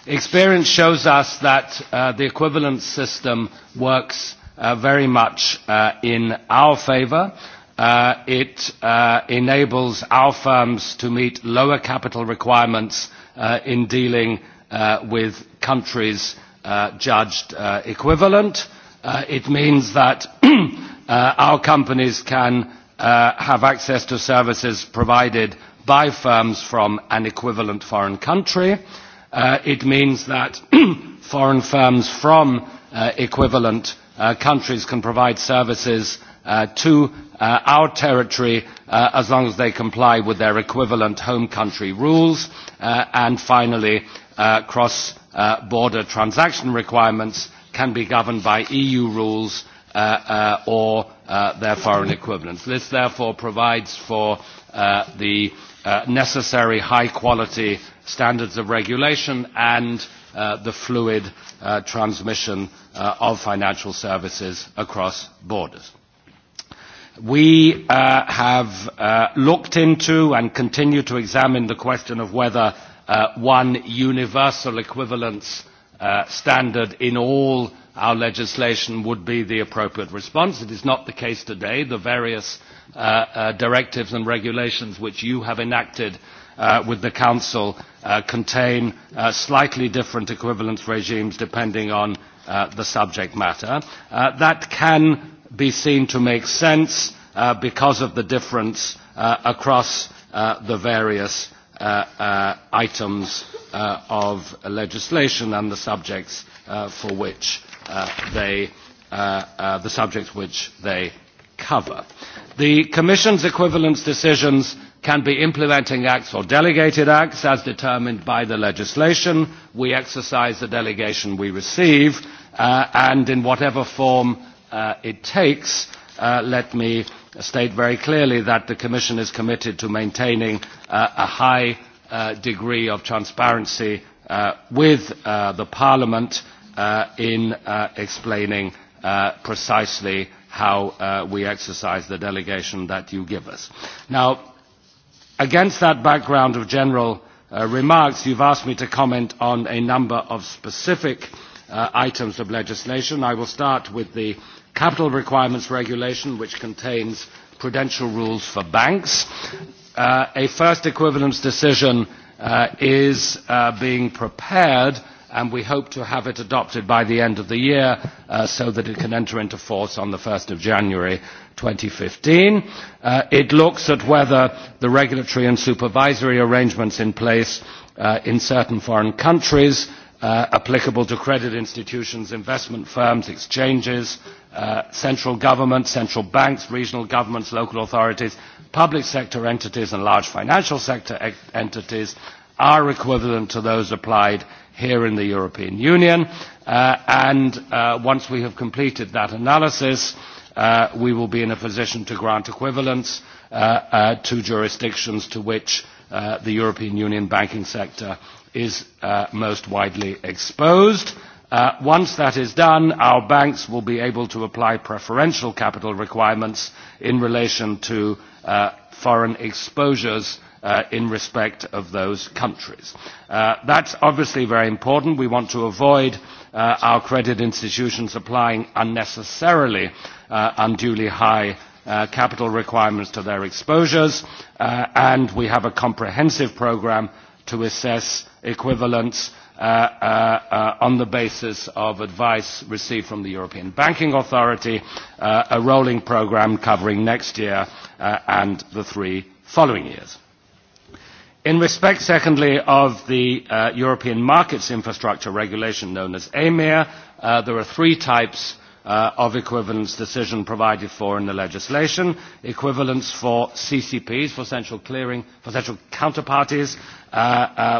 Experience shows us that uh, the equivalence system works uh, very much uh, in our favour. Uh, it uh, enables our firms to meet lower capital requirements uh, in dealing uh, with countries Uh, judged uh, equivalent. Uh, it means that our companies can have access to services provided by firms from an equivalent foreign country. it means that foreign firms from equivalent countries can provide services to our territory as long as they comply with their equivalent home country rules. and finally, cross Uh, border transaction requirements can be governed by EU rules uh, uh, or uh, their foreign equivalents. This therefore provides for uh, the uh, necessary high quality standards of regulation and uh, the fluid uh, transmission uh, of financial services across borders. We uh, have uh, looked into and continue to examine the question of whether Uh, one universal equivalence uh, standard in all our legislation would be the appropriate response. It is not the case today. The various uh, directives and regulations which you have enacted with the Council contain slightly different equivalence regimes depending on the subject matter. that can be seen to make sense because of the difference across the various Uh, uh, items uh, of legislation and the subjects uh, for which uh, they, uh, uh, the subjects which they cover. The Commission's equivalence decisions can be implementing acts or delegated acts as determined by the legislation. We exercise the delegation we receive uh, and in whatever form uh, it takes, Uh, let me state very clearly that the Commission is committed to maintaining uh, a high uh, degree of transparency uh, with uh, the Parliament uh, in uh, explaining uh, precisely how uh, we exercise the delegation that you give us. Now, against that background of general uh, remarks, you've asked me to comment on a number of specific uh, items of legislation. I will start with the capital requirements regulation which contains prudential rules for banks. Uh, a first equivalence decision uh, is uh, being prepared and we hope to have it adopted by the end of the year uh, so that it can enter into force on the 1st of January 2015. Uh, it looks at whether the regulatory and supervisory arrangements in place uh, in certain foreign countries uh, applicable to credit institutions, investment firms, exchanges, uh, Uh, central governments, central banks, regional governments, local authorities, public sector entities and large financial sector e entities are equivalent to those applied here in the European Union. Uh, and uh, once we have completed that analysis, uh, we will be in a position to grant equivalence uh, uh, to jurisdictions to which uh, the European Union banking sector is uh, most widely exposed. Uh, Uh, once that is done, our banks will be able to apply preferential capital requirements in relation to uh, foreign exposures uh, in respect of those countries. That's obviously very important. We want to avoid our credit institutions applying unnecessarily unduly high capital requirements to their exposures, and we have a comprehensive program to assess equivalence Uh, uh, uh, on the basis of advice received from the European Banking Authority, a rolling programme covering next year and the three following years. In respect, secondly, of the European Markets Infrastructure Regulation known as EMIR, there are three types of equivalence decision provided for in the legislation. Equivalence for CCPs, for central clearing, for central counterparties,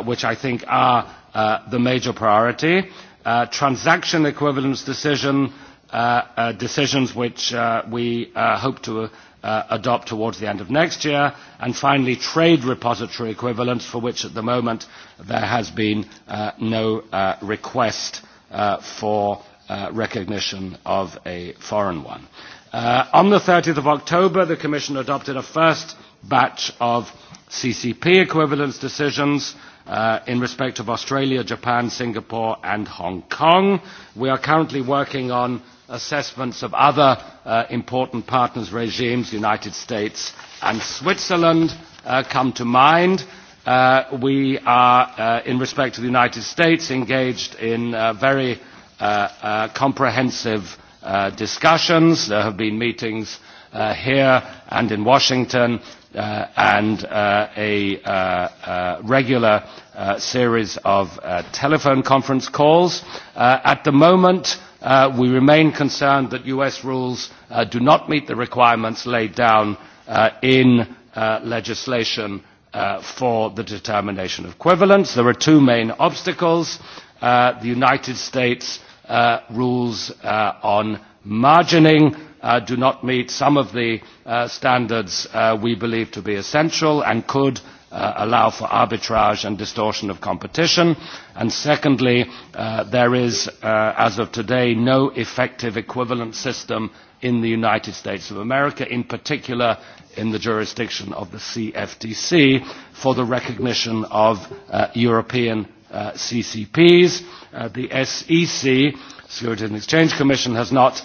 which I think are Uh, the major priority. Uh, transaction equivalence decision, uh, uh, decisions which uh, we uh, hope to uh, adopt towards the end of next year, and finally trade repository equivalence, for which at the moment there has been uh, no uh, request uh, for uh, recognition of a foreign one. Uh, on the 30th of October, the Commission adopted a first batch of CCP equivalence decisions. Uh, in respect of Australia, Japan, Singapore and Hong Kong. We are currently working on assessments of other uh, important partners regimes, United States and Switzerland uh, come to mind. Uh, we are, uh, in respect of the United States, engaged in uh, very uh, uh, comprehensive uh, discussions. There have been meetings uh, here and in Washington uh, and uh, a uh, uh, regular uh, series of uh, telephone conference calls. Uh, at the moment, uh, we remain concerned that US rules uh, do not meet the requirements laid down uh, in uh, legislation uh, for the determination of equivalence. There are two main obstacles. Uh, the United States uh, rules uh, on margining uh, do not meet some of the uh, standards uh, we believe to be essential and could uh, allow for arbitrage and distortion of competition. And secondly, uh, there is, uh, as of today, no effective equivalent system in the United States of America, in particular in the jurisdiction of the CFTC, for the recognition of uh, European uh, CCPs. Uh, the SEC, Securities and Exchange Commission, has not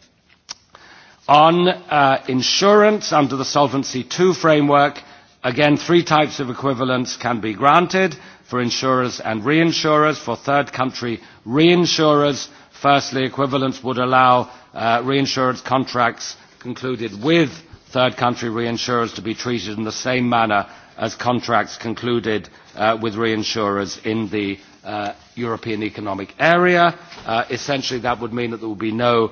On uh, insurance under the Solvency II framework, again, three types of equivalence can be granted for insurers and reinsurers. For third country reinsurers, firstly, equivalence would allow uh, reinsurance contracts concluded with third country reinsurers to be treated in the same manner as contracts concluded uh, with reinsurers in the European Economic Area. essentially, that would mean that there would be no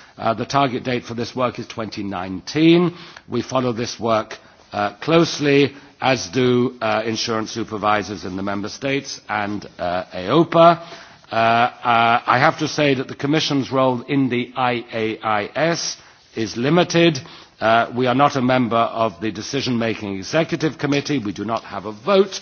Uh, the target date for this work is 2019. We follow this work uh, closely, as do uh, insurance supervisors in the Member States and uh, AOPA. Uh, uh, I have to say that the Commission's role in the IAIS is limited. Uh, we are not a member of the decision-making executive committee. We do not have a vote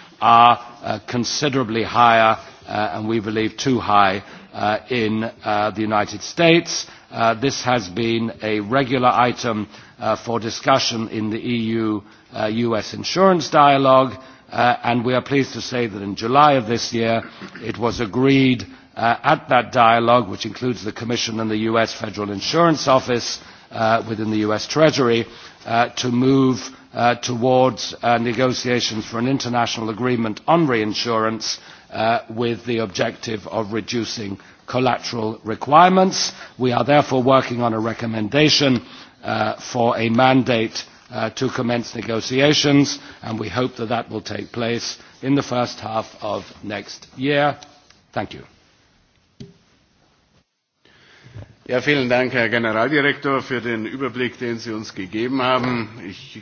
are uh, considerably higher, uh, and we believe too high, uh, in uh, the United States. Uh, this has been a regular item uh, for discussion in the EU-US uh, insurance dialogue, uh, and we are pleased to say that in July of this year it was agreed uh, at that dialogue, which includes the Commission and the US Federal Insurance Office uh, within the US Treasury, uh, to move Uh, towards uh, negotiations for an international agreement on reinsurance uh, with the objective of reducing collateral requirements. We are therefore working on a recommendation for a mandate to commence negotiations and we hope that that will take place in the first half of next year. Thank you. Ja, vielen Dank, Herr Generaldirektor, für den Überblick, den Sie uns gegeben haben. Ich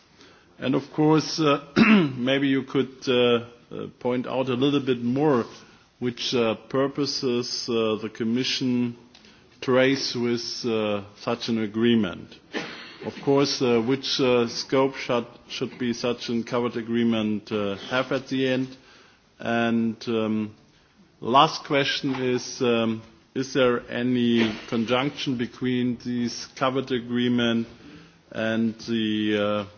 And of course, uh, maybe you could uh, uh, point out a little bit more which uh, purposes uh, the Commission trace with uh, such an agreement. Of course, uh, which uh, scope should, should be such a covered agreement uh, have at the end? And um, last question is, um, is there any conjunction between this covered agreement and the uh,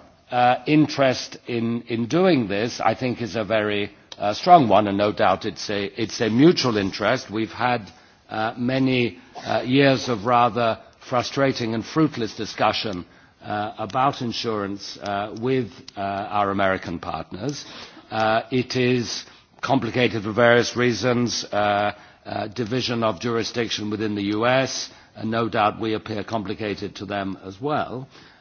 Uh, interest in, doing this, I think, is a very uh, strong one, and no doubt it's a, a mutual interest. We've had uh, many years of rather frustrating and fruitless discussion about insurance with our American partners. it is complicated for various reasons, division of jurisdiction within the US, and no doubt we appear complicated to them as well.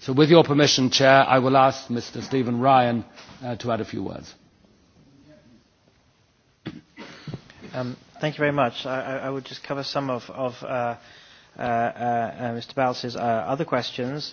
So with your permission, Chair, I will ask Mr. Stephen Ryan uh, to add a few words. Um, thank you very much. I, I would just cover some of, of uh, uh, uh, uh Mr. Balz's uh, other questions.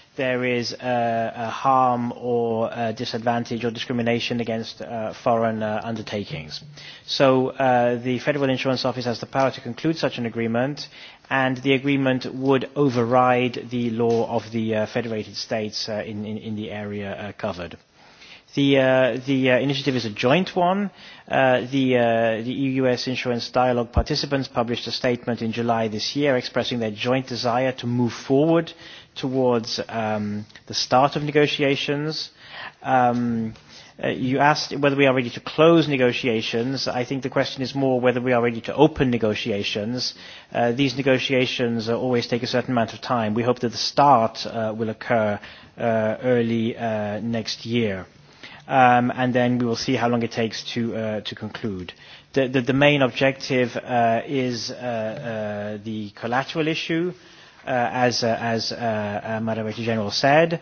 there is uh, a harm or a disadvantage or discrimination against uh, foreign uh, undertakings. So uh, the Federal Insurance Office has the power to conclude such an agreement and the agreement would override the law of the uh, federated states uh, in, in, in the area uh, covered. The, uh, the uh, initiative is a joint one. Uh, the, uh, the EU-US Insurance Dialogue participants published a statement in July this year expressing their joint desire to move forward towards um, the start of negotiations. Um, uh, you asked whether we are ready to close negotiations. I think the question is more whether we are ready to open negotiations. Uh, these negotiations uh, always take a certain amount of time. We hope that the start uh, will occur uh, early uh, next year um, and then we will see how long it takes to, uh, to conclude. The, the, the main objective uh, is uh, uh, the collateral issue, uh, as, uh, as uh, uh, Madam Attorney General said,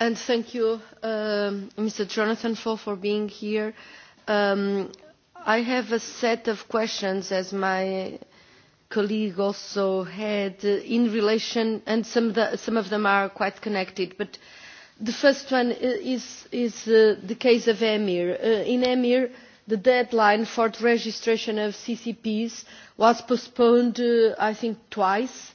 And thank you, Mr. Um, Jonathan, for, being here. Um, I have a set of questions, as my colleague also had, uh, in relation, and some of, them are quite connected. But the first one is, uh, the case of EMIR. Uh, in EMIR, the deadline for the registration of CCPs was postponed, I think, twice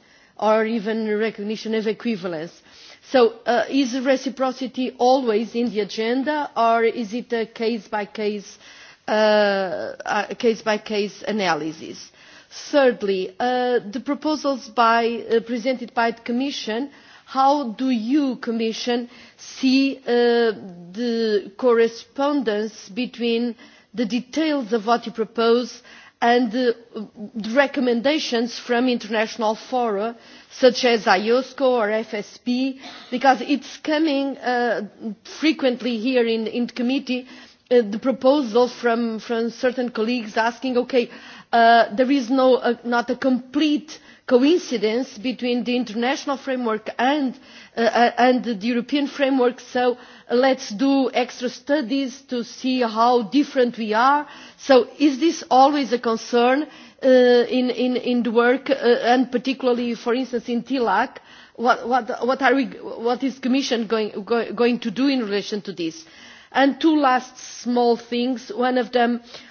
or even recognition of equivalence. so uh, is reciprocity always on the agenda or is it a case by case, uh, case, by case analysis? thirdly uh, the proposals by, uh, presented by the commission how do you commission see uh, the correspondence between the details of what you propose and the recommendations from international fora such as iosco or fsp because it is coming up uh, frequently here in, in committee uh, the proposal from, certain colleagues asking ok uh, there is no, not a complete coincidence between the international framework and, uh, uh, the european framework so uh, let us do extra studies to see how different we are. so is this always a concern in, the work and particularly for instance in tlac? what, are we, what is the commission going, to do in relation to this? and two last small things one of them is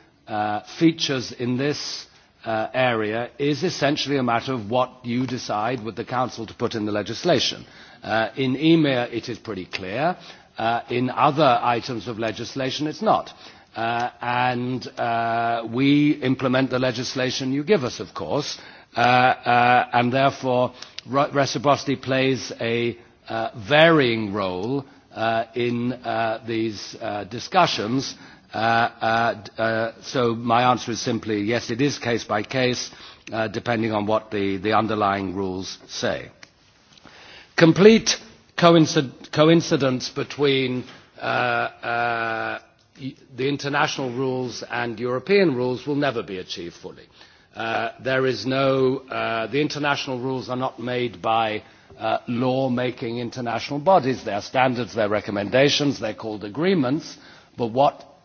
Uh, features in this uh, area is essentially a matter of what you decide with the Council to put in the legislation. Uh, in emir it is pretty clear. in other items of legislation, it's not. and we implement the legislation you give us, of course, and therefore reciprocity plays a varying role in these discussions Uh, uh, uh, so my answer is simply, yes, it is case by case, depending on what the, the underlying rules say. Complete coincid coincidence between the international rules and European rules will never be achieved fully. Uh, there is no, uh, the international rules are not made by uh, law-making international bodies. They are standards, they are recommendations, they are called agreements, but what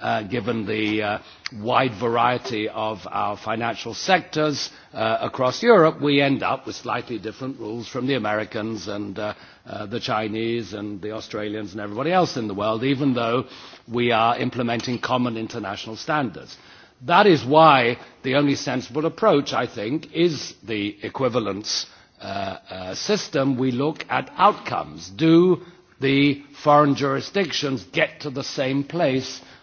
Uh, given the uh, wide variety of our financial sectors uh, across Europe, we end up with slightly different rules from the Americans and uh, uh, the Chinese and the Australians and everybody else in the world, even though we are implementing common international standards. That is why the only sensible approach, I think, is the equivalence uh, uh, system. We look at outcomes. Do the foreign jurisdictions get to the same place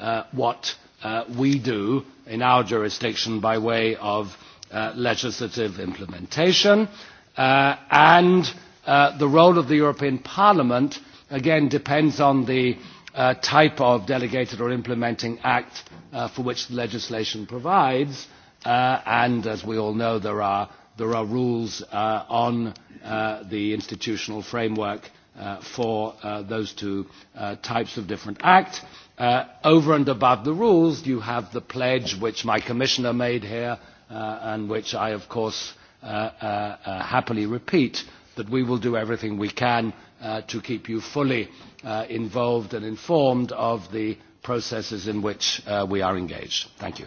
uh, what uh, we do in our jurisdiction by way of uh, legislative implementation. Uh, and uh, the role of the European Parliament, again, depends on the uh, type of delegated or implementing act uh, for which the legislation provides. Uh, and as we all know, there are, there are rules uh, on uh, the institutional framework uh, for uh, those two uh, types of different act. Uh, over and above the rules, you have the pledge which my commissioner made here uh, and which I, of course, uh, uh, uh, happily repeat, that we will do everything we can uh, to keep you fully uh, involved and informed of the processes in which uh, we are engaged. Thank you.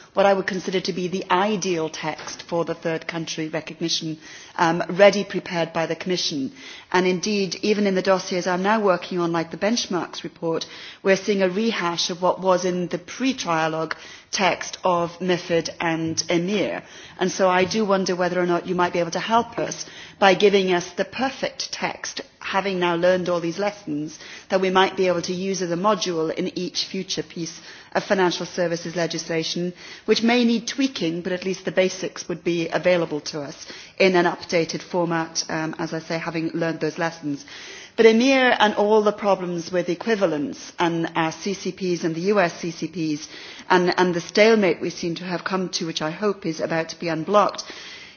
what I would consider to be the ideal text for the third country recognition, um, ready prepared by the Commission. And indeed, even in the dossiers I'm now working on, like the benchmarks report, we're seeing a rehash of what was in the pre-trialogue text of MIFID and EMIR. And so I do wonder whether or not you might be able to help us by giving us the perfect text, having now learned all these lessons, that we might be able to use as a module in each future piece of financial services legislation, which may need tweaking, but at least the basics would be available to us in an updated format, um, as I say, having learned those lessons. But EMIR and all the problems with equivalence and our CCPs and the US CCPs and, and the stalemate we seem to have come to, which I hope is about to be unblocked,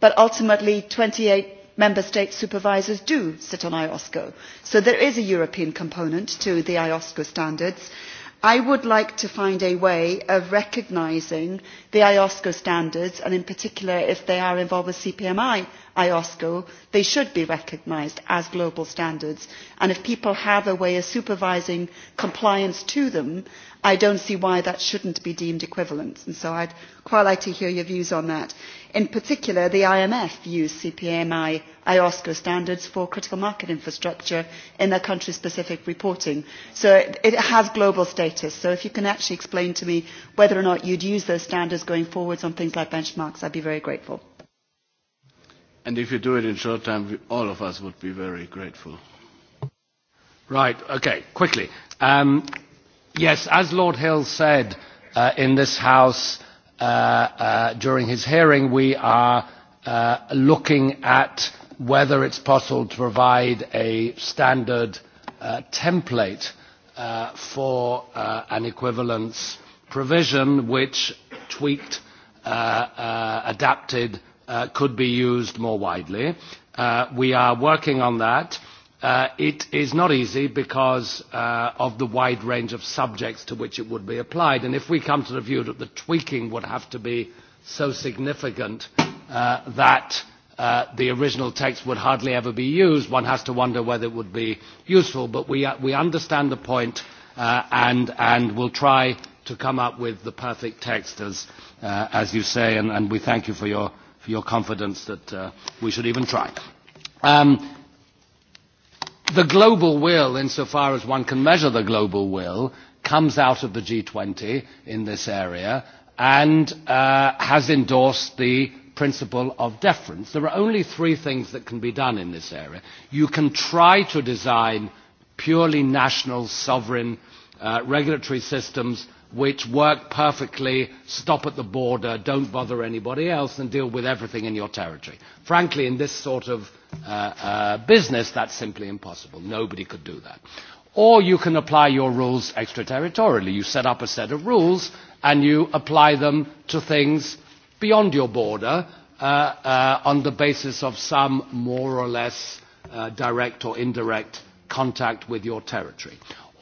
but ultimately twenty eight member state supervisors do sit on iosco so there is a european component to the iosco standards. i would like to find a way of recognising the iosco standards and in particular if they are involved with cpmi IOSCO, they should be recognised as global standards. And if people have a way of supervising compliance to them, I don't see why that shouldn't be deemed equivalent. And so I'd quite like to hear your views on that. In particular, the IMF views CPMI IOSCO standards for critical market infrastructure in their country-specific reporting. So it, it has global status. So if you can actually explain to me whether or not you'd use those standards going forwards on things like benchmarks, I'd be very grateful. And if you do it in short time, we, all of us would be very grateful. Right, okay, quickly. Um, yes, as Lord Hill said uh, in this House uh, uh, during his hearing, we are uh, looking at whether it's possible to provide a standard uh, template uh, for uh, an equivalence provision which tweaked, uh, uh, adapted Uh, could be used more widely. Uh, we are working on that. Uh, it is not easy because uh, of the wide range of subjects to which it would be applied. And if we come to the view that the tweaking would have to be so significant uh, that uh, the original text would hardly ever be used, one has to wonder whether it would be useful. But we, uh, we understand the point uh, and, and will try to come up with the perfect text, as, uh, as you say, and, and we thank you for your for your confidence that uh, we should even try. Um, the global will, insofar as one can measure the global will, comes out of the G20 in this area and uh, has endorsed the principle of deference. There are only three things that can be done in this area. You can try to design purely national sovereign uh, regulatory systems which work perfectly, stop at the border, don't bother anybody else, and deal with everything in your territory. Frankly, in this sort of uh, uh, business, that's simply impossible. Nobody could do that. Or you can apply your rules extraterritorially. You set up a set of rules and you apply them to things beyond your border uh, uh, on the basis of some more or less uh, direct or indirect contact with your territory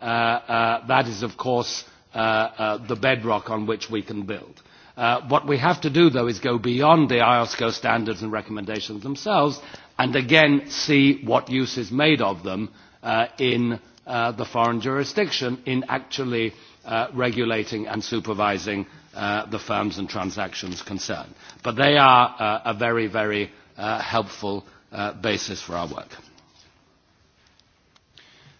uh, uh, that is, of course, uh, uh, the bedrock on which we can build. Uh, what we have to do, though, is go beyond the IOSCO standards and recommendations themselves and again see what use is made of them uh, in uh, the foreign jurisdiction in actually uh, regulating and supervising uh, the firms and transactions concerned. But they are uh, a very, very uh, helpful uh, basis for our work.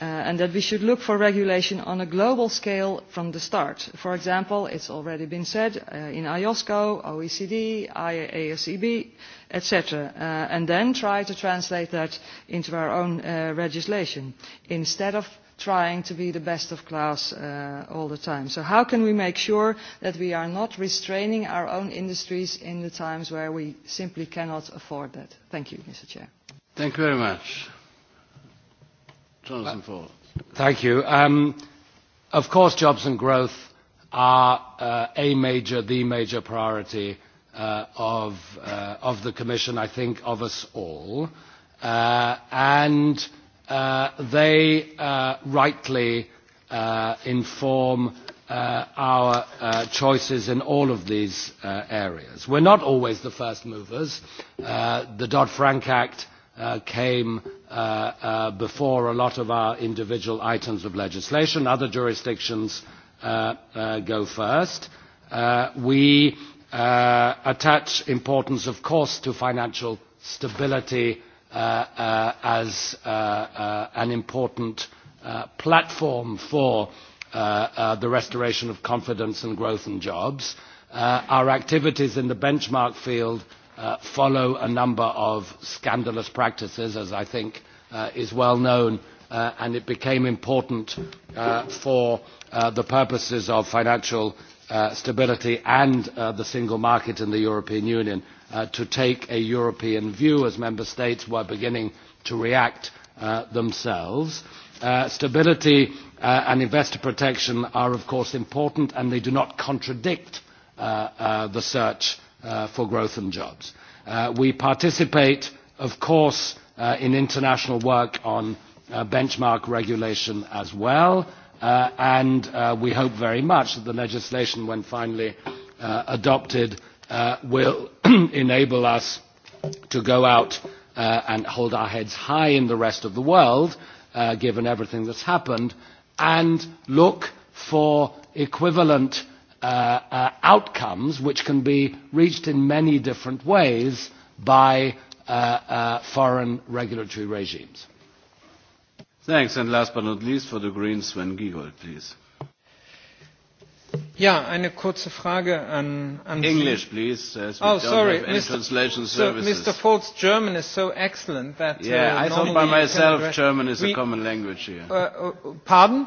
Uh, and that we should look for regulation on a global scale from the start. For example, it's already been said uh, in IOSCO, OECD, IASEB, etc., uh, and then try to translate that into our own uh, legislation instead of trying to be the best of class uh, all the time. So how can we make sure that we are not restraining our own industries in the times where we simply cannot afford that? Thank you, Mr. Chair. Thank you very much. Uh, thank you. Um, of course, jobs and growth are uh, a major, the major priority uh, of, uh, of the Commission, I think, of us all. Uh, and uh, they uh, rightly uh, inform uh, our uh, choices in all of these uh, areas. We're not always the first movers. Uh, the Dodd-Frank Act uh, came Uh, uh, before a lot of our individual items of legislation. Other jurisdictions uh, go first. We attach importance, of course, to financial stability as an important platform for the restoration of confidence and growth and jobs. Our activities in the benchmark field Uh, follow a number of scandalous practices, as I think uh, is well known, uh, and it became important uh, for uh, the purposes of financial uh, stability and uh, the single market in the European Union uh, to take a European view as member states were beginning to react uh, themselves. Uh, stability uh, and investor protection are of course important and they do not contradict uh, uh, the search uh, for growth and jobs. Uh, we participate, of course, uh, in international work on uh, benchmark regulation as well, uh, and uh, we hope very much that the legislation, when finally uh, adopted, uh, will enable us to go out uh, and hold our heads high in the rest of the world, uh, given everything that's happened, and look for equivalent uh, uh, outcomes which can be reached in many different ways by uh, uh, foreign regulatory regimes. Thanks. And last but not least, for the Greens, Sven Giegold, please. Ja, eine kurze Frage an, an English, Sie. please. As we oh, don't sorry, have Mr. Translation so services. Mr. Folt's German is so excellent that. Yeah, uh, I thought by myself German is we, a common language here. Uh, uh, pardon?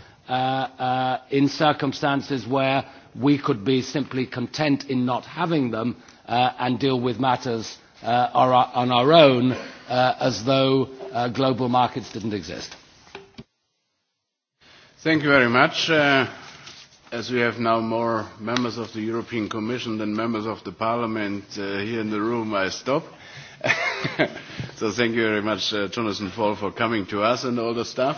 Uh, uh, in circumstances where we could be simply content in not having them uh, and deal with matters uh, on our own uh, as though uh, global markets didn't exist. Thank you very much. Uh, as we have now more members of the European Commission than members of the Parliament uh, here in the room, I stop. so thank you very much, uh, Jonathan Fall, for coming to us and all the stuff